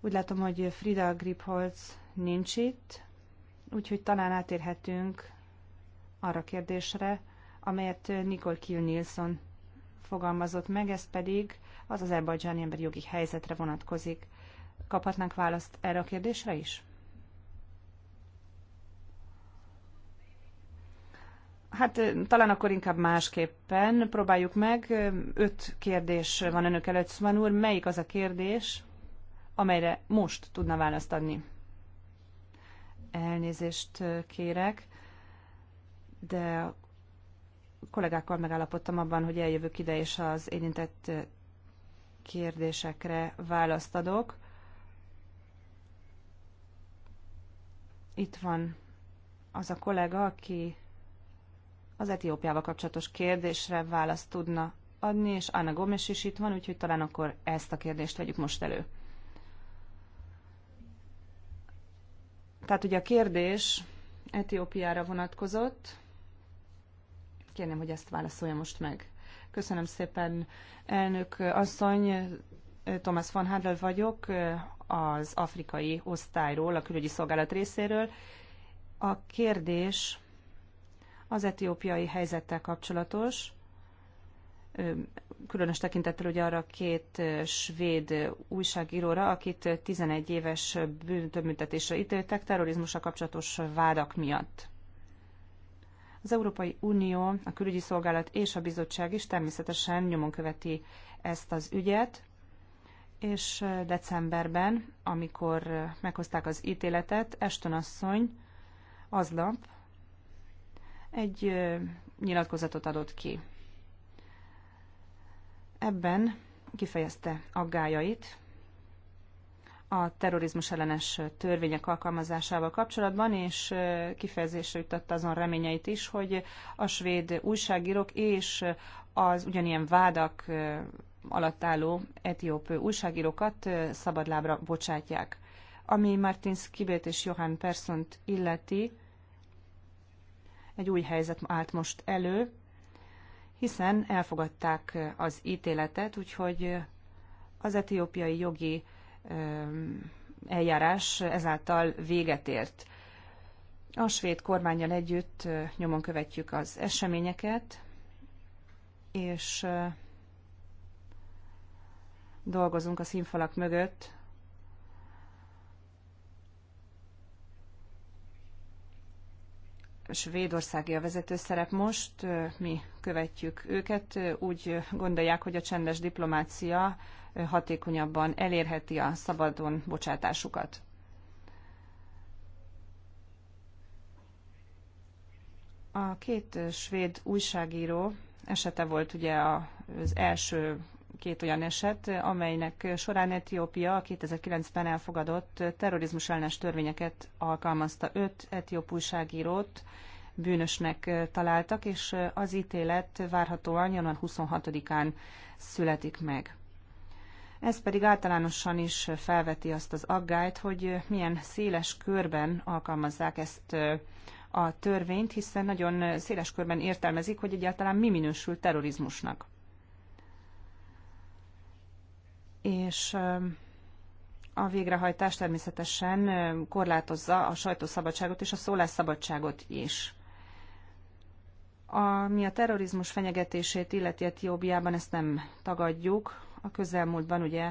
úgy látom, hogy Frida Gripholz nincs itt, úgyhogy talán átérhetünk arra kérdésre, amelyet Nicole Kill Nielsen fogalmazott meg, ez pedig az az erbajdzsáni emberi jogi helyzetre vonatkozik. Kaphatnánk választ erre a kérdésre is? Hát talán akkor inkább másképpen próbáljuk meg. Öt kérdés van önök előtt, Szuman úr. Melyik az a kérdés, amelyre most tudna választ adni? Elnézést kérek, de kollégákkal megállapodtam abban, hogy eljövök ide, és az érintett kérdésekre választ adok. Itt van az a kollega, aki az Etiópiával kapcsolatos kérdésre választ tudna adni, és Anna Gomes is itt van, úgyhogy talán akkor ezt a kérdést vegyük most elő. Tehát ugye a kérdés Etiópiára vonatkozott. Kérném, hogy ezt válaszolja most meg. Köszönöm szépen, elnök asszony. Thomas van Hadel vagyok, az afrikai osztályról, a külügyi szolgálat részéről. A kérdés az etiópiai helyzettel kapcsolatos, különös tekintettel ugye arra két svéd újságíróra, akit 11 éves büntetésre ítéltek terrorizmusra kapcsolatos vádak miatt. Az Európai Unió, a külügyi szolgálat és a bizottság is természetesen nyomon követi ezt az ügyet, és decemberben, amikor meghozták az ítéletet, Eston asszony aznap egy nyilatkozatot adott ki. Ebben kifejezte aggájait a terrorizmus ellenes törvények alkalmazásával kapcsolatban, és kifejezésre jutott azon reményeit is, hogy a svéd újságírók és az ugyanilyen vádak alatt álló etióp újságírókat szabadlábra bocsátják. Ami Martins Kibét és Johann Persont illeti, egy új helyzet állt most elő, hiszen elfogadták az ítéletet, úgyhogy az etiópiai jogi eljárás ezáltal véget ért. A svéd kormányjal együtt nyomon követjük az eseményeket, és dolgozunk a színfalak mögött Svédországi a vezető szerep most, mi követjük őket, úgy gondolják, hogy a csendes diplomácia hatékonyabban elérheti a szabadon bocsátásukat. A két svéd újságíró esete volt ugye az első két olyan eset, amelynek során Etiópia a 2009-ben elfogadott terrorizmus ellenes törvényeket alkalmazta. Öt etióp újságírót bűnösnek találtak, és az ítélet várhatóan január 26-án születik meg. Ez pedig általánosan is felveti azt az aggályt, hogy milyen széles körben alkalmazzák ezt a törvényt, hiszen nagyon széles körben értelmezik, hogy egyáltalán mi minősül terrorizmusnak. és a végrehajtás természetesen korlátozza a sajtószabadságot és a szólásszabadságot is. Ami a terrorizmus fenyegetését illeti Etiópiában, ezt nem tagadjuk. A közelmúltban ugye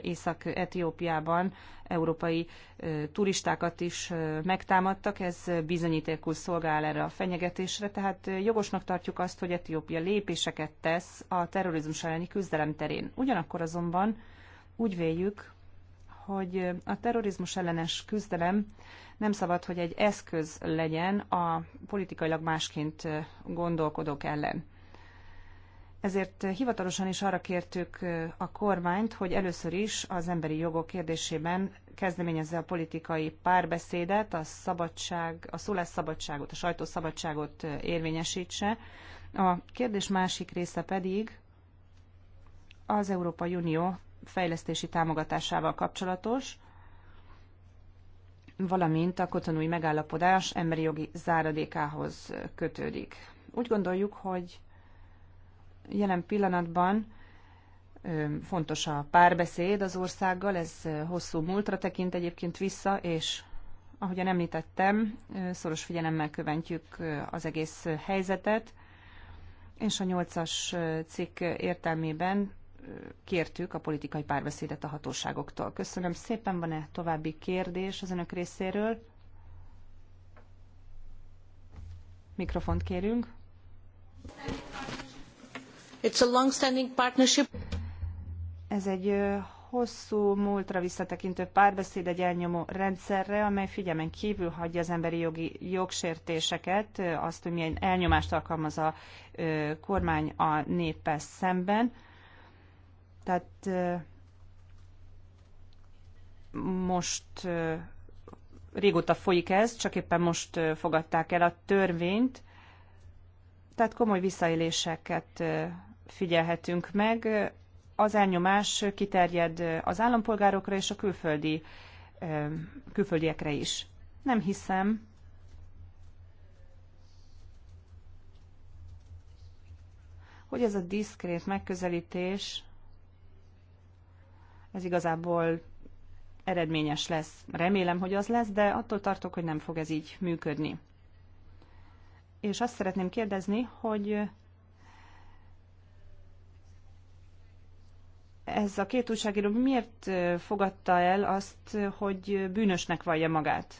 Észak-Etiópiában európai turistákat is megtámadtak. Ez bizonyítékul szolgál erre a fenyegetésre, tehát jogosnak tartjuk azt, hogy Etiópia lépéseket tesz a terrorizmus elleni küzdelem terén. Ugyanakkor azonban úgy véljük, hogy a terrorizmus ellenes küzdelem nem szabad, hogy egy eszköz legyen a politikailag másként gondolkodók ellen. Ezért hivatalosan is arra kértük a kormányt, hogy először is az emberi jogok kérdésében kezdeményezze a politikai párbeszédet, a szabadság, a szólásszabadságot, a sajtószabadságot érvényesítse. A kérdés másik része pedig az Európai Unió fejlesztési támogatásával kapcsolatos, valamint a kotonúi megállapodás emberi jogi záradékához kötődik. Úgy gondoljuk, hogy Jelen pillanatban fontos a párbeszéd az országgal, ez hosszú múltra tekint egyébként vissza, és ahogyan említettem, szoros figyelemmel követjük az egész helyzetet, és a nyolcas cikk értelmében kértük a politikai párbeszédet a hatóságoktól. Köszönöm szépen, van-e további kérdés az önök részéről? Mikrofont kérünk. It's a long-standing partnership. Ez egy hosszú múltra visszatekintő párbeszéd egy elnyomó rendszerre, amely figyelmen kívül hagyja az emberi jogi jogsértéseket, azt, hogy milyen elnyomást alkalmaz a kormány a néppel szemben. Tehát most régóta folyik ez, csak éppen most fogadták el a törvényt, tehát komoly visszaéléseket figyelhetünk meg. Az elnyomás kiterjed az állampolgárokra és a külföldi, külföldiekre is. Nem hiszem, hogy ez a diszkrét megközelítés, ez igazából eredményes lesz. Remélem, hogy az lesz, de attól tartok, hogy nem fog ez így működni. És azt szeretném kérdezni, hogy ez a két újságíró miért fogadta el azt, hogy bűnösnek vallja magát?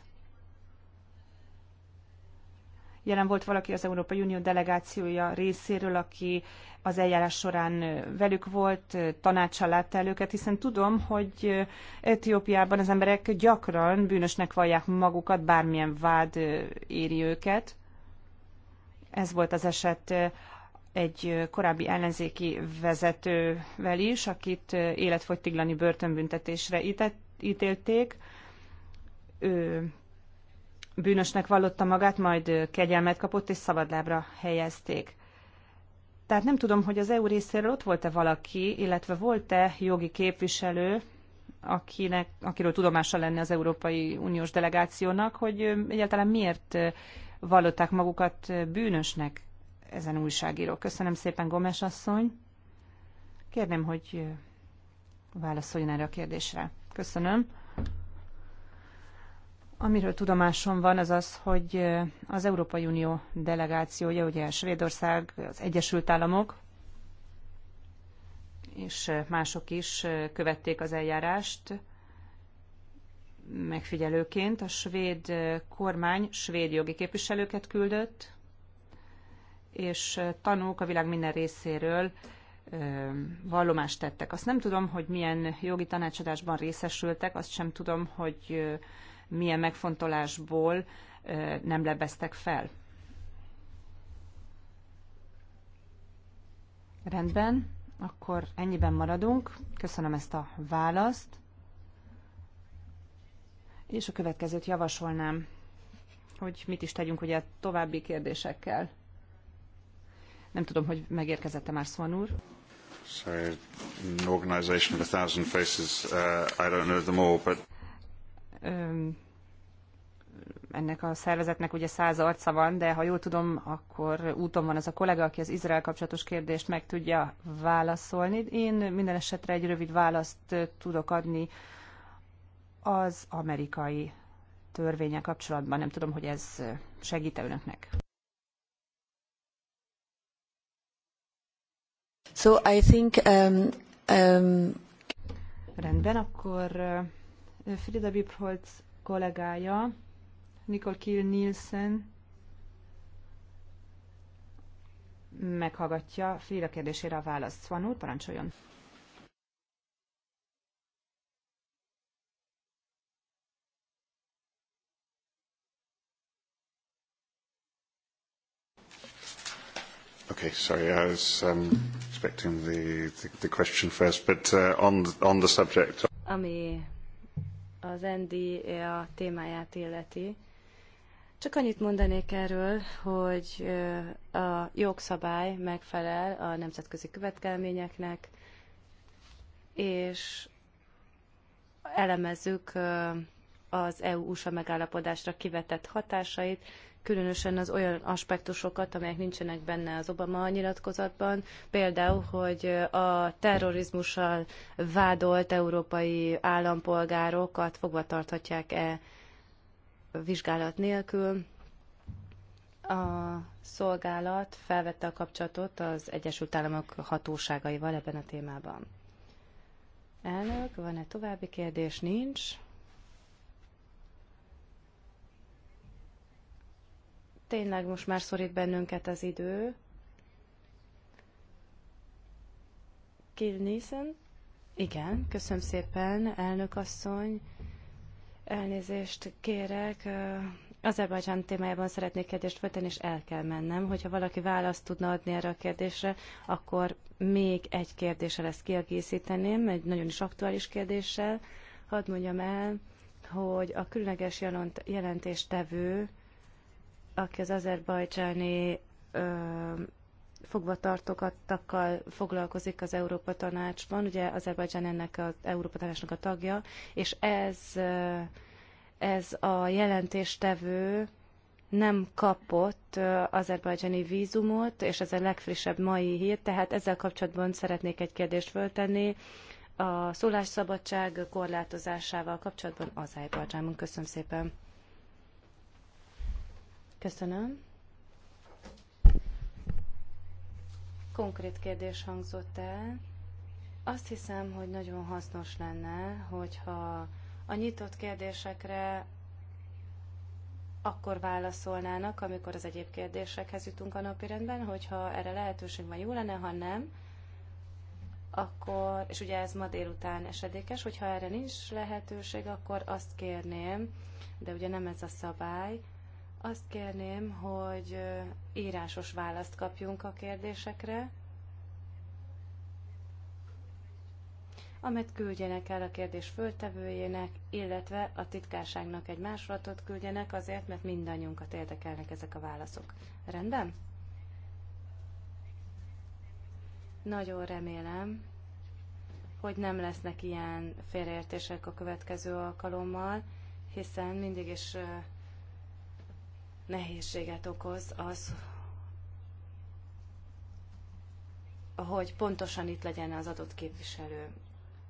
Jelen volt valaki az Európai Unió delegációja részéről, aki az eljárás során velük volt, tanácsa látta el őket, hiszen tudom, hogy Etiópiában az emberek gyakran bűnösnek vallják magukat, bármilyen vád éri őket. Ez volt az eset egy korábbi ellenzéki vezetővel is, akit életfogytiglani börtönbüntetésre ítélték. Ő bűnösnek vallotta magát, majd kegyelmet kapott és szabadlábra helyezték. Tehát nem tudom, hogy az EU részéről ott volt-e valaki, illetve volt-e jogi képviselő, akinek, akiről tudomása lenne az Európai Uniós delegációnak, hogy egyáltalán miért vallották magukat bűnösnek ezen újságíró. Köszönöm szépen, Gomes asszony. Kérném, hogy válaszoljon erre a kérdésre. Köszönöm. Amiről tudomásom van, az az, hogy az Európai Unió delegációja, ugye Svédország, az Egyesült Államok és mások is követték az eljárást megfigyelőként. A svéd kormány svéd jogi képviselőket küldött, és tanúk a világ minden részéről vallomást tettek. Azt nem tudom, hogy milyen jogi tanácsadásban részesültek, azt sem tudom, hogy milyen megfontolásból nem lebeztek fel. Rendben, akkor ennyiben maradunk. Köszönöm ezt a választ. És a következőt javasolnám, hogy mit is tegyünk ugye a további kérdésekkel. Nem tudom, hogy megérkezette már Swan úr. Sorry, an organization with a thousand faces, uh, I don't know them all, but... Um, ennek a szervezetnek ugye száz arca van, de ha jól tudom, akkor úton van az a kollega, aki az Izrael kapcsolatos kérdést meg tudja válaszolni. Én minden esetre egy rövid választ tudok adni az amerikai törvénye kapcsolatban. Nem tudom, hogy ez segít -e önöknek. So I think... Um, um... Rendben, akkor uh, Frida Bibholz kollégája, Nicole Kiel Nielsen meghallgatja Frida kérdésére a választ. Van úr, parancsoljon! Okay, sorry, I was um, expecting the, the, the question first, but uh, on, on the subject... Ami az NDA e témáját illeti, csak annyit mondanék erről, hogy uh, a jogszabály megfelel a nemzetközi követkelményeknek, és elemezzük uh, az EU-USA megállapodásra kivetett hatásait, különösen az olyan aspektusokat, amelyek nincsenek benne az Obama nyilatkozatban, például, hogy a terrorizmussal vádolt európai állampolgárokat fogva tarthatják-e vizsgálat nélkül. A szolgálat felvette a kapcsolatot az Egyesült Államok hatóságaival ebben a témában. Elnök, van-e további kérdés? Nincs. Tényleg most már szorít bennünket az idő. Kill Nielsen? Igen, köszönöm szépen, elnök asszony. Elnézést kérek. Azerbajdzsán témájában szeretnék kérdést föltenni, és el kell mennem. Hogyha valaki választ tudna adni erre a kérdésre, akkor még egy kérdéssel ezt kiegészíteném, egy nagyon is aktuális kérdéssel. Hadd mondjam el, hogy a különleges jelentéstevő aki az azerbajdzsáni fogvatartogattakkal foglalkozik az Európa Tanácsban, ugye Azerbajdzsán ennek az Európa Tanácsnak a tagja, és ez, ez a jelentéstevő nem kapott azerbajdzsáni vízumot, és ez a legfrissebb mai hír, tehát ezzel kapcsolatban szeretnék egy kérdést föltenni. A szólásszabadság korlátozásával kapcsolatban Azerbajdzsánban. Köszönöm szépen. Köszönöm. Konkrét kérdés hangzott el. Azt hiszem, hogy nagyon hasznos lenne, hogyha a nyitott kérdésekre akkor válaszolnának, amikor az egyéb kérdésekhez jutunk a napirendben, hogyha erre lehetőség van, jó lenne, ha nem, akkor, és ugye ez ma délután esedékes, hogyha erre nincs lehetőség, akkor azt kérném, de ugye nem ez a szabály, azt kérném, hogy írásos választ kapjunk a kérdésekre, amit küldjenek el a kérdés föltevőjének, illetve a titkárságnak egy másolatot küldjenek azért, mert mindannyiunkat érdekelnek ezek a válaszok. Rendben? Nagyon remélem, hogy nem lesznek ilyen félreértések a következő alkalommal, hiszen mindig is nehézséget okoz az, hogy pontosan itt legyen az adott képviselő.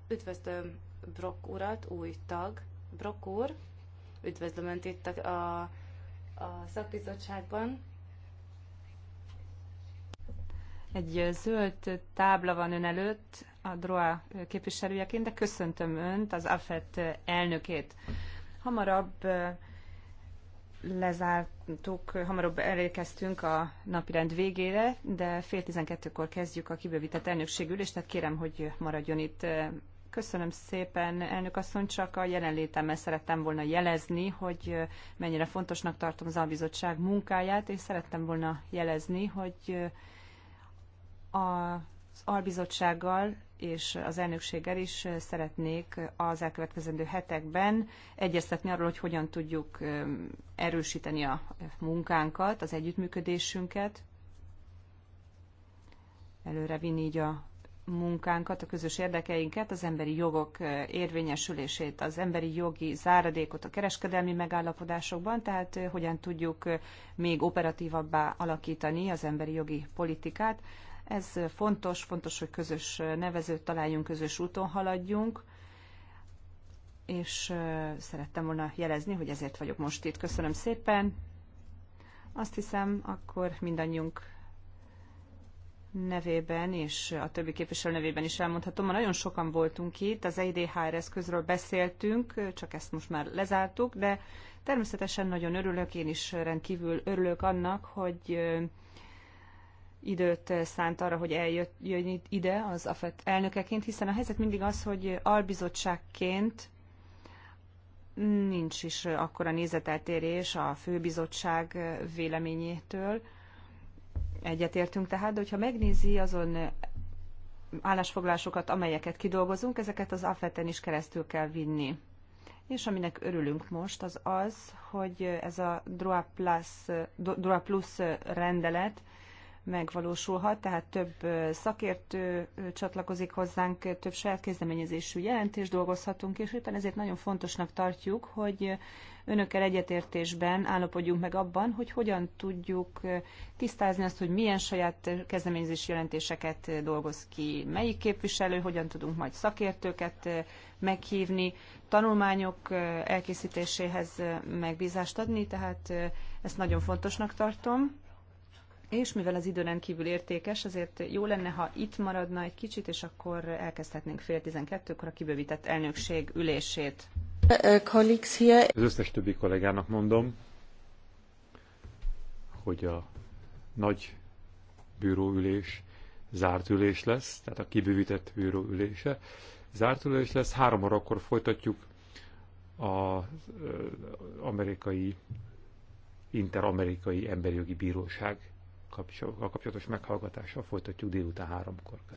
Üdvözlöm Brock urat, új tag. Brock úr, üdvözlöm Önt itt a, a szakbizottságban. Egy zöld tábla van ön előtt, a DROA képviselőjeként, de köszöntöm önt, az AFET elnökét. Hamarabb lezárt tudtuk, hamarabb elérkeztünk a napirend végére, de fél tizenkettőkor kezdjük a kibővített elnökségülést, tehát kérem, hogy maradjon itt. Köszönöm szépen, elnök asszony, csak a jelenlétemmel szerettem volna jelezni, hogy mennyire fontosnak tartom az albizottság munkáját, és szerettem volna jelezni, hogy az albizottsággal és az elnökséggel is szeretnék az elkövetkezendő hetekben egyeztetni arról, hogy hogyan tudjuk erősíteni a munkánkat, az együttműködésünket, előre vinni így a munkánkat, a közös érdekeinket, az emberi jogok érvényesülését, az emberi jogi záradékot a kereskedelmi megállapodásokban, tehát hogyan tudjuk még operatívabbá alakítani az emberi jogi politikát, ez fontos, fontos, hogy közös nevezőt találjunk, közös úton haladjunk, és szerettem volna jelezni, hogy ezért vagyok most itt. Köszönöm szépen. Azt hiszem, akkor mindannyiunk nevében és a többi képviselő nevében is elmondhatom, ma nagyon sokan voltunk itt, az EIDHR eszközről beszéltünk, csak ezt most már lezártuk, de természetesen nagyon örülök, én is rendkívül örülök annak, hogy időt eh, szánt arra, hogy eljöjjön ide az AFET elnökeként, hiszen a helyzet mindig az, hogy albizottságként nincs is eh, akkora nézeteltérés a főbizottság eh, véleményétől. Egyetértünk tehát, de hogyha megnézi azon állásfoglásokat, amelyeket kidolgozunk, ezeket az AFET-en is keresztül kell vinni. És aminek örülünk most, az az, hogy ez a DROA Plus, DROA Plus rendelet megvalósulhat, tehát több szakértő csatlakozik hozzánk, több saját kezdeményezésű jelentést dolgozhatunk, és éppen ezért nagyon fontosnak tartjuk, hogy önökkel egyetértésben állapodjunk meg abban, hogy hogyan tudjuk tisztázni azt, hogy milyen saját kezdeményezési jelentéseket dolgoz ki melyik képviselő, hogyan tudunk majd szakértőket meghívni, tanulmányok elkészítéséhez megbízást adni, tehát ezt nagyon fontosnak tartom és mivel az idő rendkívül értékes, azért jó lenne, ha itt maradna egy kicsit, és akkor elkezdhetnénk fél tizenkettőkor a kibővített elnökség ülését. Uh, uh, az összes többi kollégának mondom, hogy a nagy bűróülés zárt ülés lesz, tehát a kibővített bűróülése. Zárt ülés lesz, három órakor folytatjuk az uh, amerikai, interamerikai emberjogi bíróság kapcsolatos meghallgatással folytatjuk délután háromkor.